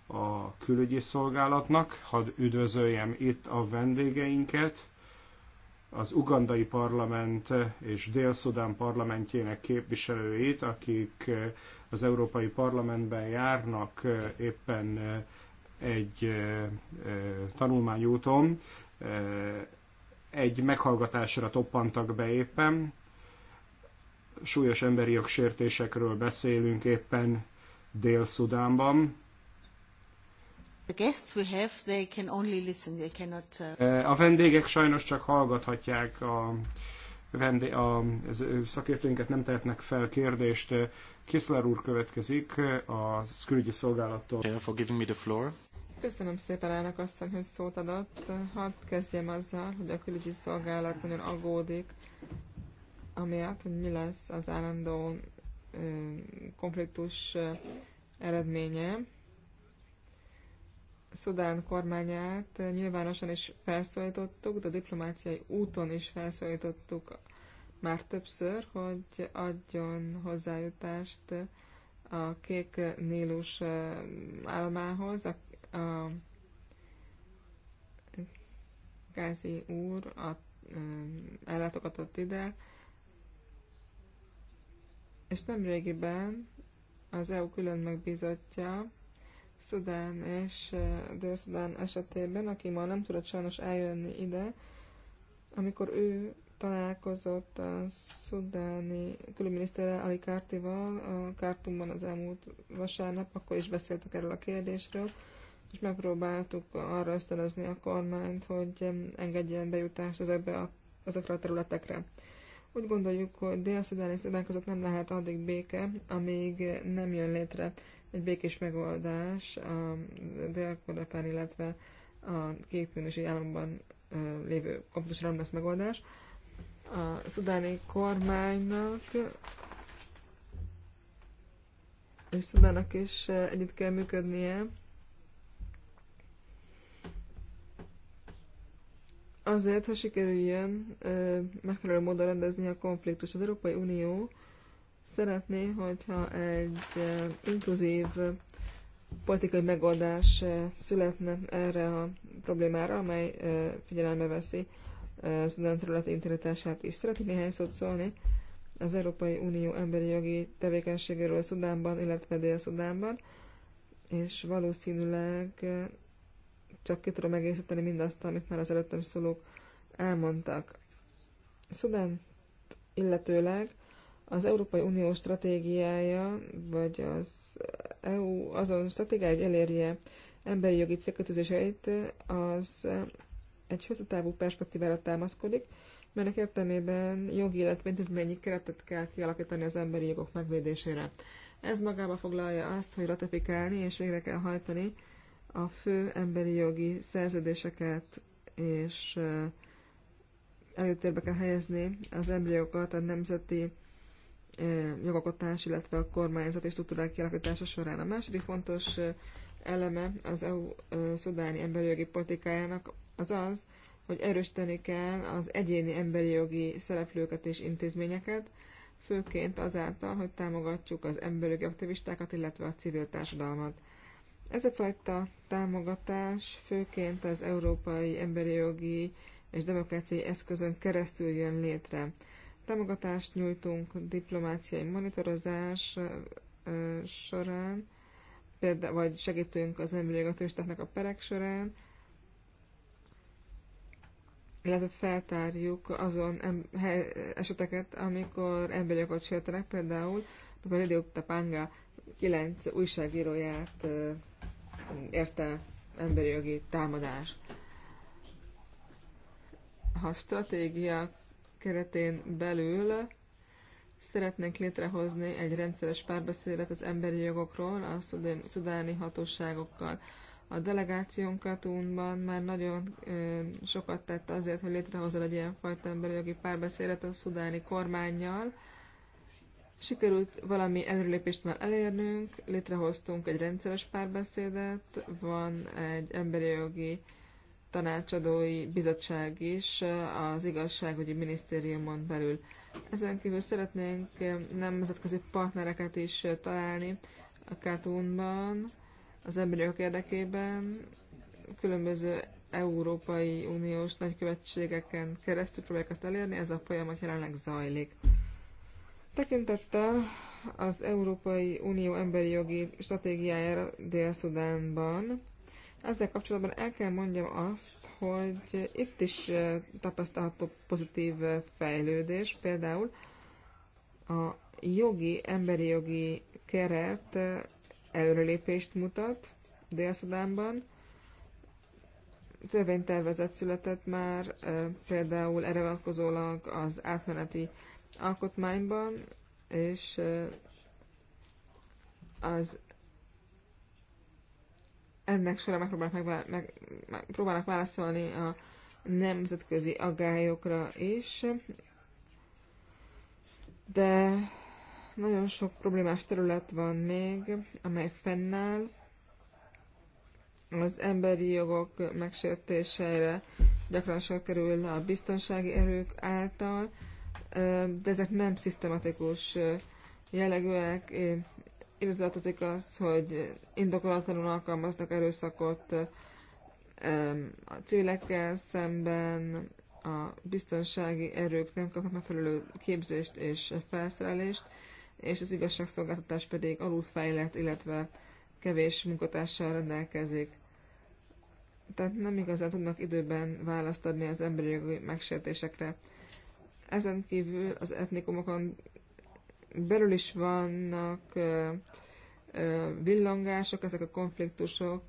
a külügyi szolgálatnak, hadd üdvözöljem itt a vendégeinket az ugandai parlament és Dél-Szudán parlamentjének képviselőit, akik az Európai Parlamentben járnak éppen egy tanulmányúton, egy meghallgatásra toppantak be éppen, súlyos emberi jogsértésekről beszélünk éppen Dél-Szudánban, Uh, eh, a vendégek sajnos csak hallgathatják a, vendé, a, a szakértőinket, nem tehetnek fel kérdést. Kiszler úr következik eh, a külügyi szolgálattól. For giving me the floor. Köszönöm szépen elnök asszony, hogy szót adott. Hadd kezdjem azzal, hogy a külügyi szolgálat nagyon aggódik, amiatt, hogy mi lesz az állandó eh, konfliktus eredménye. Szudán kormányát nyilvánosan is felszólítottuk, de diplomáciai úton is felszólítottuk már többször, hogy adjon hozzájutást a Kék Nílus államához. A, a Gázi úr a, ellátogatott ide, és nemrégiben az EU külön megbízottja Szudán és Dél-Szudán esetében, aki ma nem tudott sajnos eljönni ide, amikor ő találkozott a szudáni külügyminiszterrel Ali Kártival a Kártumban az elmúlt vasárnap, akkor is beszéltek erről a kérdésről, és megpróbáltuk arra ösztönözni a kormányt, hogy engedjen bejutást ezekbe a, ezekre a területekre. Úgy gondoljuk, hogy Dél-Szudán és Szudán között nem lehet addig béke, amíg nem jön létre egy békés megoldás a dél illetve a kétbűnösi államban lévő konfliktusra nem lesz megoldás. A szudáni kormánynak és Szudának is együtt kell működnie. Azért, ha sikerüljön megfelelő módon rendezni a konfliktus. Az Európai Unió Szeretné, hogyha egy eh, inkluzív politikai megoldás eh, születne erre a problémára, amely eh, figyelembe veszi Szudán területi integritását is. Szeretnék néhány szót szólni az Európai Unió emberi jogi tevékenységéről Szudánban, illetve Dél-Szudánban, és valószínűleg csak ki tudom egészíteni mindazt, amit már az előttem szólók elmondtak. Szudánt illetőleg az Európai Unió stratégiája, vagy az EU azon stratégiája, hogy elérje emberi jogi célkötözéseit, az egy hosszú távú perspektívára támaszkodik, melynek értelmében jogi, illetve intézményi keretet kell kialakítani az emberi jogok megvédésére. Ez magába foglalja azt, hogy ratifikálni és végre kell hajtani a fő emberi jogi szerződéseket, és eh, előtérbe kell helyezni az emberi jogokat a nemzeti jogalkotás, illetve a és struktúrák kialakítása során. A második fontos eleme az EU szudáni emberi jogi politikájának az az, hogy erősíteni kell az egyéni emberi jogi szereplőket és intézményeket, főként azáltal, hogy támogatjuk az emberi jogi aktivistákat, illetve a civil társadalmat. Ez a fajta támogatás főként az Európai Emberi Jogi és Demokráciai Eszközön keresztül jön létre. Támogatást nyújtunk diplomáciai monitorozás során, például, vagy segítünk az emberi a perek során, illetve feltárjuk azon eseteket, amikor emberi jogot sértenek, például amikor Radio Tapanga 9 újságíróját érte emberi jogi támadás. Ha stratégia keretén belül szeretnénk létrehozni egy rendszeres párbeszédet az emberi jogokról a szudáni hatóságokkal. A delegációnk Katúnban már nagyon sokat tett azért, hogy létrehozol egy ilyenfajta emberi jogi párbeszédet a szudáni kormányjal. Sikerült valami előlépést már elérnünk, létrehoztunk egy rendszeres párbeszédet, van egy emberi jogi tanácsadói bizottság is eh, az igazságügyi minisztériumon belül. Ezen kívül szeretnénk eh, nemzetközi partnereket is eh, találni a Katunban, az emberek érdekében, különböző Európai Uniós nagykövetségeken keresztül próbálják ezt elérni, ez a folyamat jelenleg zajlik. Tekintettel az Európai Unió emberi jogi stratégiájára Dél-Szudánban, ezzel kapcsolatban el kell mondjam azt, hogy itt is eh, tapasztalható pozitív eh, fejlődés, például a jogi, emberi jogi keret eh, előrelépést mutat Dél-Szudánban. Törvénytervezet született már például erre vonatkozólag az átmeneti alkotmányban, és az ennek során megpróbálnak, meg, meg, megpróbálnak válaszolni a nemzetközi agályokra is, de nagyon sok problémás terület van még, amely fennáll. Az emberi jogok megsértéseire gyakran sor kerül a biztonsági erők által, de ezek nem szisztematikus jellegűek. Én ide tartozik az, hogy indokolatlanul alkalmaznak erőszakot a civilekkel szemben, a biztonsági erők nem kapnak megfelelő képzést és felszerelést, és az igazságszolgáltatás pedig alulfejlett, illetve kevés munkatársal rendelkezik. Tehát nem igazán tudnak időben választ adni az emberi jogi megsértésekre. Ezen kívül az etnikumokon belül is vannak villangások, ezek a konfliktusok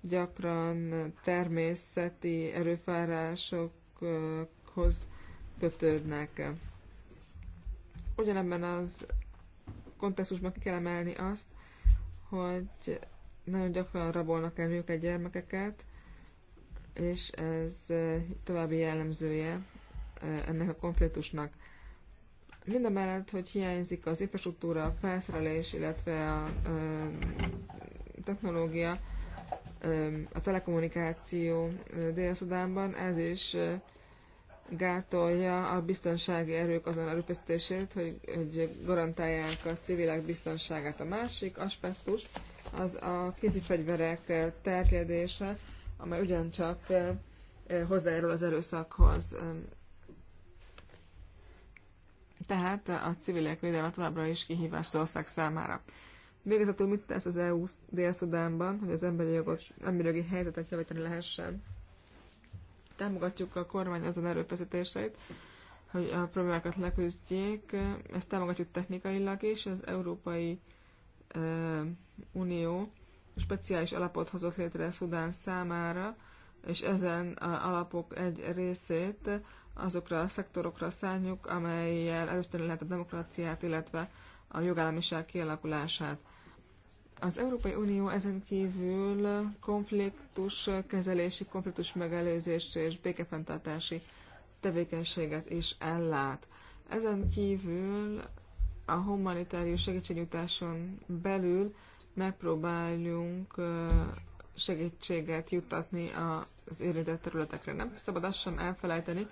gyakran természeti erőfárásokhoz kötődnek. Ugyanebben az kontextusban ki kell emelni azt, hogy nagyon gyakran rabolnak el őket gyermekeket, és ez további jellemzője ennek a konfliktusnak. Mindemellett, hogy hiányzik az infrastruktúra, a felszerelés, illetve a, a, a technológia, a telekommunikáció Dél-Szudánban, ez is gátolja a biztonsági erők azon erőfeszítését, hogy, hogy garantálják a civilek biztonságát. A másik aspektus az a kézifegyverek terjedése, amely ugyancsak hozzájárul az erőszakhoz. Tehát a civilek védelme továbbra is kihívás az ország számára. Végezetül mit tesz az EU Dél-Szudánban, hogy az emberi, jogot emberi jogi helyzetet javítani lehessen? Támogatjuk a kormány azon erőfeszítéseit, hogy a problémákat leküzdjék. Ezt támogatjuk technikailag is. Az Európai e, Unió speciális alapot hozott létre Szudán számára, és ezen alapok egy részét azokra a szektorokra szálljuk, amelyel erősíteni lehet a demokráciát, illetve a jogállamiság kialakulását. Az Európai Unió ezen kívül konfliktus kezelési, konfliktus megelőzési és békefenntartási tevékenységet is ellát. Ezen kívül a humanitárius segítségnyújtáson belül megpróbáljunk segítséget juttatni az érintett területekre. Nem szabad azt sem elfelejteni,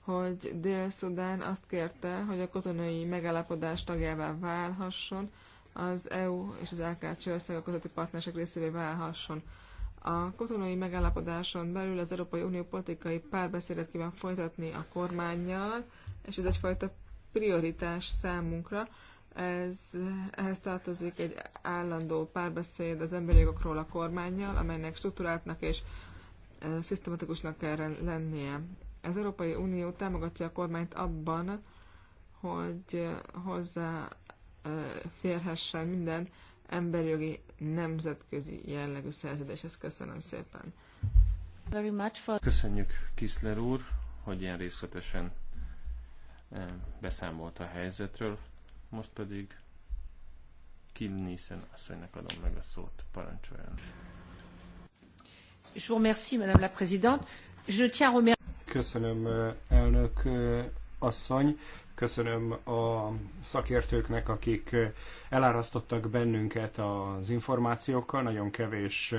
hogy Dél-Szudán azt kérte, hogy a katonai megállapodás tagjává válhasson, az EU és az AKC országok közötti partnerség részévé válhasson. A katonai megállapodáson belül az Európai Unió politikai párbeszédet kíván folytatni a kormányjal, és ez egyfajta prioritás számunkra. Ez, ehhez tartozik egy állandó párbeszéd az emberi jogokról a kormányjal, amelynek struktúrátnak és eh, szisztematikusnak kell lennie. Az Európai Unió támogatja a kormányt abban, hogy eh, hozzá eh, férhessen minden emberjogi nemzetközi jellegű szerződéshez. Köszönöm szépen. Very much for... Köszönjük Kiszler úr, hogy ilyen részletesen eh, beszámolt a helyzetről. Most pedig Kim Nielsen asszonynak adom meg a szót. Parancsoljon. Je vous remercie, Madame la Présidente. Je tiens à remercier Köszönöm, elnök asszony. Köszönöm a szakértőknek, akik elárasztottak bennünket az információkkal. Nagyon kevés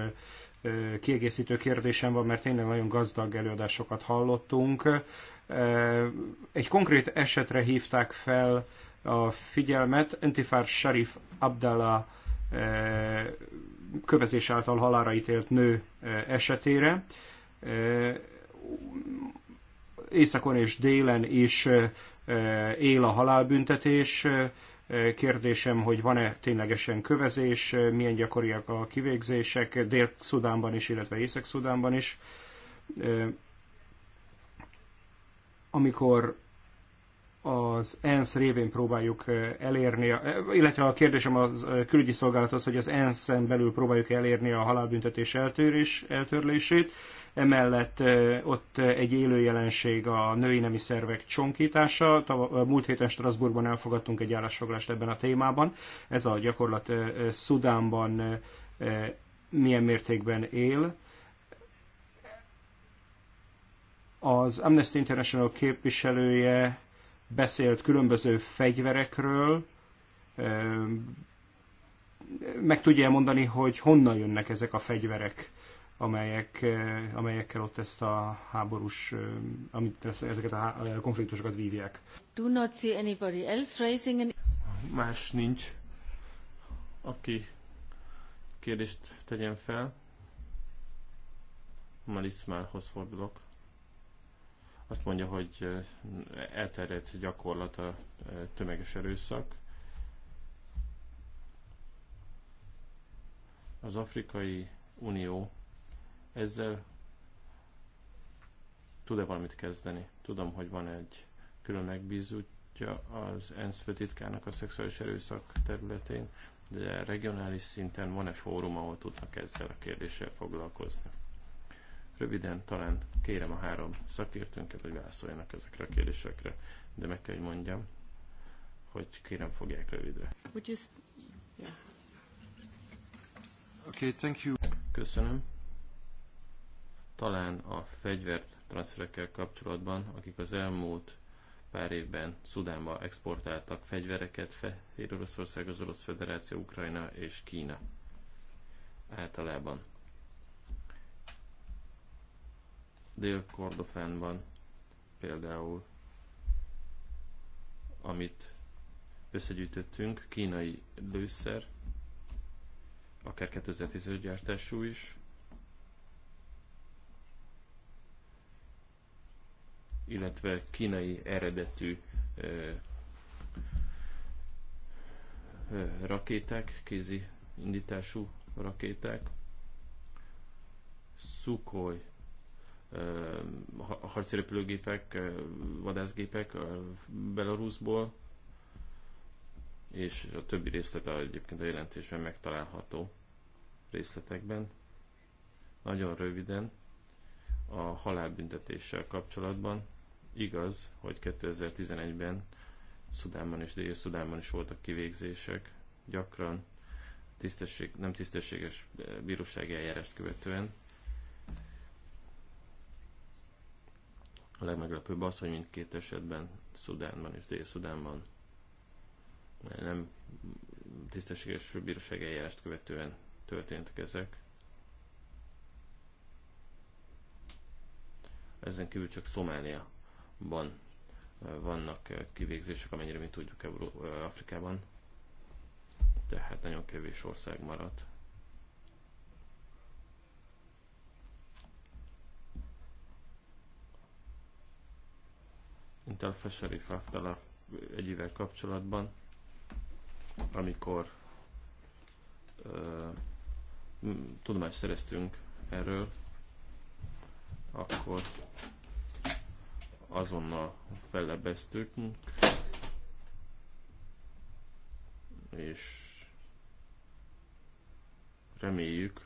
kiegészítő kérdésem van, mert tényleg nagyon gazdag előadásokat hallottunk. Egy konkrét esetre hívták fel a figyelmet. Antifar Sharif Abdallah kövezés által halára ítélt nő esetére északon és délen is él a halálbüntetés. Kérdésem, hogy van-e ténylegesen kövezés, milyen gyakoriak a kivégzések Dél-Szudánban is, illetve Észak-Szudánban is. Amikor az ENSZ révén próbáljuk elérni, illetve a kérdésem az külügyi szolgálathoz, hogy az ENSZ-en belül próbáljuk elérni a halálbüntetés eltörés, eltörlését. Emellett ott egy élő jelenség a női nemi szervek csonkítása. Múlt héten Strasbourgban elfogadtunk egy állásfoglalást ebben a témában. Ez a gyakorlat Szudánban milyen mértékben él. Az Amnesty International képviselője beszélt különböző fegyverekről, meg tudja mondani, hogy honnan jönnek ezek a fegyverek amelyek, eh, amelyekkel ott ezt a háborús, eh, amit ezeket a eh, konfliktusokat vívják. Do not see anybody else raising any... Más nincs, aki kérdést tegyen fel. Malismához fordulok. Azt mondja, hogy elterjedt gyakorlat a tömeges erőszak. Az Afrikai Unió ezzel tud-e valamit kezdeni? Tudom, hogy van egy külön megbízottja az ENSZ főtitkának a szexuális erőszak területén, de regionális szinten van-e fórum, ahol tudnak ezzel a kérdéssel foglalkozni? Röviden talán kérem a három szakértőnket, hogy válaszoljanak ezekre a kérdésekre, de meg kell, hogy mondjam, hogy kérem fogják rövidre. okay, thank you. Köszönöm. Talán a fegyvert transferekkel kapcsolatban, akik az elmúlt pár évben Szudánba exportáltak fegyvereket, Fehér Oroszország, az Orosz Federáció, Ukrajna és Kína általában. Dél-Kordofánban például, amit összegyűjtöttünk, kínai lőszer, akár 2010-es gyártású is, illetve kínai eredetű rakéták, kézi indítású rakéták, Sukhoi harcrepülőgépek, vadászgépek Belarusból, és a többi részlet egyébként a jelentésben megtalálható részletekben. Nagyon röviden a halálbüntetéssel kapcsolatban. Igaz, hogy 2011-ben Szudánban és Dél-Szudánban is voltak kivégzések, gyakran tisztesség, nem tisztességes eh, bírósági eljárást követően. A legmeglepőbb az, hogy mindkét esetben Szudánban és Dél-Szudánban eh, nem tisztességes bírósági eljárást követően történtek ezek. Ezen kívül csak Szomáliaban vannak kivégzések, amennyire mi tudjuk Euró- Afrikában. Tehát nagyon kevés ország maradt. Intel Fesheri Faftala évvel kapcsolatban, amikor ö, tudomást szereztünk erről, akkor azonnal fellebeztünk, és reméljük,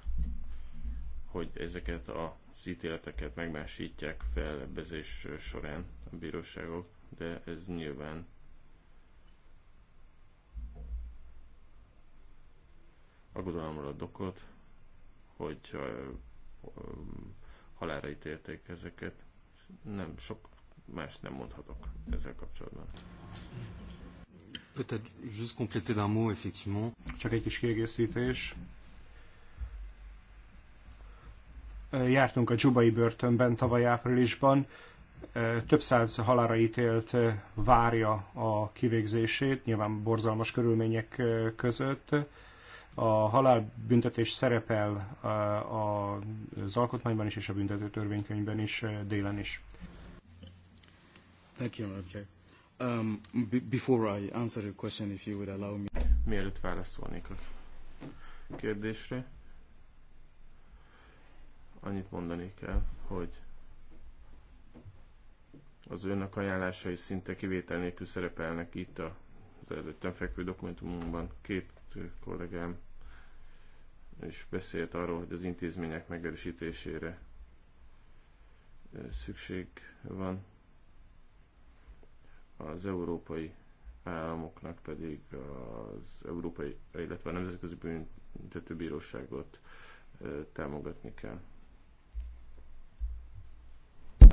hogy ezeket az ítéleteket megmásítják fellebbezés során a bíróságok, de ez nyilván aggodalomra hogy okot, hogy halára ítélték ezeket. Nem sok más nem mondhatok ezzel kapcsolatban. Csak egy kis kiegészítés. Jártunk a Dzsubai börtönben tavaly áprilisban. Több száz halára ítélt várja a kivégzését, nyilván borzalmas körülmények között a halálbüntetés szerepel az alkotmányban is, és a büntető törvénykönyvben is, délen is. Thank you, um, before I answer your question, if you would allow me... Mielőtt válaszolnék a kérdésre, annyit mondani kell, hogy az önök ajánlásai szinte kivétel nélkül szerepelnek itt a, az előttem fekvő dokumentumunkban. Két kollégám és beszélt arról, hogy az intézmények megerősítésére szükség van, az európai államoknak pedig az európai, illetve a Nemzetközi Büntetőbíróságot támogatni kell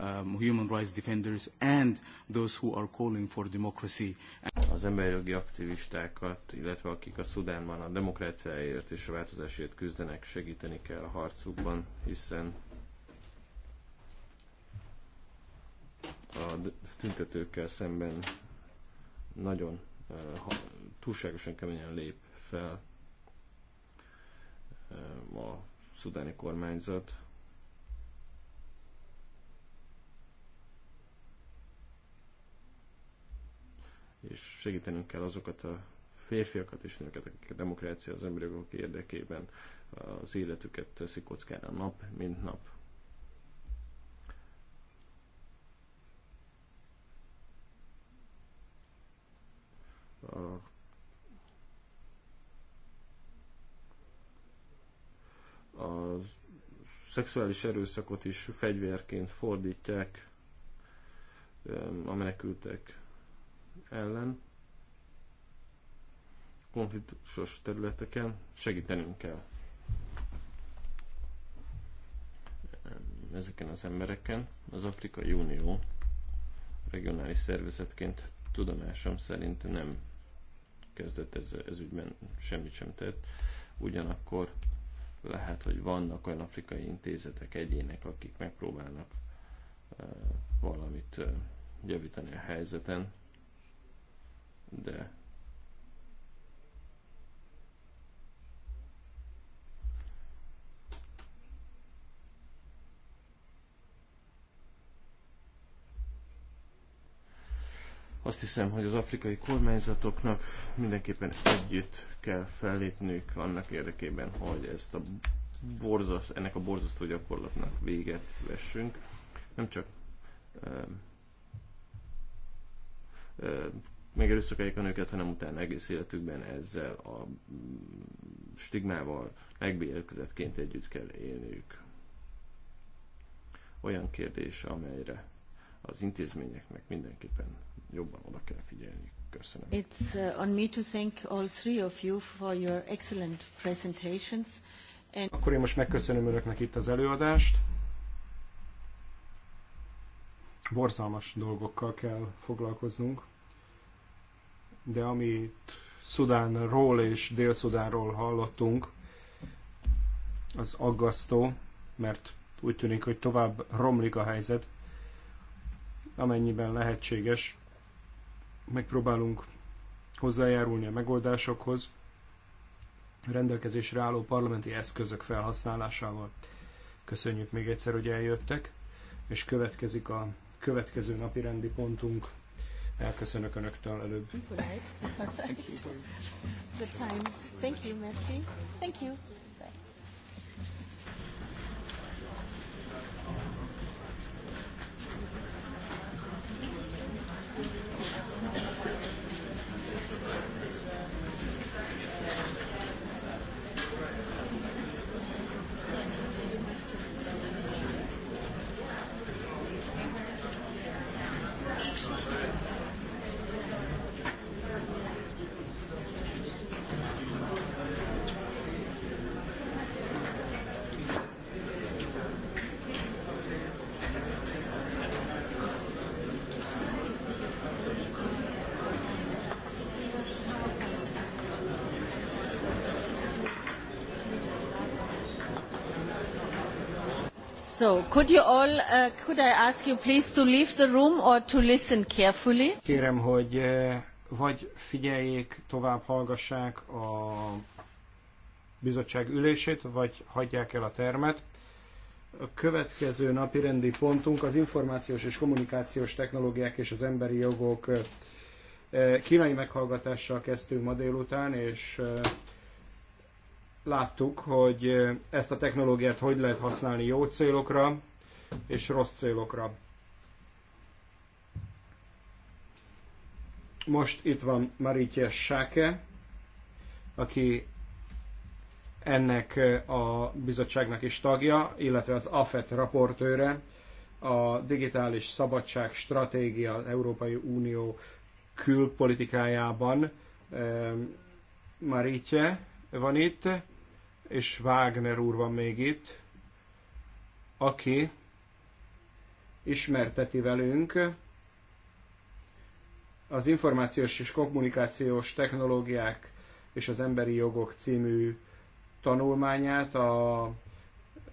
um, human rights defenders and those who are calling for democracy. Az emberjogi aktivistákat, illetve akik a Szudánban a demokráciáért és a változásért küzdenek, segíteni kell a harcukban, hiszen a tüntetőkkel szemben nagyon uh, túlságosan keményen lép fel uh, a szudáni kormányzat. és segítenünk kell azokat a férfiakat és nőket, akik a demokrácia az emberi jogok érdekében az életüket teszik kockára nap, mint nap. A a szexuális erőszakot is fegyverként fordítják a menekültek ellen konfliktusos területeken segítenünk kell. Ezeken az embereken az Afrikai Unió regionális szervezetként tudomásom szerint nem kezdett ez, ez ügyben semmit sem tett. Ugyanakkor lehet, hogy vannak olyan afrikai intézetek, egyének, akik megpróbálnak uh, valamit uh, javítani a helyzeten de azt hiszem, hogy az afrikai kormányzatoknak mindenképpen együtt kell fellépnünk annak érdekében, hogy ezt a borzas, ennek a borzasztó gyakorlatnak véget vessünk. Nem csak megerőszakolják a nőket, hanem utána egész életükben ezzel a stigmával megbélyegzettként együtt kell élniük. Olyan kérdés, amelyre az intézményeknek mindenképpen jobban oda kell figyelni. Köszönöm. It's uh, on me to thank all three of you for your excellent presentations. And... Akkor én most megköszönöm önöknek itt az előadást borzalmas dolgokkal kell foglalkoznunk de amit Szudánról és Dél-Szudánról hallottunk, az aggasztó, mert úgy tűnik, hogy tovább romlik a helyzet, amennyiben lehetséges. Megpróbálunk hozzájárulni a megoldásokhoz, rendelkezésre álló parlamenti eszközök felhasználásával. Köszönjük még egyszer, hogy eljöttek, és következik a következő napi rendi pontunk. Elköszönök Önöktől előbb. Good night. Thank you. time. Thank you, merci. Thank you. So, could you all, uh, could I ask you please to leave the room or to listen carefully? Kérem, hogy uh, vagy figyeljék, tovább hallgassák a bizottság ülését, vagy hagyják el a termet. A következő napi rendi pontunk az információs és kommunikációs technológiák és az emberi jogok uh, kínai meghallgatással kezdtünk ma délután, és uh, láttuk, hogy ezt a technológiát hogy lehet használni jó célokra és rossz célokra. Most itt van Maritje Sáke, aki ennek a bizottságnak is tagja, illetve az AFET raportőre, a digitális szabadság stratégia az Európai Unió külpolitikájában. Maritje van itt, és Wagner úr van még itt, aki ismerteti velünk az Információs és Kommunikációs Technológiák és az Emberi Jogok című tanulmányát a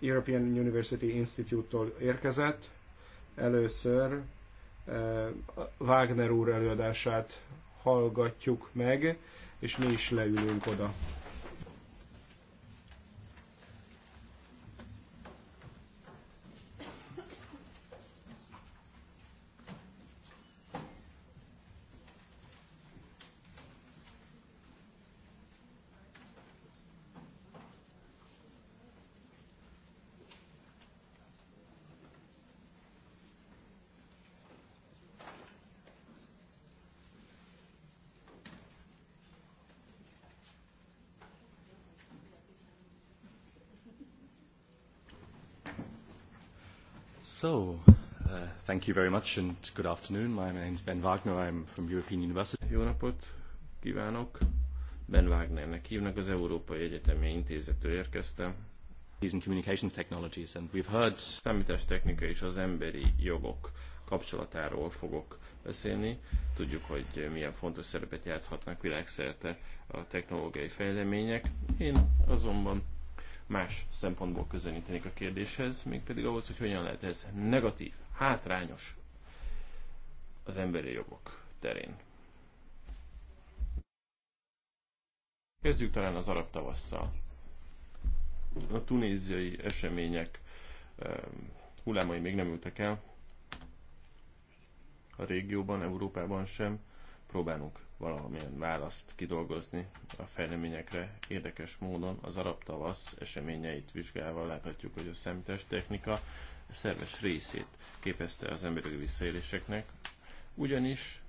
European University Institute-tól érkezett. Először eh, Wagner úr előadását hallgatjuk meg, és mi is leülünk oda. So, uh, thank you very much and good afternoon. My name is Ben Wagner. I'm from European University. Jó napot kívánok! Ben Wagnernek hívnak, az Európai Egyetemi Intézettől érkeztem. In communications technologies and we've heard... technika és az emberi jogok kapcsolatáról fogok beszélni. Tudjuk, hogy milyen fontos szerepet játszhatnak világszerte a technológiai fejlemények. Én azonban más szempontból közelítenék a kérdéshez, mégpedig ahhoz, hogy hogyan lehet ez negatív, hátrányos az emberi jogok terén. Kezdjük talán az arab tavasszal. A tunéziai események hullámai még nem ültek el, a régióban, Európában sem. Próbálunk valamilyen választ kidolgozni a fejleményekre. Érdekes módon az arab tavasz eseményeit vizsgálva láthatjuk, hogy a technika szerves részét képezte az emberi visszaéléseknek, ugyanis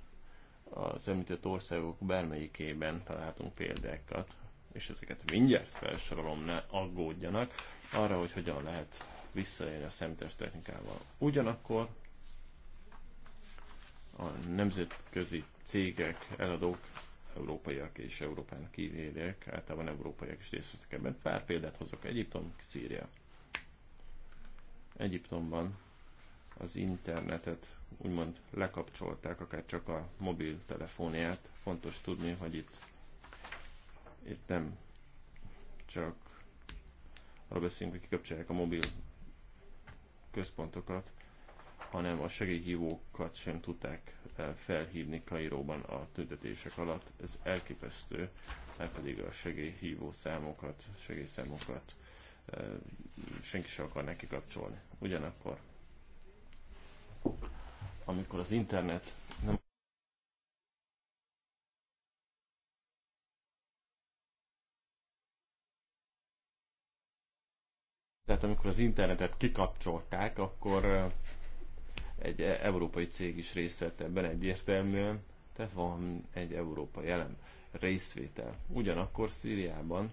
az említett országok bármelyikében találhatunk példákat, és ezeket mindjárt felsorolom, ne aggódjanak, arra, hogy hogyan lehet visszaélni a technikával. Ugyanakkor a nemzetközi cégek, eladók európaiak és Európának kívüliek, általában európaiak is részt vesznek ebben. Pár példát hozok. Egyiptom, Szíria. Egyiptomban az internetet úgymond lekapcsolták, akár csak a mobiltelefóniát. Fontos tudni, hogy itt, itt nem csak arra beszélünk, hogy kikapcsolják a mobil központokat, hanem a segélyhívókat sem tudták eh, felhívni Kairóban a tüntetések alatt. Ez elképesztő, mert pedig a segélyhívó számokat, segélyszámokat eh, senki sem akar neki kapcsolni. Ugyanakkor, amikor az internet nem Tehát amikor az internetet kikapcsolták, akkor eh, egy e- európai cég is részt vett ebben egyértelműen, tehát van egy európai elem részvétel. Ugyanakkor Szíriában,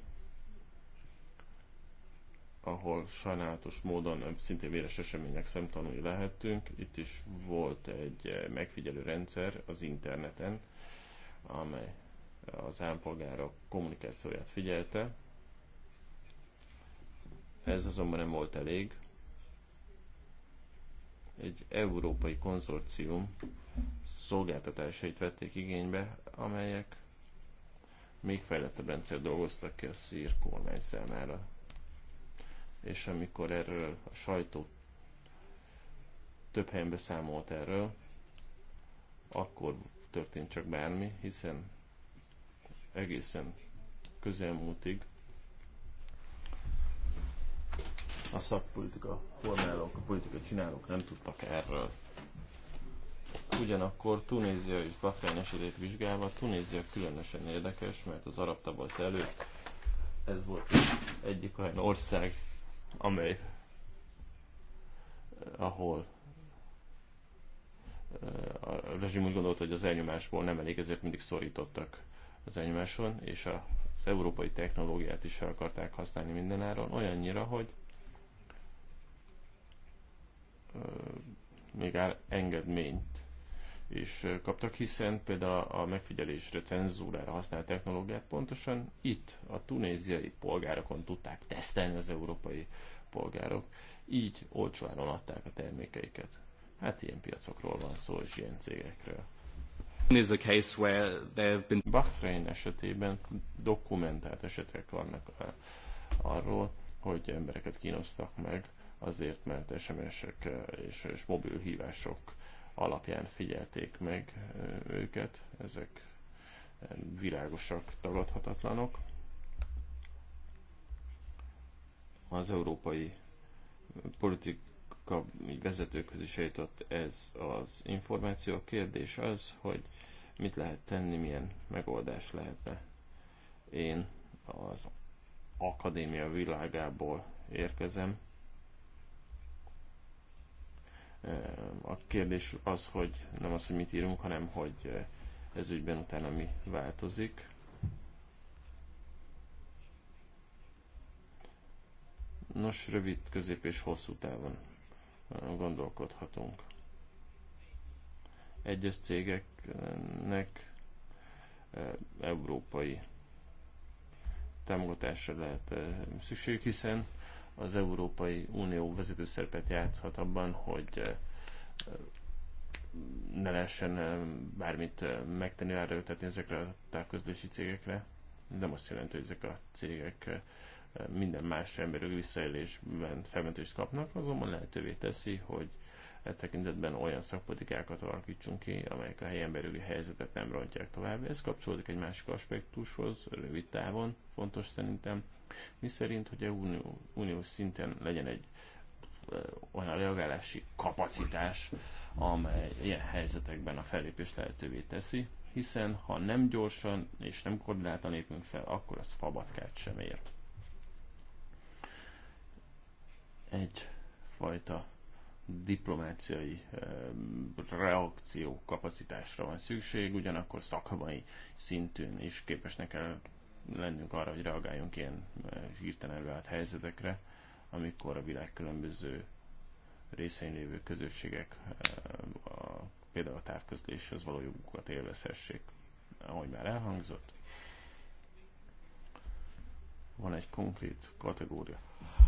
ahol sajnálatos módon szintén véres események szemtanúi lehettünk, itt is volt egy e, megfigyelő rendszer az interneten, amely az állampolgárok kommunikációját figyelte. Ez azonban nem volt elég, egy európai konzorcium szolgáltatásait vették igénybe, amelyek még fejlettebb rendszer dolgoztak ki a szír kormány számára. És amikor erről a sajtó több helyen beszámolt erről, akkor történt csak bármi, hiszen egészen közelmúltig a szakpolitika formálók, a politika csinálók nem tudtak erről. Ugyanakkor Tunézia és Bahrein esetét vizsgálva, Tunézia különösen érdekes, mert az arab tavasz előtt ez volt egyik olyan ország, amely eh, ahol eh, a rezsim úgy gondolta, hogy az elnyomásból nem elég, ezért mindig szorítottak az elnyomáson, és az európai technológiát is el akarták használni mindenáron, olyannyira, hogy még engedményt is kaptak, hiszen például a megfigyelésre, cenzúrára használt technológiát pontosan itt a tunéziai polgárokon tudták tesztelni az európai polgárok, így olcsóáron adták a termékeiket. Hát ilyen piacokról van szó, és ilyen cégekről. Is a case where there have been... Bahrein esetében dokumentált esetek vannak arról, hogy embereket kínoztak meg azért, mert SMS-ek eh, és, és mobil hívások alapján figyelték meg eh, őket, ezek eh, világosak, tagadhatatlanok. Az európai politika vezetőkhöz is eljutott ez az információ. A kérdés az, hogy mit lehet tenni, milyen megoldás lehetne. Én az akadémia világából érkezem, a kérdés az, hogy nem az, hogy mit írunk, hanem hogy ez ügyben utána mi változik. Nos, rövid, közép és hosszú távon gondolkodhatunk. Egyes cégeknek e, európai támogatásra lehet e, szükségük, hiszen az Európai Unió vezető szerepet játszhat abban, hogy eh, ne lehessen eh, bármit eh, megtenni, ráerőltetni ezekre a távközlési cégekre. Nem azt jelenti, hogy ezek a cégek minden más emberi visszaélésben felmentést kapnak, azonban lehetővé teszi, hogy e tekintetben olyan szakpolitikákat alakítsunk ki, amelyek a helyi emberi helyzetet nem rontják tovább. Ez kapcsolódik egy másik aspektushoz, rövid távon fontos szerintem, mi szerint, hogy a unió, uniós szinten legyen egy olyan reagálási kapacitás, amely ilyen helyzetekben a fellépést lehetővé teszi, hiszen ha nem gyorsan és nem koordináltan lépünk fel, akkor az fabatkát sem ér. Egyfajta diplomáciai reakció kapacitásra van szükség, ugyanakkor szakmai szintűn is képesnek kell lennünk arra, hogy reagáljunk ilyen eh, hirtelen előállt helyzetekre, amikor a világ különböző részein lévő közösségek eh, a, például a távközléshez való jogukat élvezhessék, ahogy már elhangzott. Van egy konkrét kategória.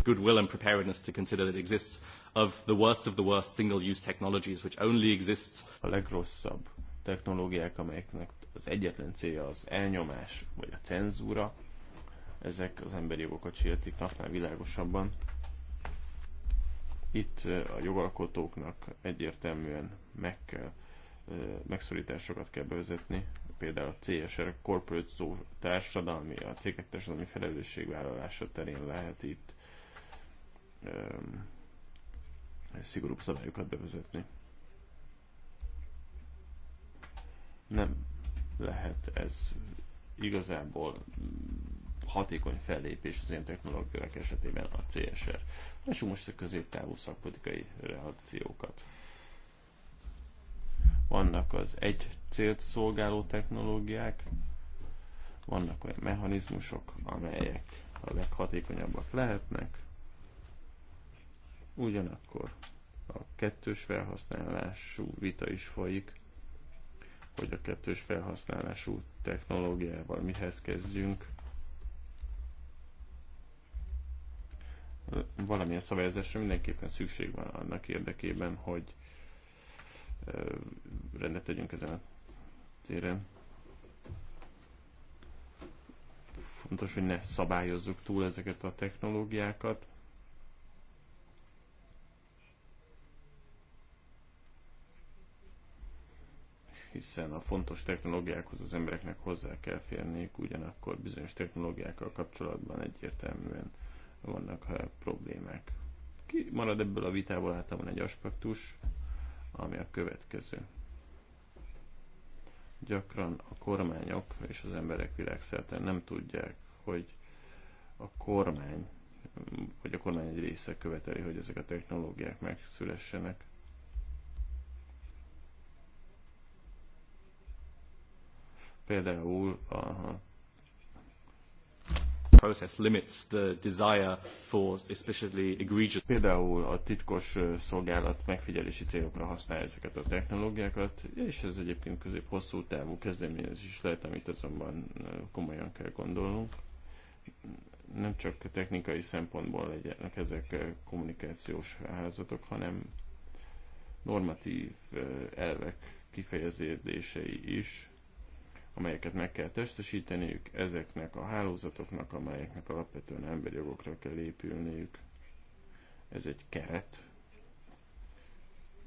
Goodwill and preparedness to consider that exists of the worst of the worst single-use technologies, which only exists. A legrosszabb technológiák, amelyeknek az egyetlen célja az elnyomás vagy a cenzúra, ezek az emberi jogokat sértik napnál világosabban. Itt a jogalkotóknak egyértelműen meg kell, megszorításokat kell bevezetni, például a CSR, a corporate szó társadalmi, a cégek társadalmi felelősségvállalása terén lehet itt um, szigorúbb szabályokat bevezetni. Nem lehet ez igazából hatékony fellépés az ilyen technológiák esetében a CSR. Lássuk most a középtávú szakpolitikai reakciókat. Vannak az egy célt szolgáló technológiák, vannak olyan mechanizmusok, amelyek a leghatékonyabbak lehetnek, ugyanakkor a kettős felhasználású vita is folyik hogy a kettős felhasználású technológiával mihez kezdjünk. Valamilyen szabályozásra mindenképpen szükség van annak érdekében, hogy rendet tegyünk ezen a téren. Fontos, hogy ne szabályozzuk túl ezeket a technológiákat, hiszen a fontos technológiákhoz az embereknek hozzá kell férniük, ugyanakkor bizonyos technológiákkal kapcsolatban egyértelműen vannak eh, problémák. Ki marad ebből a vitából hát van egy aspektus, ami a következő. Gyakran a kormányok és az emberek világszerte nem tudják, hogy a kormány, vagy a kormány egy része követeli, hogy ezek a technológiák megszülessenek, Például a process limits the desire for especially egregious. Például a titkos szolgálat megfigyelési célokra használja ezeket a technológiákat, és ez egyébként közép-hosszú távú kezdeményezés is lehet, amit azonban komolyan kell gondolnunk. Nem csak technikai szempontból legyenek ezek kommunikációs házatok, hanem normatív elvek kifejeződései is amelyeket meg kell testesíteniük, ezeknek a hálózatoknak, amelyeknek alapvetően emberi jogokra kell épülniük. Ez egy keret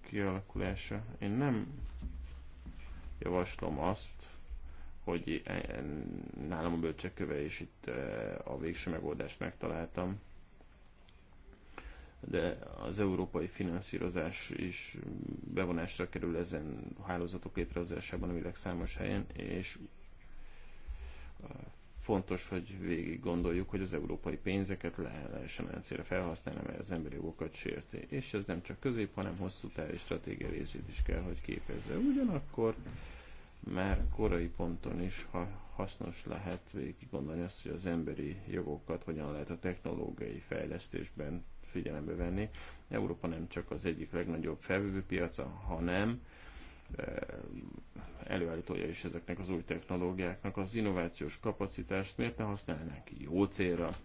kialakulása. Én nem javaslom azt, hogy eh, nálam a bölcsekköve, és itt eh, a végső megoldást megtaláltam de az európai finanszírozás is bevonásra kerül ezen hálózatok létrehozásában a világ számos helyen, és fontos, hogy végig gondoljuk, hogy az európai pénzeket le lehessen olyan célra felhasználni, mert az emberi jogokat sérti. És ez nem csak közép, hanem hosszú távú stratégia részét is kell, hogy képezze. Ugyanakkor már korai ponton is ha hasznos lehet végig gondolni azt, hogy az emberi jogokat hogyan lehet a technológiai fejlesztésben figyelembe venni. Európa nem csak az egyik legnagyobb felvevőpiaca, hanem eh, előállítója is ezeknek az új technológiáknak. Az innovációs kapacitást miért ne használnánk jó célra?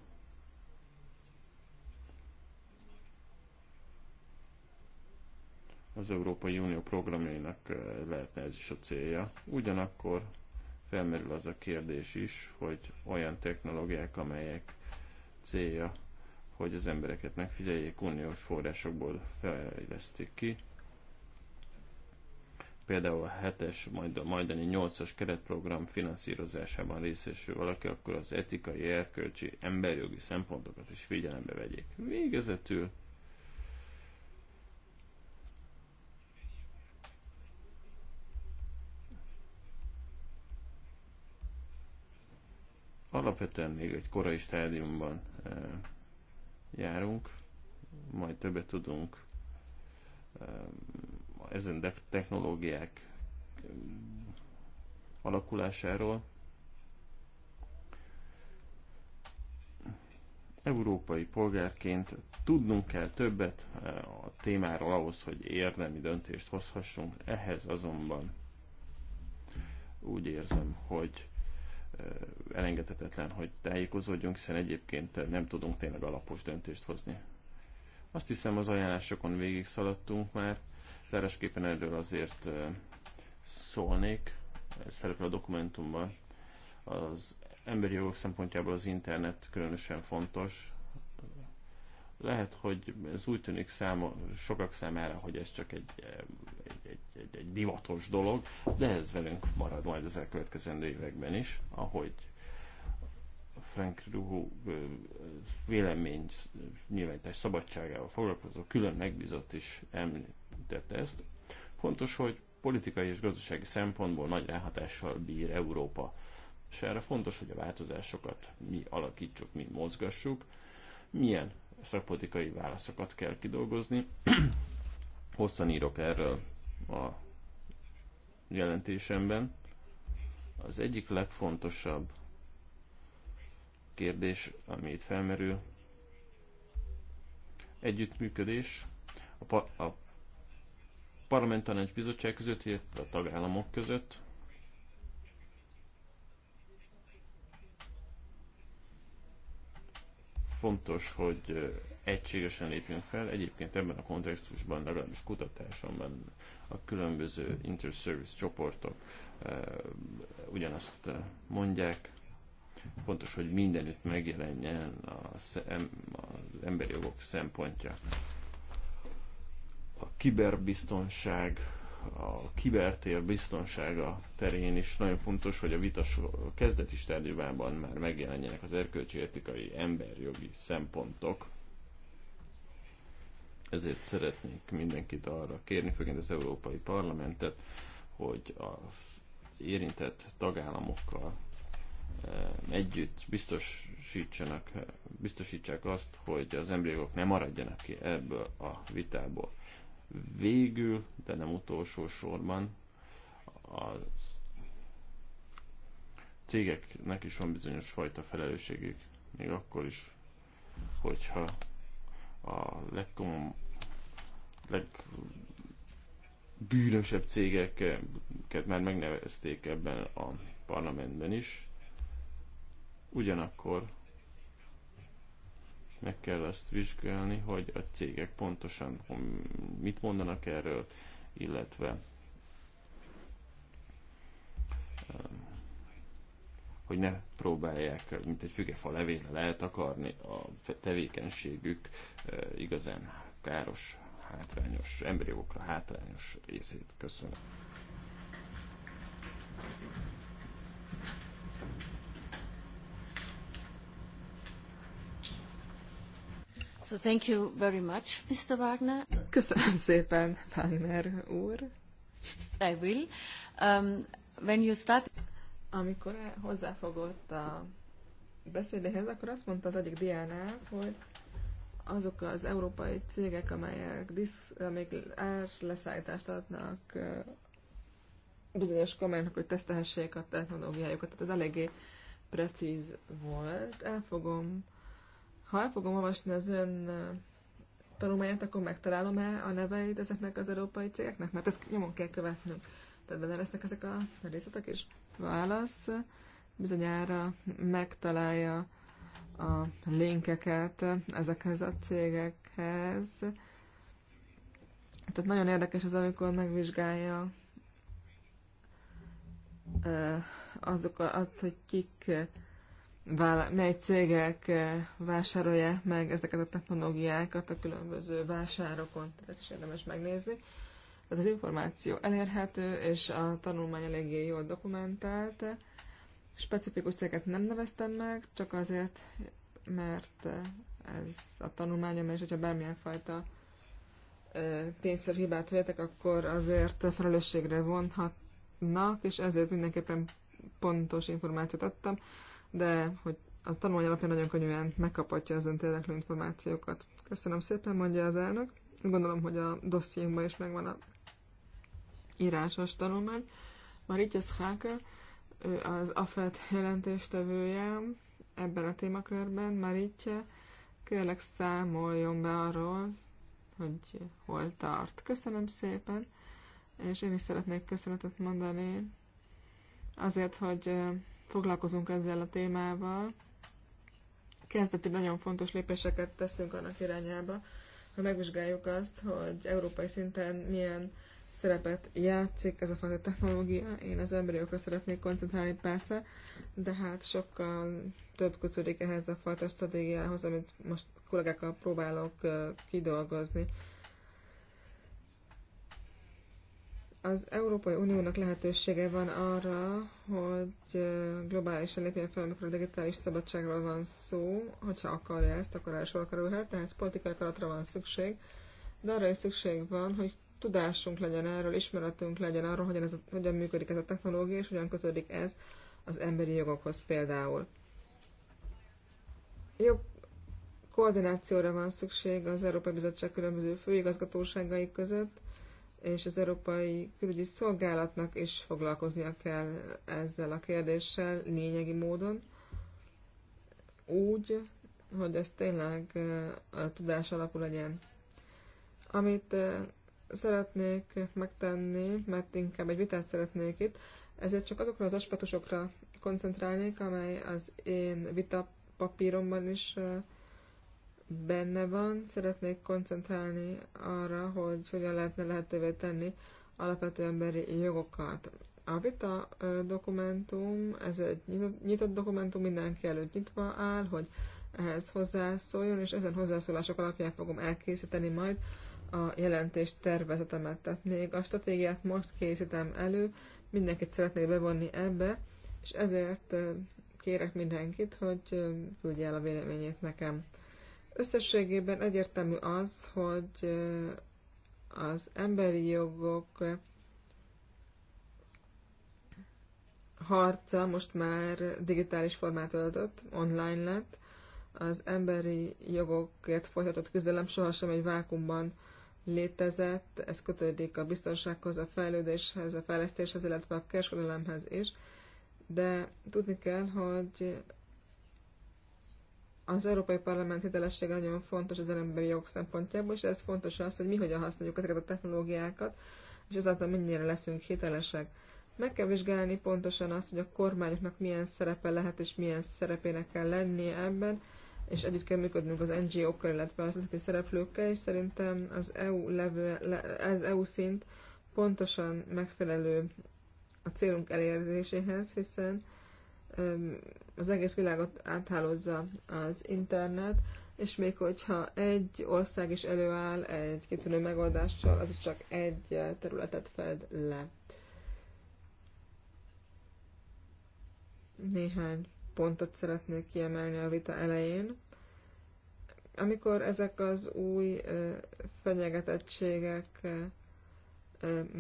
Az Európai Unió programjainak eh, lehetne ez is a célja. Ugyanakkor felmerül az a kérdés is, hogy olyan technológiák, amelyek célja hogy az embereket megfigyeljék, uniós forrásokból fejlesztik ki. Például a 7-es, majd a majdani 8-as keretprogram finanszírozásában részesül valaki, akkor az etikai, erkölcsi, emberjogi szempontokat is figyelembe vegyék. Végezetül alapvetően még egy korai stádiumban eh, járunk, majd többet tudunk eh, ezen technológiák eh, alakulásáról. Európai polgárként tudnunk kell többet eh, a témáról ahhoz, hogy érdemi döntést hozhassunk. Ehhez azonban úgy érzem, hogy elengedhetetlen, hogy tájékozódjunk, hiszen egyébként nem tudunk tényleg alapos döntést hozni. Azt hiszem az ajánlásokon végig szaladtunk már, zárásképpen erről azért szólnék, szerepel a dokumentumban. Az emberi jogok szempontjából az internet különösen fontos, lehet, hogy ez úgy tűnik száma, sokak számára, hogy ez csak egy, eh, egy, egy, egy, egy divatos dolog, de ez velünk marad majd az elkövetkezendő években is, ahogy Frank Ruhu eh, vélemény nyilvánítás szabadságával foglalkozó külön megbízott is említette ezt. Fontos, hogy politikai és gazdasági szempontból nagy ráhatással bír Európa. És erre fontos, hogy a változásokat mi alakítsuk, mi mozgassuk. Milyen szakpolitikai válaszokat kell kidolgozni. Hosszan írok erről a jelentésemben. Az egyik legfontosabb kérdés, ami itt felmerül, együttműködés a, par- a parlament tanács bizottság között, illetve a tagállamok között, fontos, hogy egységesen lépjünk fel. Egyébként ebben a kontextusban legalábbis kutatásomban a különböző interservice csoportok ugyanazt mondják, fontos, hogy mindenütt megjelenjen az, az emberi jogok szempontja. A kiberbiztonság a kibertér biztonsága terén is nagyon fontos, hogy a vita kezdeti stádiumában már megjelenjenek az erkölcsi etikai emberjogi szempontok. Ezért szeretnék mindenkit arra kérni, főként az Európai Parlamentet, hogy az érintett tagállamokkal eh, együtt biztosítsanak, eh, biztosítsák azt, hogy az embriók nem maradjanak ki ebből a vitából. Végül, de nem utolsó sorban, a cégeknek is van bizonyos fajta felelősségük, még akkor is, hogyha a legkomolyabb, legbűnösebb cégeket már megnevezték ebben a parlamentben is. Ugyanakkor meg kell azt vizsgálni, hogy a cégek pontosan mit mondanak erről, illetve um, hogy ne próbálják, mint egy fügefa lehet akarni a tevékenységük uh, igazán káros, hátrányos, emberi jogokra hátrányos részét. Köszönöm. So thank you very much, Mr. Wagner. Köszönöm szépen, Wagner úr. I will. Um, when you start... Amikor hozzáfogott a beszédéhez, akkor azt mondta az egyik diánál, hogy azok az európai cégek, amelyek disz, amelyek árleszállítást adnak bizonyos kormánynak, hogy tesztelhessék a technológiájukat, tehát ez eléggé precíz volt. El fogom ha el fogom olvasni az ön tanulmányát, akkor megtalálom-e a neveit ezeknek az európai cégeknek? Mert ezt nyomon kell követnünk. Tehát benne lesznek ezek a részletek is? Válasz bizonyára megtalálja a linkeket ezekhez a cégekhez. Tehát nagyon érdekes az, amikor megvizsgálja azok, azt, hogy kik mely cégek eh, vásárolják meg ezeket a technológiákat a különböző vásárokon. Tehát ezt is érdemes megnézni. Tehát az információ elérhető, és a tanulmány eléggé jól dokumentált. Specifikus cégeket nem neveztem meg, csak azért, mert eh, ez a tanulmányom, és hogyha bármilyen fajta eh, tényszer hibát vétek, akkor azért felelősségre vonhatnak, és ezért mindenképpen pontos információt adtam de hogy a tanulmány alapján nagyon könnyűen megkaphatja az öntérdekli információkat. Köszönöm szépen, mondja az elnök. Gondolom, hogy a dossziénkban is megvan a írásos tanulmány. Maritja Schake, ő az AFET jelentéstevője ebben a témakörben. Maritja, kérlek számoljon be arról, hogy hol tart. Köszönöm szépen, és én is szeretnék köszönetet mondani azért, hogy foglalkozunk ezzel a témával. Kezdeti nagyon fontos lépéseket teszünk annak irányába, ha megvizsgáljuk azt, hogy európai szinten milyen szerepet játszik ez a fajta technológia. Én az emberi szeretnék koncentrálni persze, de hát sokkal több kötődik ehhez a fajta stratégiához, amit most kollégákkal próbálok kidolgozni. az Európai Uniónak lehetősége van arra, hogy globálisan lépjen fel, amikor a digitális szabadságról van szó, hogyha akarja ezt, akkor elsőre kerülhet, tehát politikai akaratra van szükség, de arra is szükség van, hogy tudásunk legyen erről, ismeretünk legyen arról, hogyan, ez a, hogyan működik ez a technológia, és hogyan kötődik ez az emberi jogokhoz például. Jobb koordinációra van szükség az Európai Bizottság különböző főigazgatóságai között, és az Európai Külügyi Szolgálatnak is foglalkoznia kell ezzel a kérdéssel lényegi módon, úgy, hogy ez tényleg a tudás alapú legyen. Amit szeretnék megtenni, mert inkább egy vitát szeretnék itt, ezért csak azokra az aspektusokra koncentrálnék, amely az én vitapapíromban is benne van. Szeretnék koncentrálni arra, hogy hogyan lehetne lehetővé tenni alapvető emberi jogokat. A vita dokumentum, ez egy nyitott dokumentum, mindenki előtt nyitva áll, hogy ehhez hozzászóljon, és ezen hozzászólások alapján fogom elkészíteni majd a jelentés tervezetemet. Tehát még a stratégiát most készítem elő, mindenkit szeretnék bevonni ebbe, és ezért kérek mindenkit, hogy küldje el a véleményét nekem. Összességében egyértelmű az, hogy az emberi jogok harca most már digitális formát öltött, online lett. Az emberi jogokért folytatott küzdelem sohasem egy vákumban létezett, ez kötődik a biztonsághoz, a fejlődéshez, a fejlesztéshez, illetve a kereskedelemhez is, de tudni kell, hogy az Európai Parlament hitelessége nagyon fontos az emberi jog szempontjából, és ez fontos az, hogy mi hogyan használjuk ezeket a technológiákat, és ezáltal mennyire leszünk hitelesek. Meg kell vizsgálni pontosan azt, hogy a kormányoknak milyen szerepe lehet, és milyen szerepének kell lennie ebben, és együtt kell működnünk az NGO-kkal, illetve az üzleti szereplőkkel, és szerintem az EU, levő, az EU szint pontosan megfelelő a célunk eléréséhez, hiszen az egész világot áthálozza az internet, és még hogyha egy ország is előáll egy kitűnő megoldással, az csak egy területet fed le. Néhány pontot szeretnék kiemelni a vita elején. Amikor ezek az új fenyegetettségek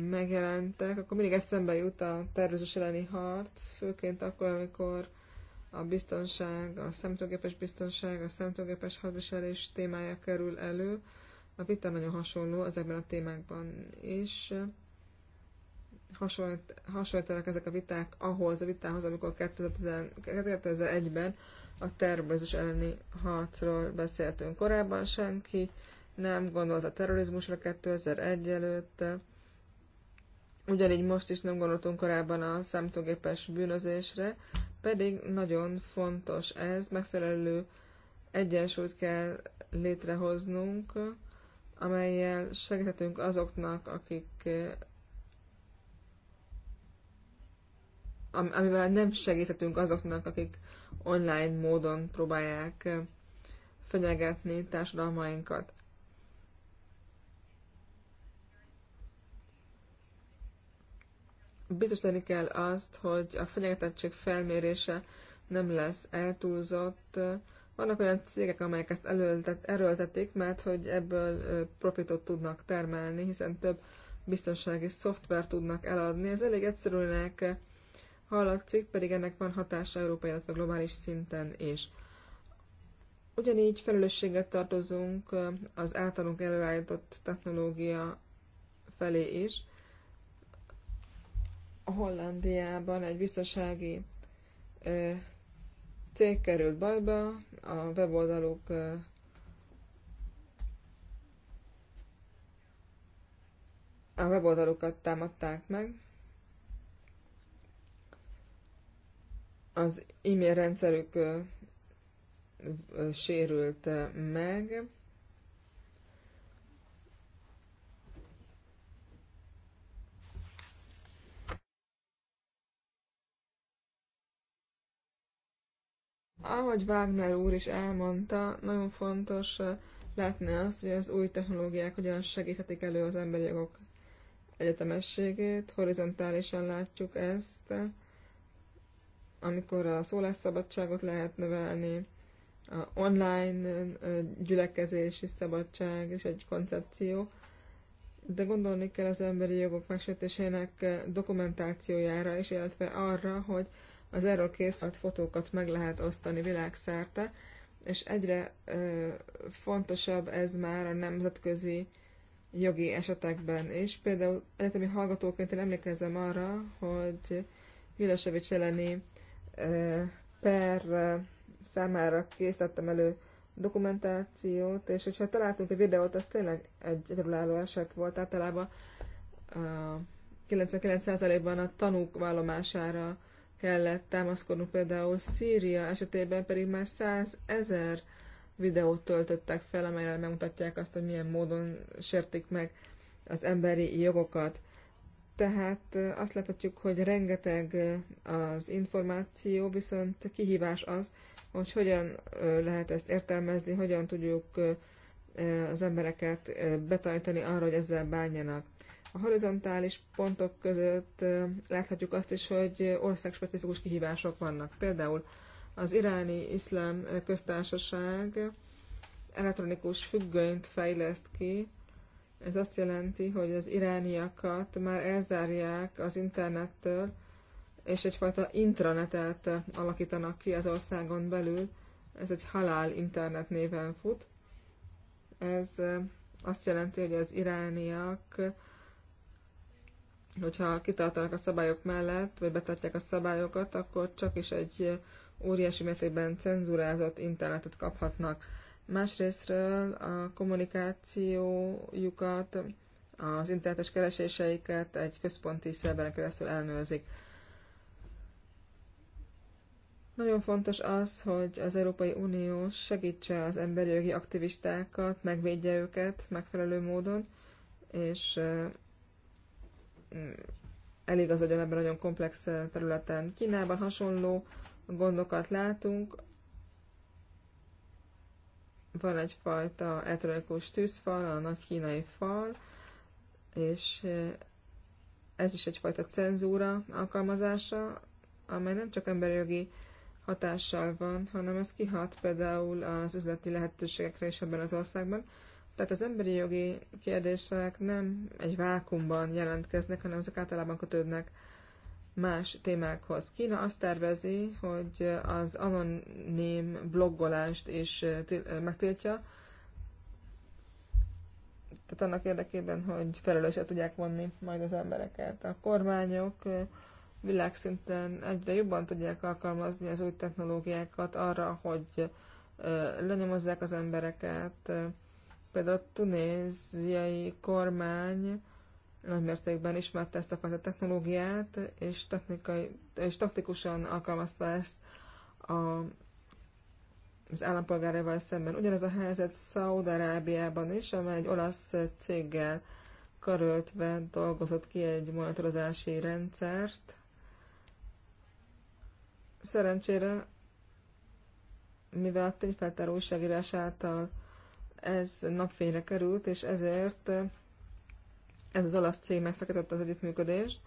megjelentek, akkor mindig eszembe jut a tervezős elleni harc, főként akkor, amikor a biztonság, a szemtőgépes biztonság, a szemtőgépes hadviselés témája kerül elő. A vita nagyon hasonló ezekben a témákban is. Hasonlít, hasonlítanak ezek a viták ahhoz a vitához, amikor 2001-ben a terrorizmus elleni harcról beszéltünk. Korábban senki nem gondolt a terrorizmusra 2001 előtt, Ugyanígy most is nem gondoltunk korábban a számítógépes bűnözésre, pedig nagyon fontos ez, megfelelő egyensúlyt kell létrehoznunk, amelyel segíthetünk azoknak, akik amivel nem segíthetünk azoknak, akik online módon próbálják fenyegetni társadalmainkat. Biztosítani kell azt, hogy a fenyegetettség felmérése nem lesz eltúlzott. Vannak olyan cégek, amelyek ezt erőltetik, mert hogy ebből profitot tudnak termelni, hiszen több biztonsági szoftver tudnak eladni. Ez elég egyszerűnek hallatszik, pedig ennek van hatása európai, illetve globális szinten is. Ugyanígy felelősséget tartozunk az általunk előállított technológia felé is. Hollandiában egy biztonsági cég került bajba, a weboldaluk a weboldalukat támadták meg. Az e-mail rendszerük sérült meg, Ahogy Wagner úr is elmondta, nagyon fontos látni azt, hogy az új technológiák hogyan segíthetik elő az emberi jogok egyetemességét. Horizontálisan látjuk ezt, amikor a szólásszabadságot lehet növelni, a online gyülekezési szabadság és egy koncepció, de gondolni kell az emberi jogok megsértésének dokumentációjára is, illetve arra, hogy az erről készült fotókat meg lehet osztani világszerte, és egyre ö, fontosabb ez már a nemzetközi jogi esetekben is. Például egyetemi hallgatóként én emlékezem arra, hogy Vilasevics elleni ö, per ö, számára készítettem elő dokumentációt, és hogyha találtunk egy videót, az tényleg egy egyedülálló eset volt. Általában 99%-ban a tanúk vállomására kellett támaszkodnunk, például Szíria esetében pedig már 100 ezer videót töltöttek fel, amelyel megmutatják azt, hogy milyen módon sértik meg az emberi jogokat. Tehát azt láthatjuk, hogy rengeteg az információ, viszont kihívás az, hogy hogyan lehet ezt értelmezni, hogyan tudjuk az embereket betanítani arra, hogy ezzel bánjanak. A horizontális pontok között láthatjuk azt is, hogy országspecifikus kihívások vannak. Például az iráni iszlám köztársaság elektronikus függönyt fejleszt ki, ez azt jelenti, hogy az irániakat már elzárják az internettől, és egyfajta intranetet alakítanak ki az országon belül. Ez egy halál internet néven fut. Ez azt jelenti, hogy az irániak hogyha kitartanak a szabályok mellett, vagy betartják a szabályokat, akkor csak is egy óriási mértékben cenzurázott internetet kaphatnak. Másrésztről a kommunikációjukat, az internetes kereséseiket egy központi szerveren keresztül elnőzik. Nagyon fontos az, hogy az Európai Unió segítse az emberi jogi aktivistákat, megvédje őket megfelelő módon, és elég az hogy ebben nagyon komplex eh, területen. Kínában hasonló gondokat látunk, van egyfajta elektronikus tűzfal, a nagy kínai fal, és eh, ez is egyfajta cenzúra alkalmazása, amely nem csak emberjogi hatással van, hanem ez kihat például az üzleti lehetőségekre is ebben az országban. Tehát az emberi jogi kérdések nem egy vákumban jelentkeznek, hanem ezek általában kötődnek más témákhoz. Kína azt tervezi, hogy az anonim bloggolást is eh, eh, megtiltja, tehát annak érdekében, hogy felelősre tudják vonni majd az embereket. A kormányok eh, világszinten egyre jobban tudják alkalmazni az új technológiákat arra, hogy lenyomozzák az embereket, például a tunéziai kormány nagymértékben ismerte ezt a fajta technológiát, és, technikai, és taktikusan alkalmazta ezt a, az állampolgárával szemben. Ugyanez a helyzet Szaúd-Arábiában is, amely egy olasz céggel karöltve dolgozott ki egy monitorozási rendszert. Szerencsére, mivel a tényfeltáró újságírás által ez napfényre került, és ezért eh, ez az olasz cég megszakította az együttműködést.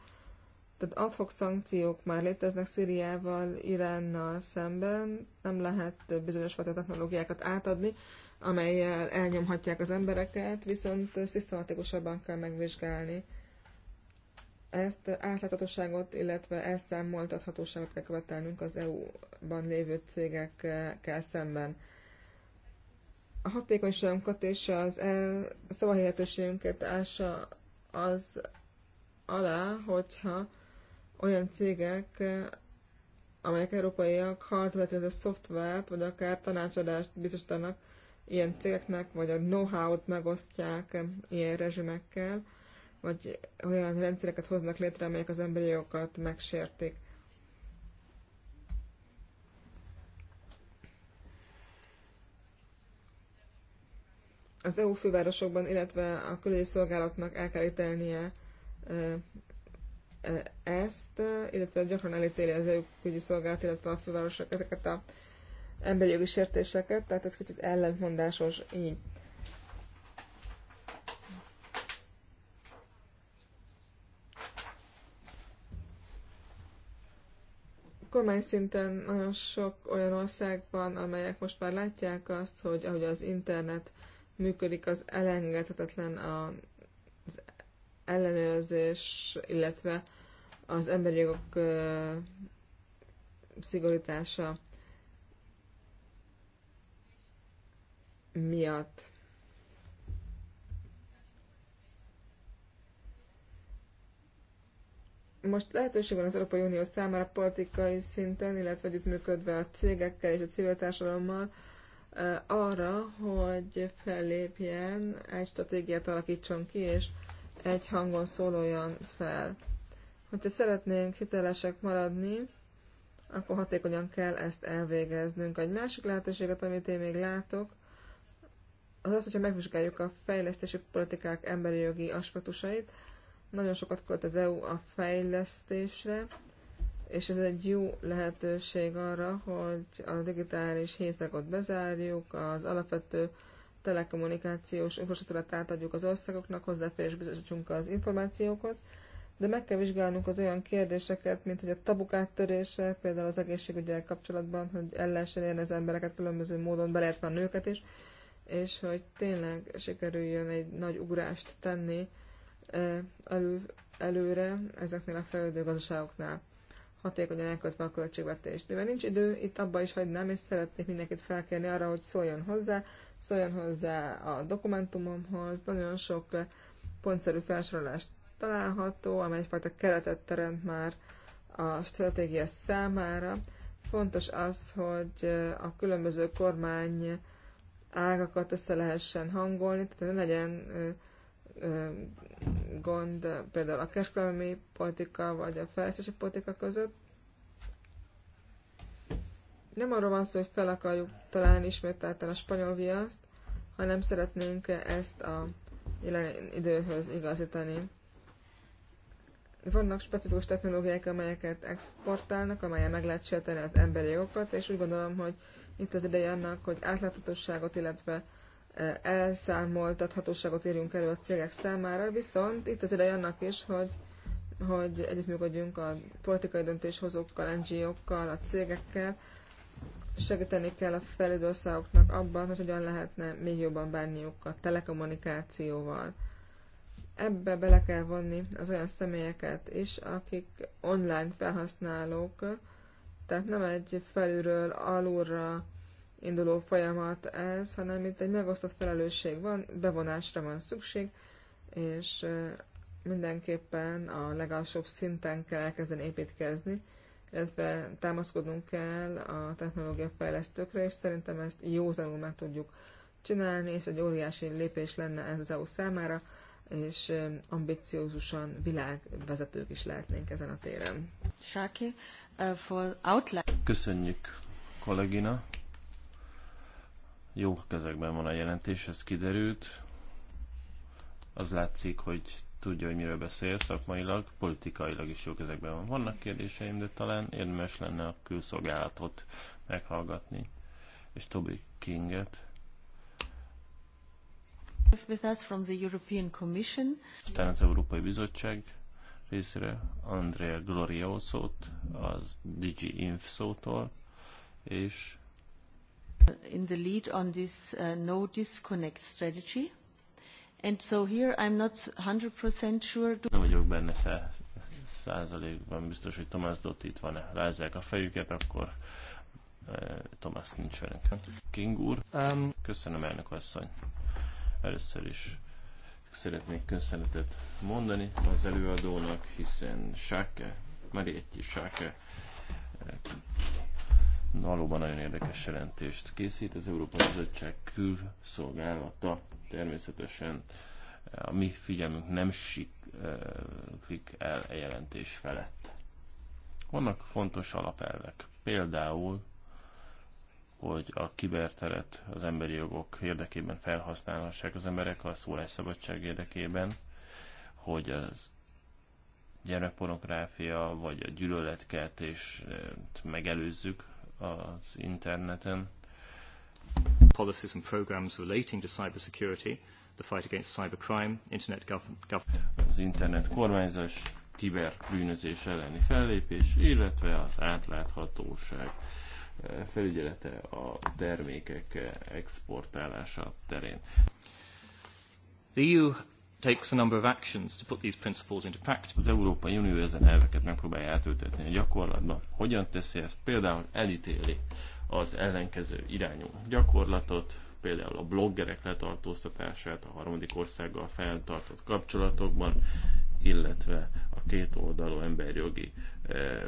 Tehát adhok szankciók már léteznek Szíriával, Iránnal szemben, nem lehet bizonyos fajta technológiákat átadni, amelyel elnyomhatják az embereket, viszont szisztematikusabban kell megvizsgálni ezt átláthatóságot, illetve elszámoltathatóságot kell követelnünk az EU-ban lévő cégekkel szemben a hatékonyságunkat és az el, szavahelyetőségünket ássa az alá, hogyha olyan cégek, amelyek európaiak hardware a szoftvert, vagy akár tanácsadást biztosítanak ilyen cégeknek, vagy a know-how-t megosztják ilyen rezsimekkel, vagy olyan rendszereket hoznak létre, amelyek az emberi jogokat megsértik. az EU fővárosokban, illetve a külügyi szolgálatnak el kell ítélnie ezt, illetve gyakran elítéli az EU külügyi szolgálat, illetve a fővárosok ezeket a emberi jogi sértéseket, tehát ez kicsit ellentmondásos így. kormány szinten nagyon sok olyan ország van, amelyek most már látják azt, hogy ahogy az internet működik, az elengedhetetlen a, az ellenőrzés, illetve az emberi jogok ö, szigorítása miatt. Most lehetőség van az Európai Unió számára politikai szinten, illetve együttműködve a cégekkel és a civil társadalommal, arra, hogy fellépjen, egy stratégiát alakítson ki, és egy hangon szólaljon fel. Hogyha szeretnénk hitelesek maradni, akkor hatékonyan kell ezt elvégeznünk. Egy másik lehetőséget, amit én még látok, az az, hogyha megvizsgáljuk a fejlesztési politikák emberi jogi aspektusait. Nagyon sokat költ az EU a fejlesztésre, és ez egy jó lehetőség arra, hogy a digitális hézakot bezárjuk, az alapvető telekommunikációs infrastruktúrát átadjuk az országoknak, hozzáférés biztosítsunk az információkhoz, de meg kell vizsgálnunk az olyan kérdéseket, mint hogy a tabuk áttörése, például az egészségügyel kapcsolatban, hogy el lehessen érni az embereket különböző módon, beleértve a nőket is, és hogy tényleg sikerüljön egy nagy ugrást tenni eh, elő, előre ezeknél a fejlődő gazdaságoknál hatékonyan elkötve a költségvetést. Mivel nincs idő, itt abba is hagynám, és szeretnék mindenkit felkérni arra, hogy szóljon hozzá, szóljon hozzá a dokumentumomhoz, nagyon sok eh, pontszerű felsorolást található, amely egyfajta keretet teremt már a stratégia számára. Fontos az, hogy eh, a különböző kormány ágakat össze lehessen hangolni, tehát ne legyen eh, gond például a kereskedelmi politika vagy a fejlesztési politika között. Nem arról van szó, hogy fel akarjuk találni ismételten a spanyol viaszt, hanem szeretnénk ezt a jelen időhöz igazítani. Vannak specifikus technológiák, amelyeket exportálnak, amelyek meg lehet az emberi jogokat, és úgy gondolom, hogy itt az ideje annak, hogy átláthatóságot, illetve elszámoltathatóságot érjünk elő a cégek számára, viszont itt az ideje annak is, hogy, hogy együttműködjünk a politikai döntéshozókkal, NGO-kkal, a cégekkel, segíteni kell a fejlődő országoknak abban, hogy hogyan lehetne még jobban bánniuk a telekommunikációval. Ebbe bele kell vonni az olyan személyeket is, akik online felhasználók, tehát nem egy felülről alulra induló folyamat ez, hanem itt egy megosztott felelősség van, bevonásra van szükség, és mindenképpen a legalsóbb szinten kell elkezdeni építkezni, illetve támaszkodnunk kell a technológia fejlesztőkre, és szerintem ezt józanul meg tudjuk csinálni, és egy óriási lépés lenne ez az EU számára, és ambiciózusan világvezetők is lehetnénk ezen a téren. Sáki, for outline. Köszönjük, kollégina. Jó kezekben van a jelentés, ez kiderült. Az látszik, hogy tudja, hogy miről beszél szakmailag, politikailag is jó kezekben van. Vannak kérdéseim, de talán érdemes lenne a külszolgálatot meghallgatni, és Toby Kinget. With us from the European Commission. Aztán az Európai Bizottság részre Andrea Gloriosót, az DG Inf szótól, és in the lead on this uh, no disconnect strategy. And so here I'm not 100% sure. Nem vagyok benne szá százalékban biztos, hogy Tomás Dott itt van-e. Rázzák a fejüket, akkor eh, Tomás nincs velünk. King úr, um, köszönöm elnök asszony. Először is szeretnék köszönetet mondani az előadónak, hiszen Sáke, Marietti Sáke valóban nagyon érdekes jelentést készít. Az Európai Bizottság külszolgálata természetesen eh, a mi figyelmünk nem siklik eh, el a e jelentés felett. Vannak fontos alapelvek. Például, hogy a kiberteret az emberi jogok érdekében felhasználhassák az emberek a szólásszabadság érdekében, hogy az gyermekpornográfia vagy a gyűlöletkeltést eh, megelőzzük, az interneten. Policies and programs relating to cybersecurity, the fight against cybercrime, internet governance. Az internet kormányzás, kiberbűnözés elleni fellépés, illetve az átláthatóság eh, felügyelete a termékek eh, exportálása terén. The EU takes a number of actions to put these principles into practice. Az Európai Unió ezen elveket megpróbálja átültetni a gyakorlatban. Hogyan teszi ezt? Például elítéli az ellenkező irányú gyakorlatot, például a bloggerek letartóztatását a harmadik országgal feltartott kapcsolatokban, illetve a két oldalú emberjogi eh,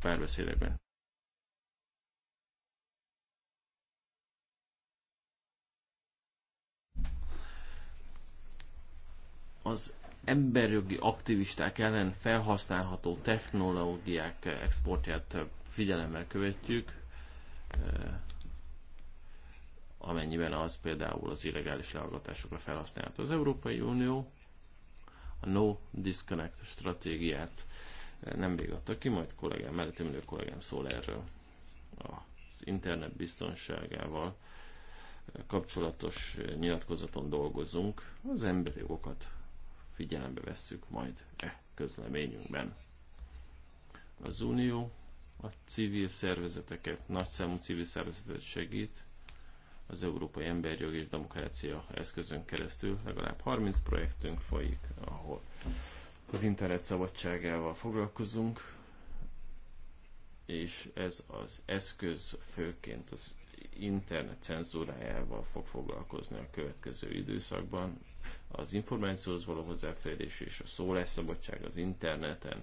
párbeszédekben. az emberjogi aktivisták ellen felhasználható technológiák exportját figyelemmel követjük, eh, amennyiben az például az illegális lehallgatásokra felhasználható. Az Európai Unió a No Disconnect stratégiát eh, nem végatta ki, majd kollégám, mellettem ülő kollégám szól erről az internet biztonságával eh, kapcsolatos nyilatkozaton dolgozunk, az emberi jogokat figyelembe vesszük majd e közleményünkben. Az Unió a civil szervezeteket, nagyszámú civil szervezetet segít, az Európai Emberjog és Demokrácia eszközön keresztül legalább 30 projektünk folyik, ahol az internet szabadságával foglalkozunk, és ez az eszköz főként az internet cenzúrájával fog foglalkozni a következő időszakban, az információhoz való hozzáférés és a szólásszabadság az interneten,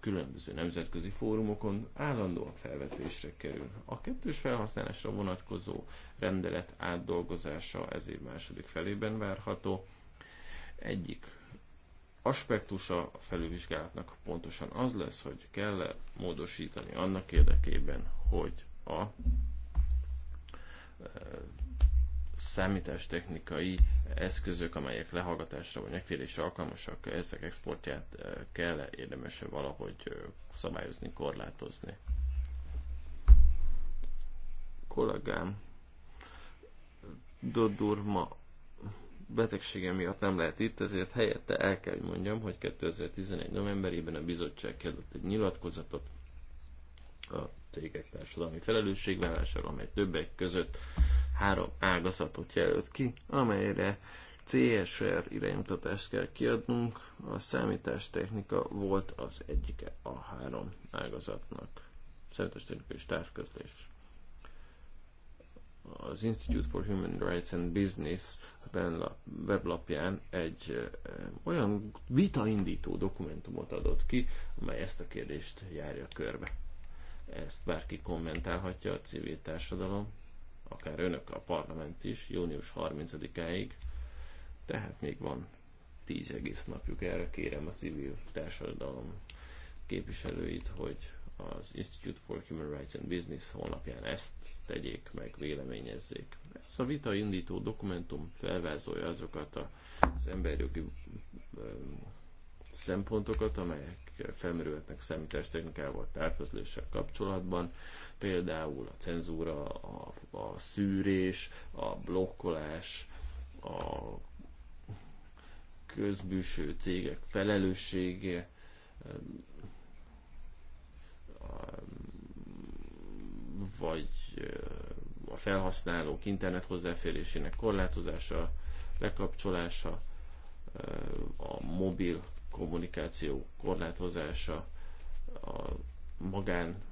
különböző nemzetközi fórumokon állandóan felvetésre kerül. A kettős felhasználásra vonatkozó rendelet átdolgozása ez év második felében várható. Egyik aspektusa a felülvizsgálatnak pontosan az lesz, hogy kell -e módosítani annak érdekében, hogy a számítástechnikai eszközök, amelyek lehallgatásra vagy megfélésre alkalmasak, ezek exportját eh, kell -e érdemesen valahogy eh, szabályozni, korlátozni. Kollégám, Dodur ma betegsége miatt nem lehet itt, ezért helyette el kell, hogy mondjam, hogy 2011. novemberében a bizottság kiadott egy nyilatkozatot a cégek társadalmi felelősségvállásáról, amely többek között három ágazatot jelölt ki, amelyre CSR iránymutatást kell kiadnunk, a számítástechnika volt az egyike a három ágazatnak. Számítástechnika és távközlés. Az Institute for Human Rights and Business weblapján egy eh, olyan vitaindító dokumentumot adott ki, amely ezt a kérdést járja körbe. Ezt bárki kommentálhatja a civil társadalom, akár önök, a parlament is, június 30 ig tehát még van 10 egész napjuk. Erre kérem a civil társadalom képviselőit, hogy az Institute for Human Rights and Business honlapján ezt tegyék meg, véleményezzék. Ez a vita indító dokumentum felvázolja azokat az emberjogi szempontokat, amelyek felmerülhetnek számítástechnikával, távközléssel kapcsolatban, például a cenzúra, a, a szűrés, a blokkolás, a közbűső cégek felelőssége, vagy a felhasználók internet hozzáférésének korlátozása, lekapcsolása, a mobil kommunikáció korlátozása, a magán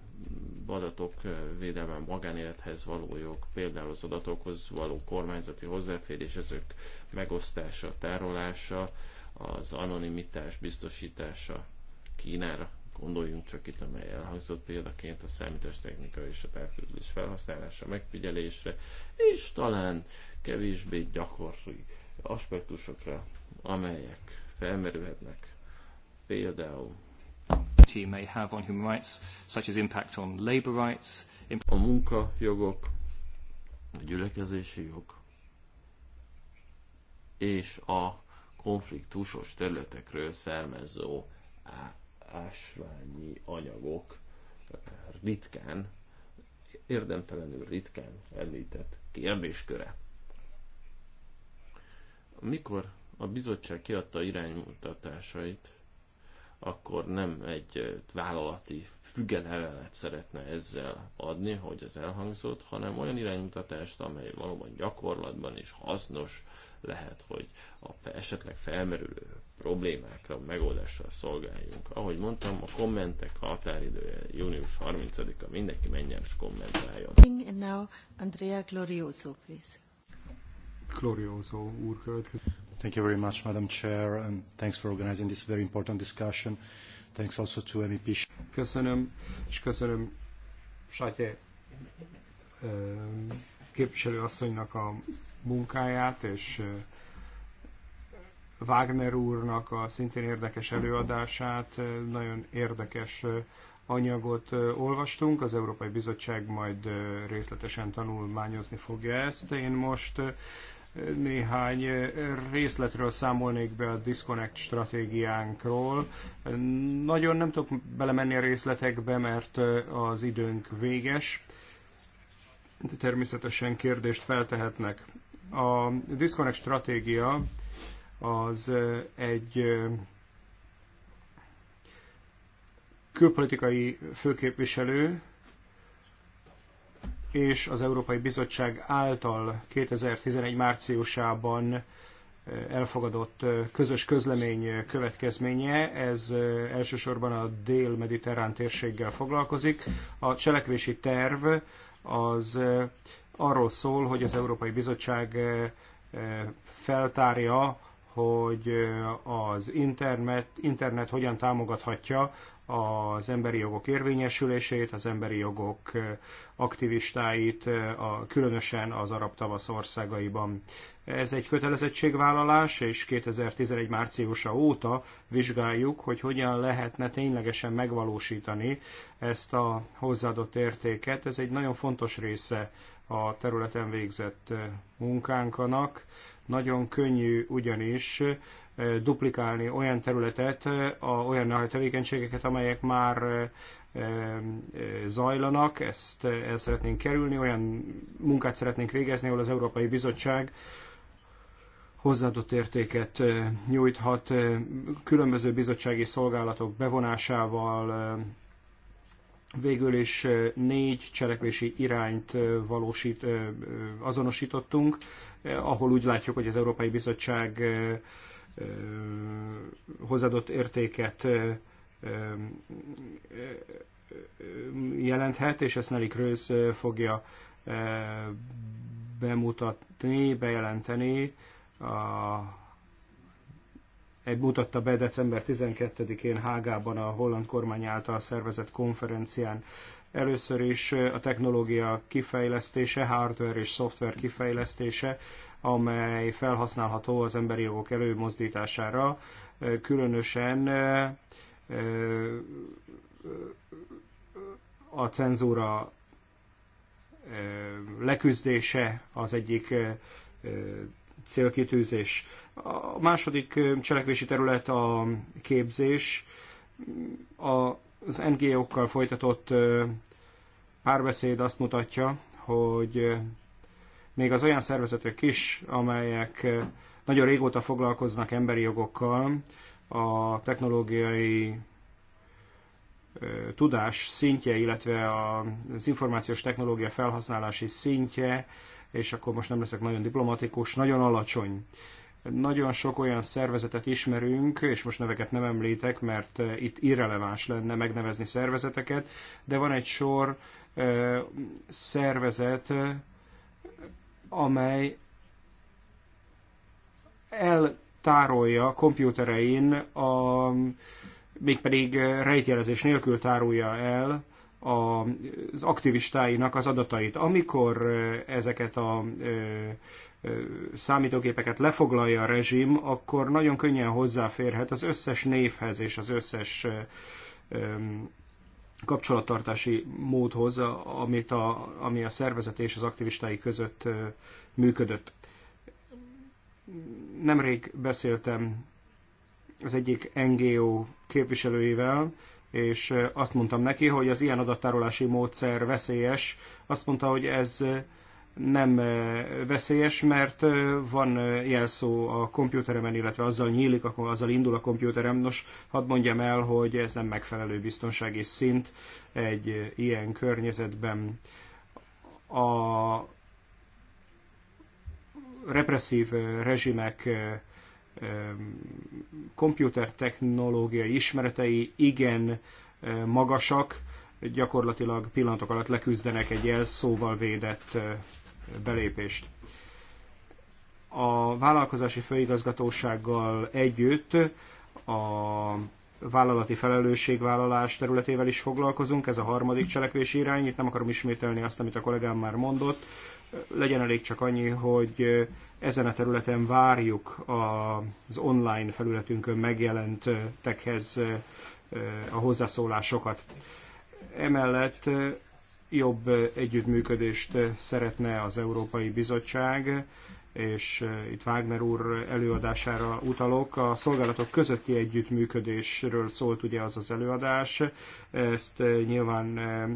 adatok védelme, a magánélethez való jog, például az adatokhoz való kormányzati hozzáférés, ezek megosztása, tárolása, az anonimitás biztosítása Kínára, gondoljunk csak itt, amely elhangzott példaként a számítástechnika és a távközlés felhasználása, megfigyelésre, és talán kevésbé gyakori aspektusokra, amelyek felmerülhetnek Például may have on human rights, such as impact on labor rights. A munkajogok, a gyülekezési jog és a konfliktusos területekről származó ásványi anyagok eh, ritkán, érdemtelenül ritkán említett kérdésköre. Mikor a bizottság kiadta iránymutatásait akkor nem egy vállalati függetlenet szeretne ezzel adni, hogy ez elhangzott, hanem olyan iránymutatást, amely valóban gyakorlatban is hasznos lehet, hogy a esetleg felmerülő problémákra, megoldásra szolgáljunk. Ahogy mondtam, a kommentek határidője június 30-a, mindenki menjen és kommentáljon. And now Andrea Glorioso, please. Glorioso úr következik. Thank you very much, Madam Chair, and thanks for organizing this very important discussion. Thanks also to MEP. Köszönöm, és köszönöm Satye képviselőasszonynak a munkáját, és Wagner úrnak a szintén érdekes előadását, nagyon érdekes anyagot olvastunk, az Európai Bizottság majd részletesen tanulmányozni fogja ezt. Én most néhány részletről számolnék be a Disconnect stratégiánkról. Nagyon nem tudok belemenni a részletekbe, mert az időnk véges. De természetesen kérdést feltehetnek. A Disconnect stratégia az egy külpolitikai főképviselő és az Európai Bizottság által 2011 márciusában eh, elfogadott eh, közös közlemény következménye. Ez eh, elsősorban a dél-mediterrán térséggel foglalkozik. A cselekvési terv az arról szól, hogy az Európai Bizottság feltárja, hogy az internet, internet hogyan támogathatja az emberi jogok érvényesülését, az emberi jogok aktivistáit, a, különösen az arab tavasz országaiban. Ez egy kötelezettségvállalás, és 2011 márciusa óta vizsgáljuk, hogy hogyan lehetne ténylegesen megvalósítani ezt a hozzáadott értéket. Ez egy nagyon fontos része a területen végzett munkánkanak. Nagyon könnyű ugyanis duplikálni olyan területet, olyan tevékenységeket, amelyek már zajlanak, ezt el szeretnénk kerülni, olyan munkát szeretnénk végezni, ahol az Európai Bizottság hozzáadott értéket nyújthat különböző bizottsági szolgálatok bevonásával, végül is négy cselekvési irányt valósít, azonosítottunk, eh, ahol úgy látjuk, hogy az Európai Bizottság hozadott értéket jelenthet, és ezt Nelly Rősz fogja bemutatni, bejelenteni. A, egy mutatta be december 12-én Hágában a holland kormány által szervezett konferencián. Először is a technológia kifejlesztése, hardware és szoftver kifejlesztése amely felhasználható az emberi jogok előmozdítására, különösen a cenzúra leküzdése az egyik célkitűzés. A második cselekvési terület a képzés. Az NGO-kkal folytatott párbeszéd azt mutatja, hogy még az olyan szervezetek is, amelyek eh, nagyon régóta foglalkoznak emberi jogokkal, a technológiai eh, tudás szintje, illetve az információs technológia felhasználási szintje, és akkor most nem leszek nagyon diplomatikus, nagyon alacsony. Nagyon sok olyan szervezetet ismerünk, és most neveket nem említek, mert eh, itt irreleváns lenne megnevezni szervezeteket, de van egy sor szervezet, amely eltárolja kompjúterein, a, mégpedig rejtjelezés nélkül tárolja el az aktivistáinak az adatait. Amikor ezeket a számítógépeket lefoglalja a rezsim, akkor nagyon könnyen hozzáférhet az összes névhez és az összes kapcsolattartási módhoz, amit a, ami a szervezet és az aktivistái között működött. Nemrég beszéltem az egyik NGO képviselőivel, és azt mondtam neki, hogy az ilyen adattárolási módszer veszélyes. Azt mondta, hogy ez nem veszélyes, mert van jelszó a kompjúteremen, illetve azzal nyílik, akkor azzal indul a kompjúterem. Nos, hadd mondjam el, hogy ez nem megfelelő biztonsági szint egy ilyen környezetben. A represszív rezsimek kompjútertechnológiai ismeretei igen magasak, gyakorlatilag pillanatok alatt leküzdenek egy jelszóval védett belépést. A vállalkozási főigazgatósággal együtt a vállalati felelősségvállalás területével is foglalkozunk, ez a harmadik cselekvési irány, itt nem akarom ismételni azt, amit a kollégám már mondott, legyen elég csak annyi, hogy ezen a területen várjuk az online felületünkön megjelentekhez eh, a hozzászólásokat. Emellett jobb együttműködést szeretne az Európai Bizottság, és itt Wagner úr előadására utalok. A szolgálatok közötti együttműködésről szólt ugye az az előadás, ezt nyilván eh,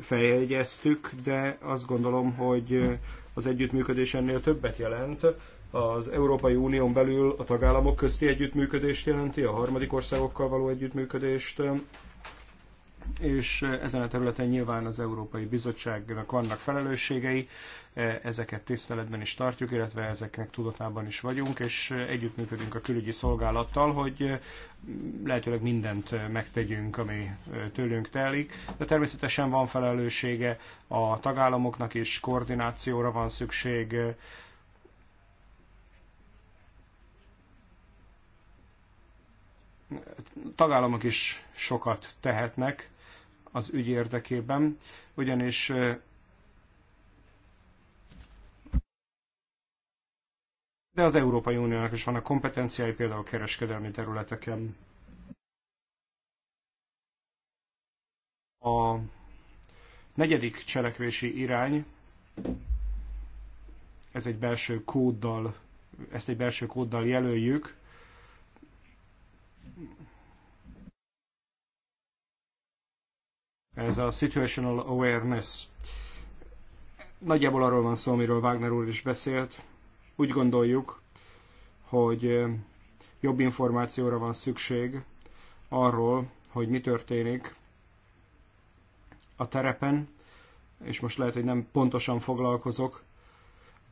feljegyeztük, de azt gondolom, hogy az együttműködés ennél többet jelent. Az Európai Unión belül a tagállamok közti együttműködést jelenti, a harmadik országokkal való együttműködést, és eh, ezen a területen nyilván az Európai Bizottságnak vannak felelősségei, eh, ezeket tiszteletben is tartjuk, illetve ezeknek tudatában is vagyunk, és eh, együttműködünk a külügyi szolgálattal, hogy lehetőleg mindent megtegyünk, ami tőlünk telik. De természetesen van felelőssége a tagállamoknak is, koordinációra van szükség, tagállamok is sokat tehetnek az ügy érdekében, ugyanis de az Európai Uniónak is vannak kompetenciái, például a kereskedelmi területeken. A negyedik cselekvési irány, ez egy belső kóddal, ezt egy belső kóddal jelöljük, ez a situational awareness. Nagyjából arról van szó, amiről Wagner úr is beszélt. Úgy gondoljuk, hogy eh, jobb információra van szükség arról, hogy mi történik a terepen, és most lehet, hogy nem pontosan foglalkozok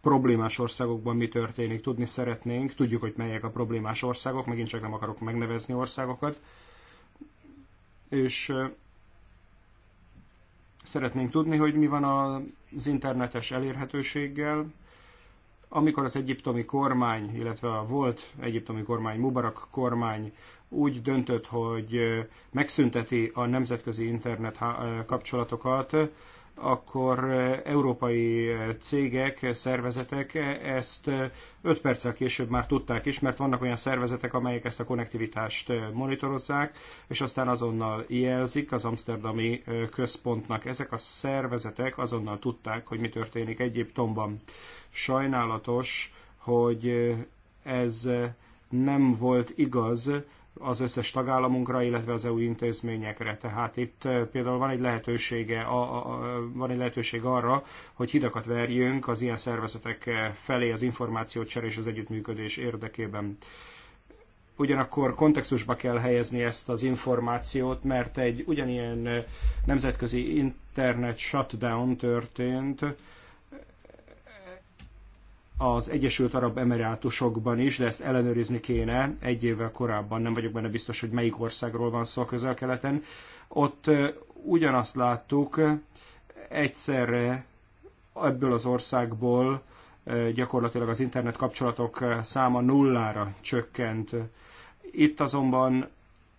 problémás országokban mi történik, tudni szeretnénk, tudjuk, hogy melyek a problémás országok, megint csak nem akarok megnevezni országokat, és szeretnénk tudni, hogy mi van az internetes elérhetőséggel, amikor az egyiptomi kormány, illetve a volt egyiptomi kormány, Mubarak kormány úgy döntött, hogy megszünteti a nemzetközi internet kapcsolatokat, akkor eh, európai eh, cégek, eh, szervezetek ezt 5 perccel később már tudták is, mert vannak olyan szervezetek, amelyek ezt a konnektivitást monitorozzák, és aztán azonnal jelzik az amsterdami központnak. Ezek a szervezetek azonnal tudták, hogy mi történik Egyiptomban. Sajnálatos, hogy ez nem volt igaz az összes tagállamunkra, illetve az EU intézményekre. Tehát itt például van egy, lehetősége, a, a, van egy lehetőség arra, hogy hidakat verjünk az ilyen szervezetek felé az információcsere és az együttműködés érdekében ugyanakkor kontextusba kell helyezni ezt az információt, mert egy ugyanilyen nemzetközi internet shutdown történt az Egyesült Arab Emirátusokban is, de ezt ellenőrizni kéne egy évvel korábban, nem vagyok benne biztos, hogy melyik országról van szó a közel-keleten. Ott ugyanazt láttuk, egyszerre ebből az országból gyakorlatilag az internet kapcsolatok száma nullára csökkent. Itt azonban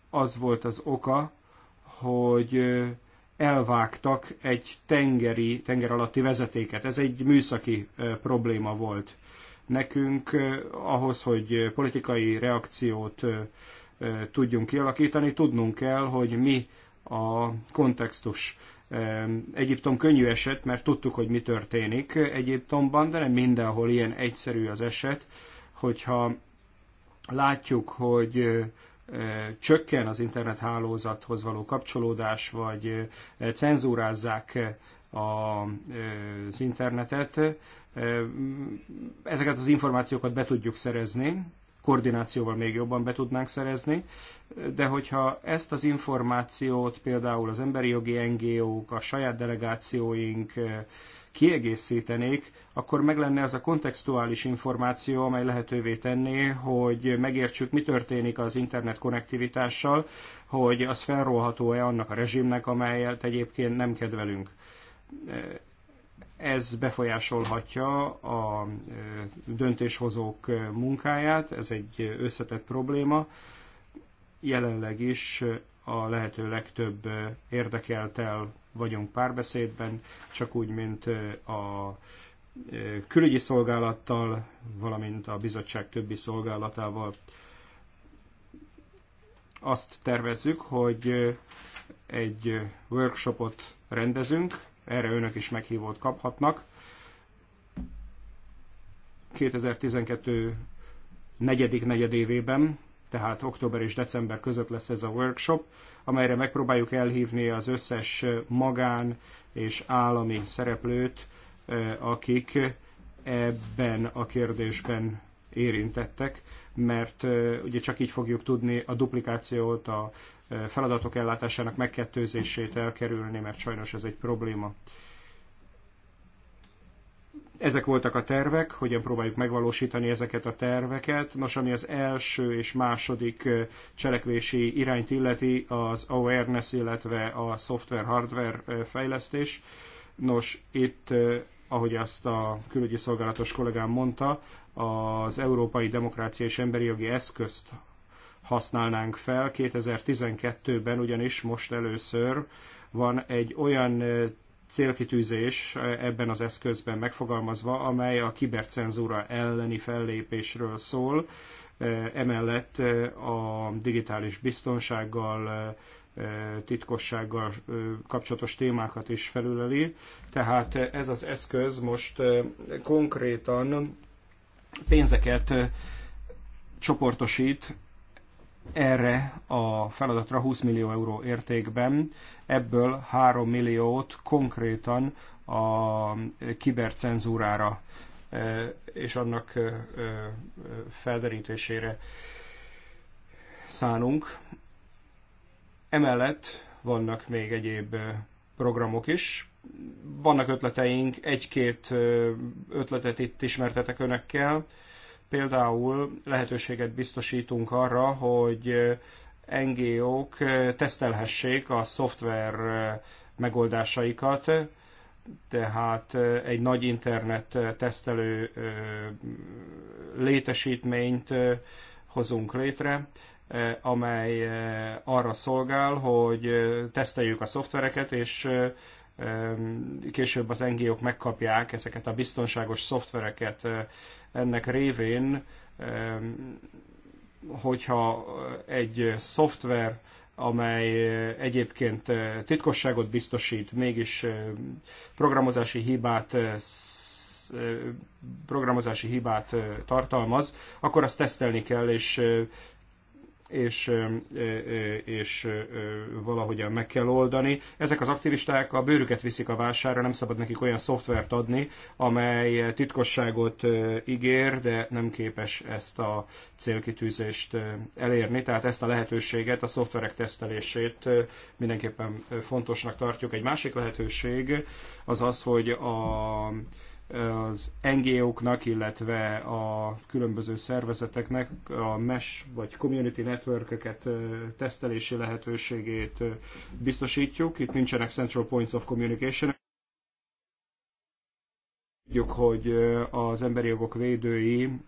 az volt az oka, hogy elvágtak egy tengeri, tenger alatti vezetéket. Ez egy műszaki probléma volt nekünk ahhoz, hogy politikai reakciót tudjunk kialakítani, tudnunk kell, hogy mi a kontextus. Egyiptom könnyű eset, mert tudtuk, hogy mi történik Egyiptomban, de nem mindenhol ilyen egyszerű az eset, hogyha látjuk, hogy csökken az internethálózathoz való kapcsolódás, vagy cenzúrázzák az internetet, ezeket az információkat be tudjuk szerezni, koordinációval még jobban be tudnánk szerezni, de hogyha ezt az információt például az emberi jogi NGO-k, a saját delegációink, kiegészítenék, akkor meg lenne ez a kontextuális információ, amely lehetővé tenné, hogy megértsük, mi történik az internet konnektivitással, hogy az felrólható-e annak a rezsimnek, amelyet egyébként nem kedvelünk. Ez befolyásolhatja a döntéshozók munkáját, ez egy összetett probléma. Jelenleg is a lehető legtöbb érdekeltel vagyunk párbeszédben, csak úgy, mint a külügyi szolgálattal, valamint a bizottság többi szolgálatával. Azt tervezzük, hogy egy workshopot rendezünk, erre önök is meghívót kaphatnak. 2012 negyedik negyedévében tehát október és december között lesz ez a workshop, amelyre megpróbáljuk elhívni az összes magán és állami szereplőt, eh, akik ebben a kérdésben érintettek, mert eh, ugye csak így fogjuk tudni a duplikációt, a eh, feladatok ellátásának megkettőzését elkerülni, mert sajnos ez egy probléma. Ezek voltak a tervek, hogyan próbáljuk megvalósítani ezeket a terveket. Nos, ami az első és második cselekvési irányt illeti, az awareness, illetve a szoftver-hardware fejlesztés. Nos, itt, ahogy azt a külügyi szolgálatos kollégám mondta, az Európai Demokrácia és Emberi Jogi Eszközt használnánk fel. 2012-ben ugyanis most először van egy olyan célkitűzés eh, ebben az eszközben megfogalmazva, amely a kibercenzúra elleni fellépésről szól, eh, emellett eh, a digitális biztonsággal, titkossággal kapcsolatos témákat is felüleli. Tehát ez az eszköz most konkrétan pénzeket csoportosít erre a feladatra 20 millió euró értékben, ebből 3 milliót konkrétan a kibercenzúrára e, és annak e, e, felderítésére szánunk. Emellett vannak még egyéb programok is. Vannak ötleteink, egy-két ötletet itt ismertetek önökkel Például lehetőséget biztosítunk arra, hogy NGO-k tesztelhessék a szoftver megoldásaikat, tehát egy nagy internet tesztelő létesítményt hozunk létre, amely arra szolgál, hogy teszteljük a szoftvereket, és később az NGO-k megkapják ezeket a biztonságos szoftvereket. Ennek révén, hogyha egy szoftver amely eh, egyébként eh, titkosságot biztosít, mégis eh, programozási hibát programozási hibát tartalmaz, akkor azt tesztelni kell, és és, és valahogyan meg kell oldani. Ezek az aktivisták a bőrüket viszik a vására, nem szabad nekik olyan szoftvert adni, amely titkosságot ígér, de nem képes ezt a célkitűzést elérni. Tehát ezt a lehetőséget, a szoftverek tesztelését mindenképpen fontosnak tartjuk. Egy másik lehetőség az az, hogy a az NGO-knak, illetve a különböző szervezeteknek a mesh vagy community networköket tesztelési lehetőségét biztosítjuk. Itt nincsenek central points of communication. Tudjuk, hogy az emberi jogok védői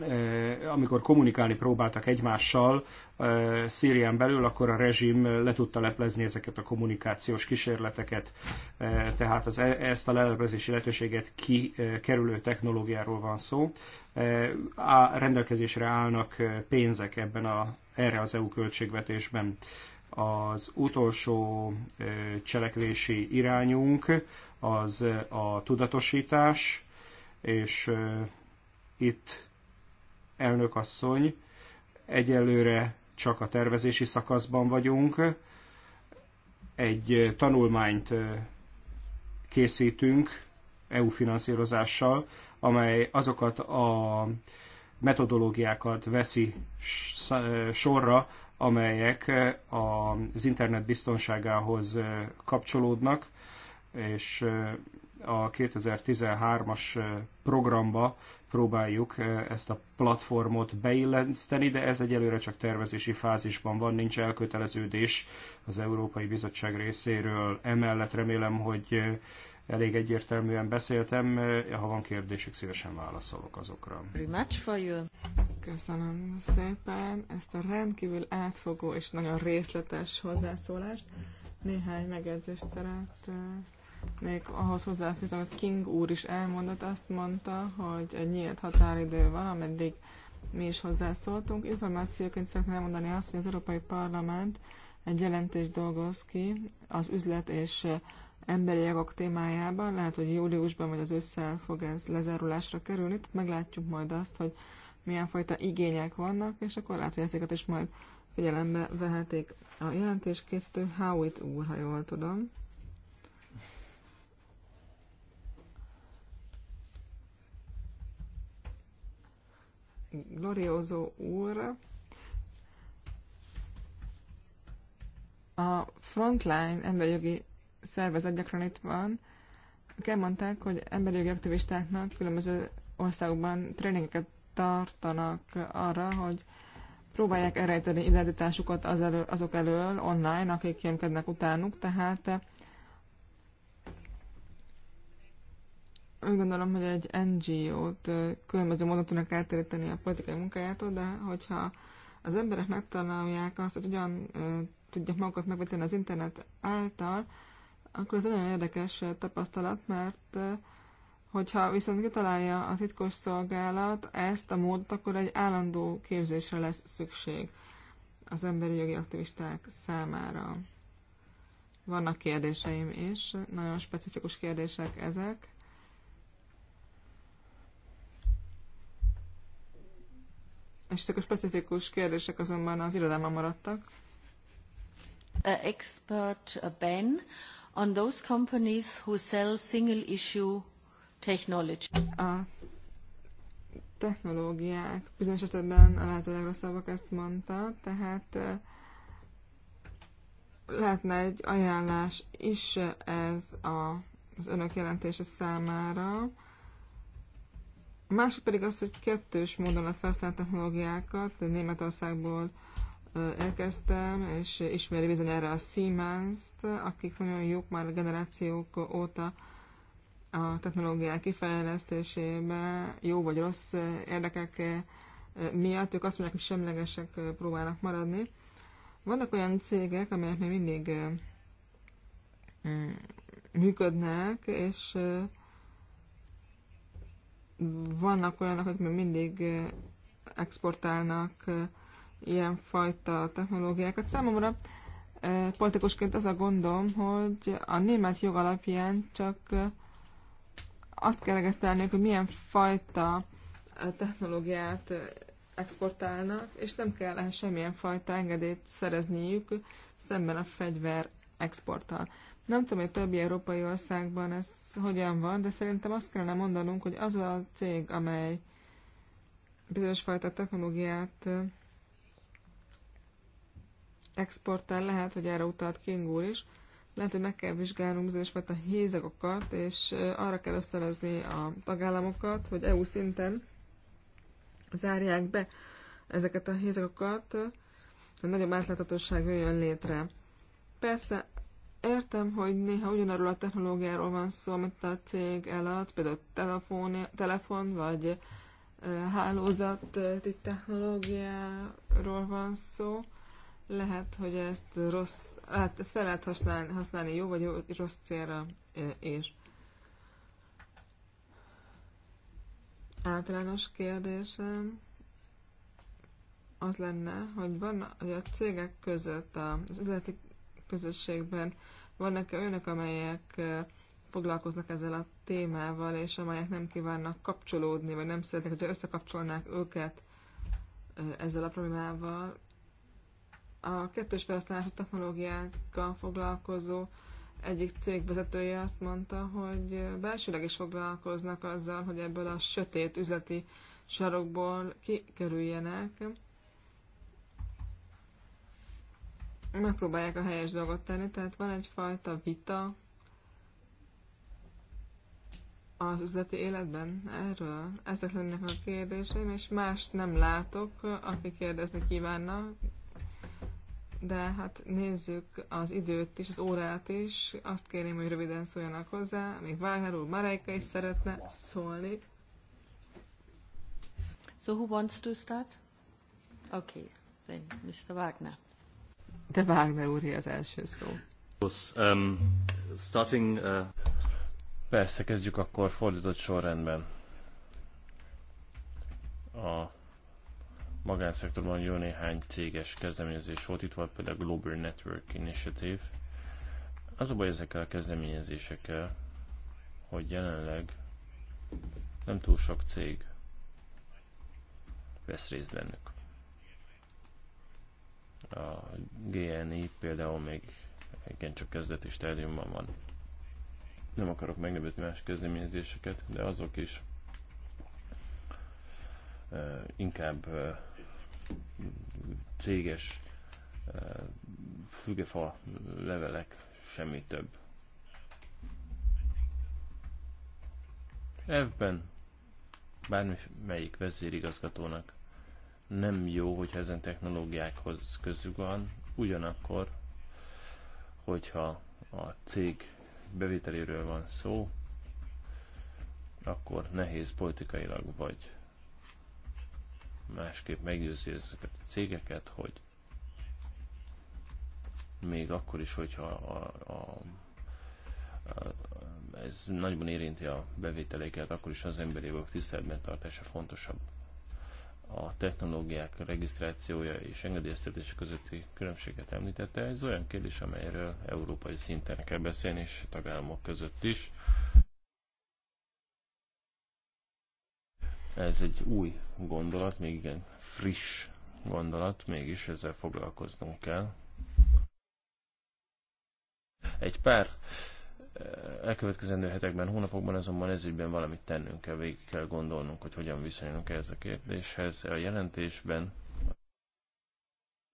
Eh, amikor kommunikálni próbáltak egymással eh, Szírián belül, akkor a rezsim le tudta leplezni ezeket a kommunikációs kísérleteket, eh, tehát az, e- ezt a leleplezési lehetőséget kikerülő technológiáról van szó. A rendelkezésre állnak pénzek ebben a, erre az EU költségvetésben. Az utolsó cselekvési irányunk az a tudatosítás, és itt elnök asszony. Egyelőre csak a tervezési szakaszban vagyunk. Egy tanulmányt készítünk EU finanszírozással, amely azokat a metodológiákat veszi sorra, amelyek az internet biztonságához kapcsolódnak, és a 2013-as programba próbáljuk ezt a platformot beilleszteni, de ez egyelőre csak tervezési fázisban van, nincs elköteleződés az Európai Bizottság részéről. Emellett remélem, hogy elég egyértelműen beszéltem. Ha van kérdésük, szívesen válaszolok azokra. Köszönöm szépen ezt a rendkívül átfogó és nagyon részletes hozzászólást. Néhány megjegyzést szeretnék még ahhoz hozzáfűzöm, hogy King úr is elmondott, azt mondta, hogy egy nyílt határidő van, ameddig mi is hozzászóltunk. Információként szeretném elmondani azt, hogy az Európai Parlament egy jelentést dolgoz ki az üzlet és emberi jogok témájában. Lehet, hogy júliusban vagy az összel fog ez lezárulásra kerülni, tehát meglátjuk majd azt, hogy milyen fajta igények vannak, és akkor lehet, hogy ezeket is majd figyelembe vehetik. A jelentés készítő Howitt úr, ha jól tudom. Glorioso úr a Frontline emberjogi szervezet gyakran itt van, ők elmondták, hogy emberjogi aktivistáknak különböző országokban tréningeket tartanak arra, hogy próbálják elrejteni identitásukat az elő, azok elől online, akik kémkednek utánuk, tehát úgy gondolom, hogy egy NGO-t különböző módon tudnak eltéríteni a politikai munkájától, de hogyha az emberek megtanulják azt, hogy hogyan tudják magukat megvetni az internet által, akkor ez egy nagyon érdekes tapasztalat, mert hogyha viszont kitalálja a titkos szolgálat ezt a módot, akkor egy állandó képzésre lesz szükség az emberi jogi aktivisták számára. Vannak kérdéseim is, nagyon specifikus kérdések ezek. És ezek a specifikus kérdések azonban az irodában maradtak. Expert ban on those companies who sell single issue technology. A technológiák bizonyos esetben a lehető legrosszabbak, ezt mondta, tehát lehetne egy ajánlás is ez a, az önök jelentése számára. Másik pedig az, hogy kettős módon lehet felhasználni technológiákat. Németországból érkeztem, és ismeri erre a Siemens-t, akik nagyon jók már generációk óta a technológiák kifejlesztésében, jó vagy rossz érdekek miatt, ők azt mondják, hogy semlegesek próbálnak maradni. Vannak olyan cégek, amelyek még mindig működnek, és vannak olyanok, akik még mindig exportálnak ilyen fajta technológiákat. Számomra politikusként az a gondom, hogy a német jog alapján csak azt kell regisztrálniuk, hogy milyen fajta technológiát exportálnak, és nem kell semmilyen fajta engedélyt szerezniük szemben a fegyver exporttal. Nem tudom, hogy a többi európai országban ez hogyan van, de szerintem azt kellene mondanunk, hogy az a cég, amely bizonyos fajta technológiát exportál, lehet, hogy erre utalt King úr is, lehet, hogy meg kell vizsgálnunk bizonyos fajta hézagokat, és arra kell ösztönözni a tagállamokat, hogy EU szinten zárják be ezeket a hézagokat, hogy nagyobb átláthatóság jöjjön létre. Persze Értem, hogy néha ugyanarról a technológiáról van szó, amit a cég elad, például telefon, telefon vagy hálózat technológiáról van szó. Lehet, hogy ezt rossz, hát ezt fel lehet használni, használni jó vagy jó, rossz célra és. Általános kérdésem az lenne, hogy van hogy a cégek között, az üzleti közösségben vannak -e olyanok, amelyek foglalkoznak ezzel a témával, és amelyek nem kívánnak kapcsolódni, vagy nem szeretnék, hogy összekapcsolnák őket ezzel a problémával. A kettős felhasználású technológiákkal foglalkozó egyik cég vezetője azt mondta, hogy belsőleg is foglalkoznak azzal, hogy ebből a sötét üzleti sarokból kikerüljenek, megpróbálják a helyes dolgot tenni, tehát van egyfajta vita az üzleti életben erről. Ezek lennek a kérdéseim, és más nem látok, aki kérdezni kívánna, de hát nézzük az időt is, az órát is. Azt kérném, hogy röviden szóljanak hozzá, még Wagner úr, Marejka is szeretne szólni. So who wants to start? Okay, then Mr. Wagner. De Wagner az első szó. Um, starting, uh... Persze, kezdjük akkor fordított sorrendben. A magánszektorban jó néhány céges kezdeményezés volt, itt volt például a Global Network Initiative. Az a baj ezekkel a kezdeményezésekkel, hogy jelenleg nem túl sok cég vesz részt bennük. A GNI például még csak kezdeti stádiumban van. Nem akarok megnevezni más kezdeményezéseket, de azok is inkább céges fügefa levelek, semmi több. Evben bármelyik vezérigazgatónak nem jó, hogyha ezen technológiákhoz közük van, ugyanakkor, hogyha a cég bevételéről van szó, akkor nehéz politikailag vagy másképp meggyőzni ezeket a cégeket, hogy még akkor is, hogyha a, a, a, ez nagyban érinti a bevételéket, akkor is az emberi jogok tiszteletben tartása fontosabb a technológiák regisztrációja és engedélyeztetése közötti különbséget említette. Ez olyan kérdés, amelyről európai szinten kell beszélni, és tagállamok között is. Ez egy új gondolat, még igen friss gondolat, mégis ezzel foglalkoznunk kell. Egy pár Elkövetkezendő hetekben, hónapokban azonban ezügyben valamit tennünk kell, végig kell gondolnunk, hogy hogyan viszonyulunk ehhez a kérdéshez. A jelentésben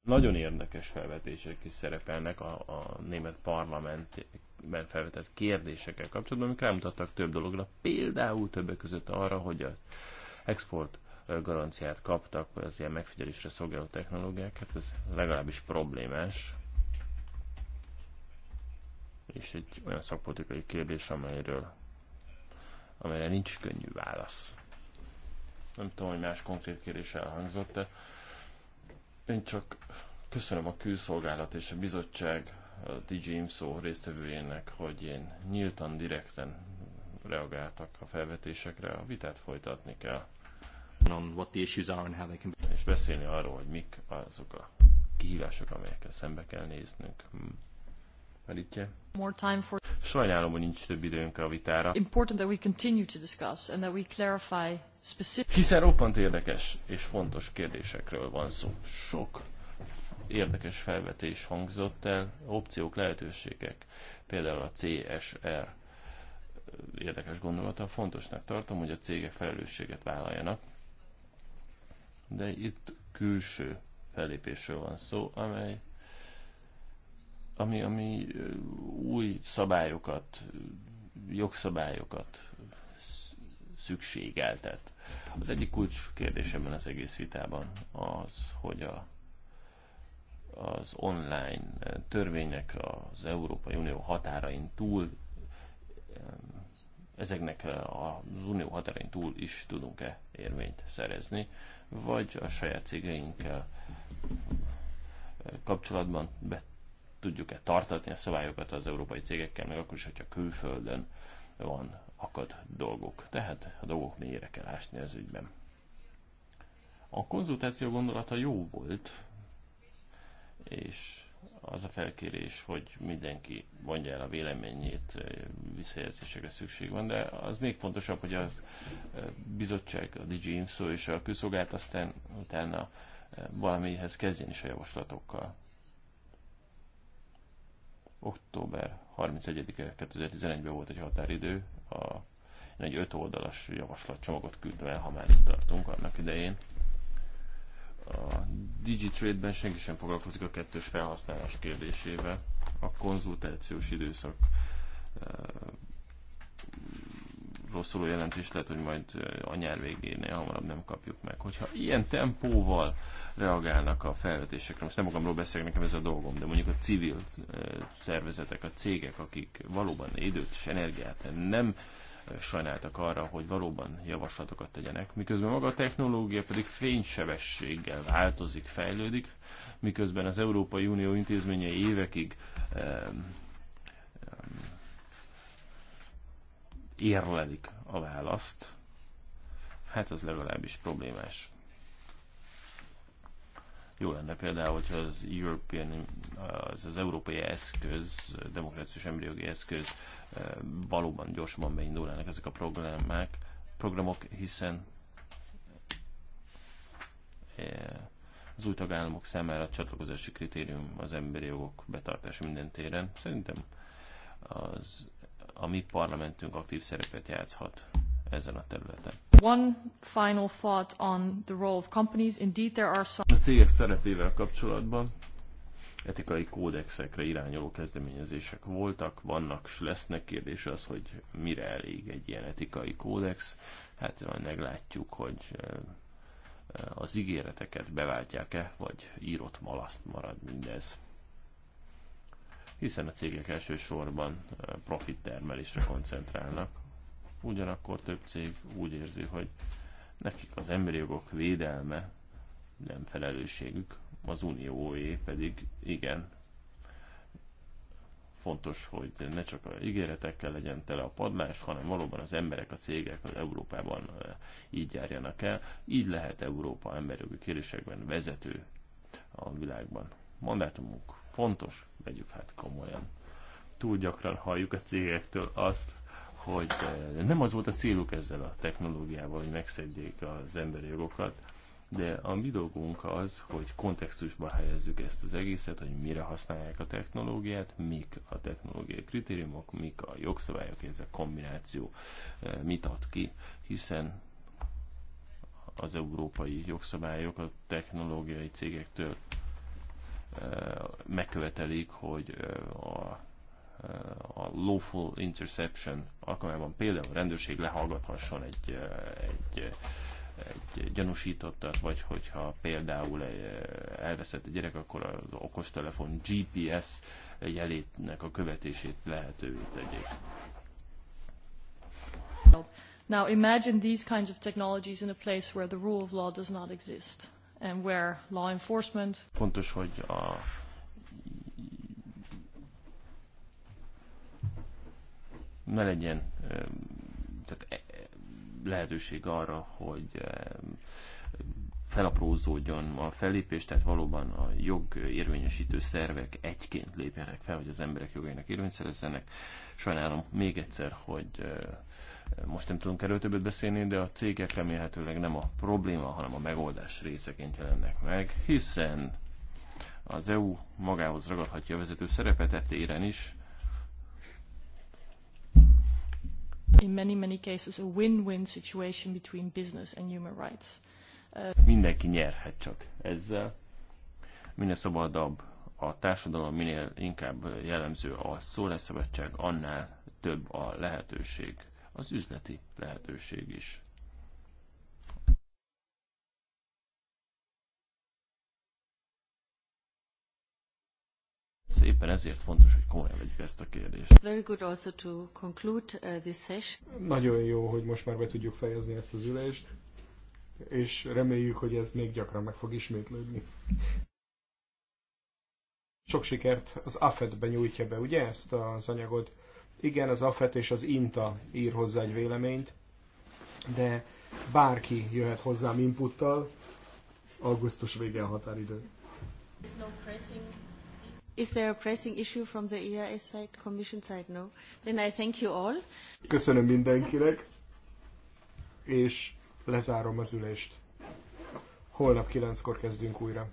nagyon érdekes felvetések is szerepelnek a, a német parlamentben felvetett kérdésekkel kapcsolatban, amik rámutattak több dologra, például többek között arra, hogy az export garanciát kaptak az ilyen megfigyelésre szolgáló technológiák, hát ez legalábbis problémás és egy olyan szakpolitikai kérdés, amelyről, amelyre nincs könnyű válasz. Nem tudom, hogy más konkrét kérdés elhangzott, de én csak köszönöm a külszolgálat és a bizottság a DJ IMSZO résztvevőjének, hogy én nyíltan, direkten reagáltak a felvetésekre, a vitát folytatni kell. On what the issues are and how they can... És beszélni arról, hogy mik azok a kihívások, amelyekkel szembe kell néznünk, Maritje. More time for... Sajnálom, hogy nincs több időnk a vitára. Important that we continue to discuss and that we clarify specific... Hiszen roppant érdekes és fontos kérdésekről van szó. Sok érdekes felvetés hangzott el, opciók, lehetőségek, például a CSR érdekes gondolata. Fontosnak tartom, hogy a cégek felelősséget vállaljanak, de itt külső fellépésről van szó, amely ami, ami új szabályokat, jogszabályokat szükségeltet. Az egyik kulcs kérdésemben az egész vitában az, hogy a, az online törvények az Európai Unió határain túl ezeknek az unió határain túl is tudunk-e érvényt szerezni, vagy a saját cégeinkkel kapcsolatban bet tudjuk-e tartatni a szabályokat az európai cégekkel, meg akkor is, hogyha külföldön van akad dolgok. Tehát a dolgok mélyére kell ásni az ügyben. A konzultáció gondolata jó volt, és az a felkérés, hogy mindenki mondja el a véleményét, visszajelzésekre szükség van, de az még fontosabb, hogy a bizottság, a DG Info és a külszolgált aztán utána valamihez kezdjen is a javaslatokkal. Október 31-e 2011-ben volt egy határidő, a, én egy öt oldalas javaslatcsomagot küldtem el, ha már itt tartunk annak idején. A Digitrade-ben senki sem foglalkozik a kettős felhasználás kérdésével. A konzultációs időszak szóló jelentés lehet, hogy majd a nyár végénél hamarabb nem kapjuk meg. Hogyha ilyen tempóval reagálnak a felvetésekre, most nem magamról beszélek, nekem ez a dolgom, de mondjuk a civil szervezetek, a cégek, akik valóban időt és energiát nem sajnáltak arra, hogy valóban javaslatokat tegyenek, miközben maga a technológia pedig fénysebességgel változik, fejlődik, miközben az Európai Unió intézményei évekig érlelik a választ, hát az legalábbis problémás. Jó lenne például, hogyha az, European, az, az európai eszköz, demokráciás emberi eszköz eh, valóban gyorsabban beindulnának ezek a programák, programok, hiszen eh, az új tagállamok számára a csatlakozási kritérium az emberi jogok betartása minden téren. Szerintem az a mi parlamentünk aktív szerepet játszhat ezen a területen. One final thought on the role of companies. Indeed, there are some... A cégek szerepével kapcsolatban etikai kódexekre irányuló kezdeményezések voltak, vannak, és lesznek kérdése az, hogy mire elég egy ilyen etikai kódex. Hát majd meglátjuk, hogy eh, eh, az ígéreteket beváltják-e, vagy írott malaszt marad mindez hiszen a cégek elsősorban eh, profit termelésre koncentrálnak. Ugyanakkor több cég úgy érzi, hogy nekik az emberi jogok védelme nem felelősségük, az unióé pedig igen. Fontos, hogy ne csak a ígéretekkel legyen tele a padlás, hanem valóban az emberek, a cégek az Európában eh, így járjanak el. Így lehet Európa emberjogi kérdésekben vezető a világban. Mandátumunk fontos, vegyük hát komolyan. Túl gyakran halljuk a cégektől azt, hogy eh, nem az volt a céluk ezzel a technológiával, hogy megszedjék az emberi jogokat, de a mi dolgunk az, hogy kontextusba helyezzük ezt az egészet, hogy mire használják a technológiát, mik a technológiai kritériumok, mik a jogszabályok, ez a kombináció eh, mit ad ki, hiszen az európai jogszabályok a technológiai cégektől megkövetelik, hogy a a lawful interception alkalmában például a rendőrség lehallgathasson egy, egy, egy gyanúsítottat, vagy hogyha például elveszett a gyerek, akkor az okostelefon GPS jelétnek a követését lehetővé tegyék. Now imagine these kinds of technologies in a place where the rule of law does not exist and where law enforcement. Fontos, hogy a ne legyen tehát e, lehetőség arra, hogy felaprózódjon a fellépés, tehát valóban a jog érvényesítő szervek egyként lépjenek fel, hogy az emberek jogainak érvényt szerezzenek. Sajnálom még egyszer, hogy most nem tudunk erről többet beszélni, de a cégek remélhetőleg nem a probléma, hanem a megoldás részeként jelennek meg, hiszen az EU magához ragadhatja a vezető szerepet e téren is. In many, many cases a win-win situation between business and human rights. Uh... Mindenki nyerhet csak ezzel. Minél szabadabb a társadalom, minél inkább jellemző a szólásszabadság, annál több a lehetőség az üzleti lehetőség is. Éppen ezért fontos, hogy komolyan vegyük ezt a kérdést. Very good also to conclude uh, this session. Nagyon jó, hogy most már be tudjuk fejezni ezt az ülést, és reméljük, hogy ez még gyakran meg fog ismétlődni. Sok sikert az AFED-ben nyújtja be, ugye, ezt az anyagot? Igen, az AFET és az INTA ír hozzá egy véleményt, de bárki jöhet hozzám inputtal, augusztus vége a határidő. Is there a pressing issue from the EIA side, Commission side? No. Then I thank you all. Köszönöm mindenkinek, és lezárom az ülést. Holnap kilenckor kezdünk újra.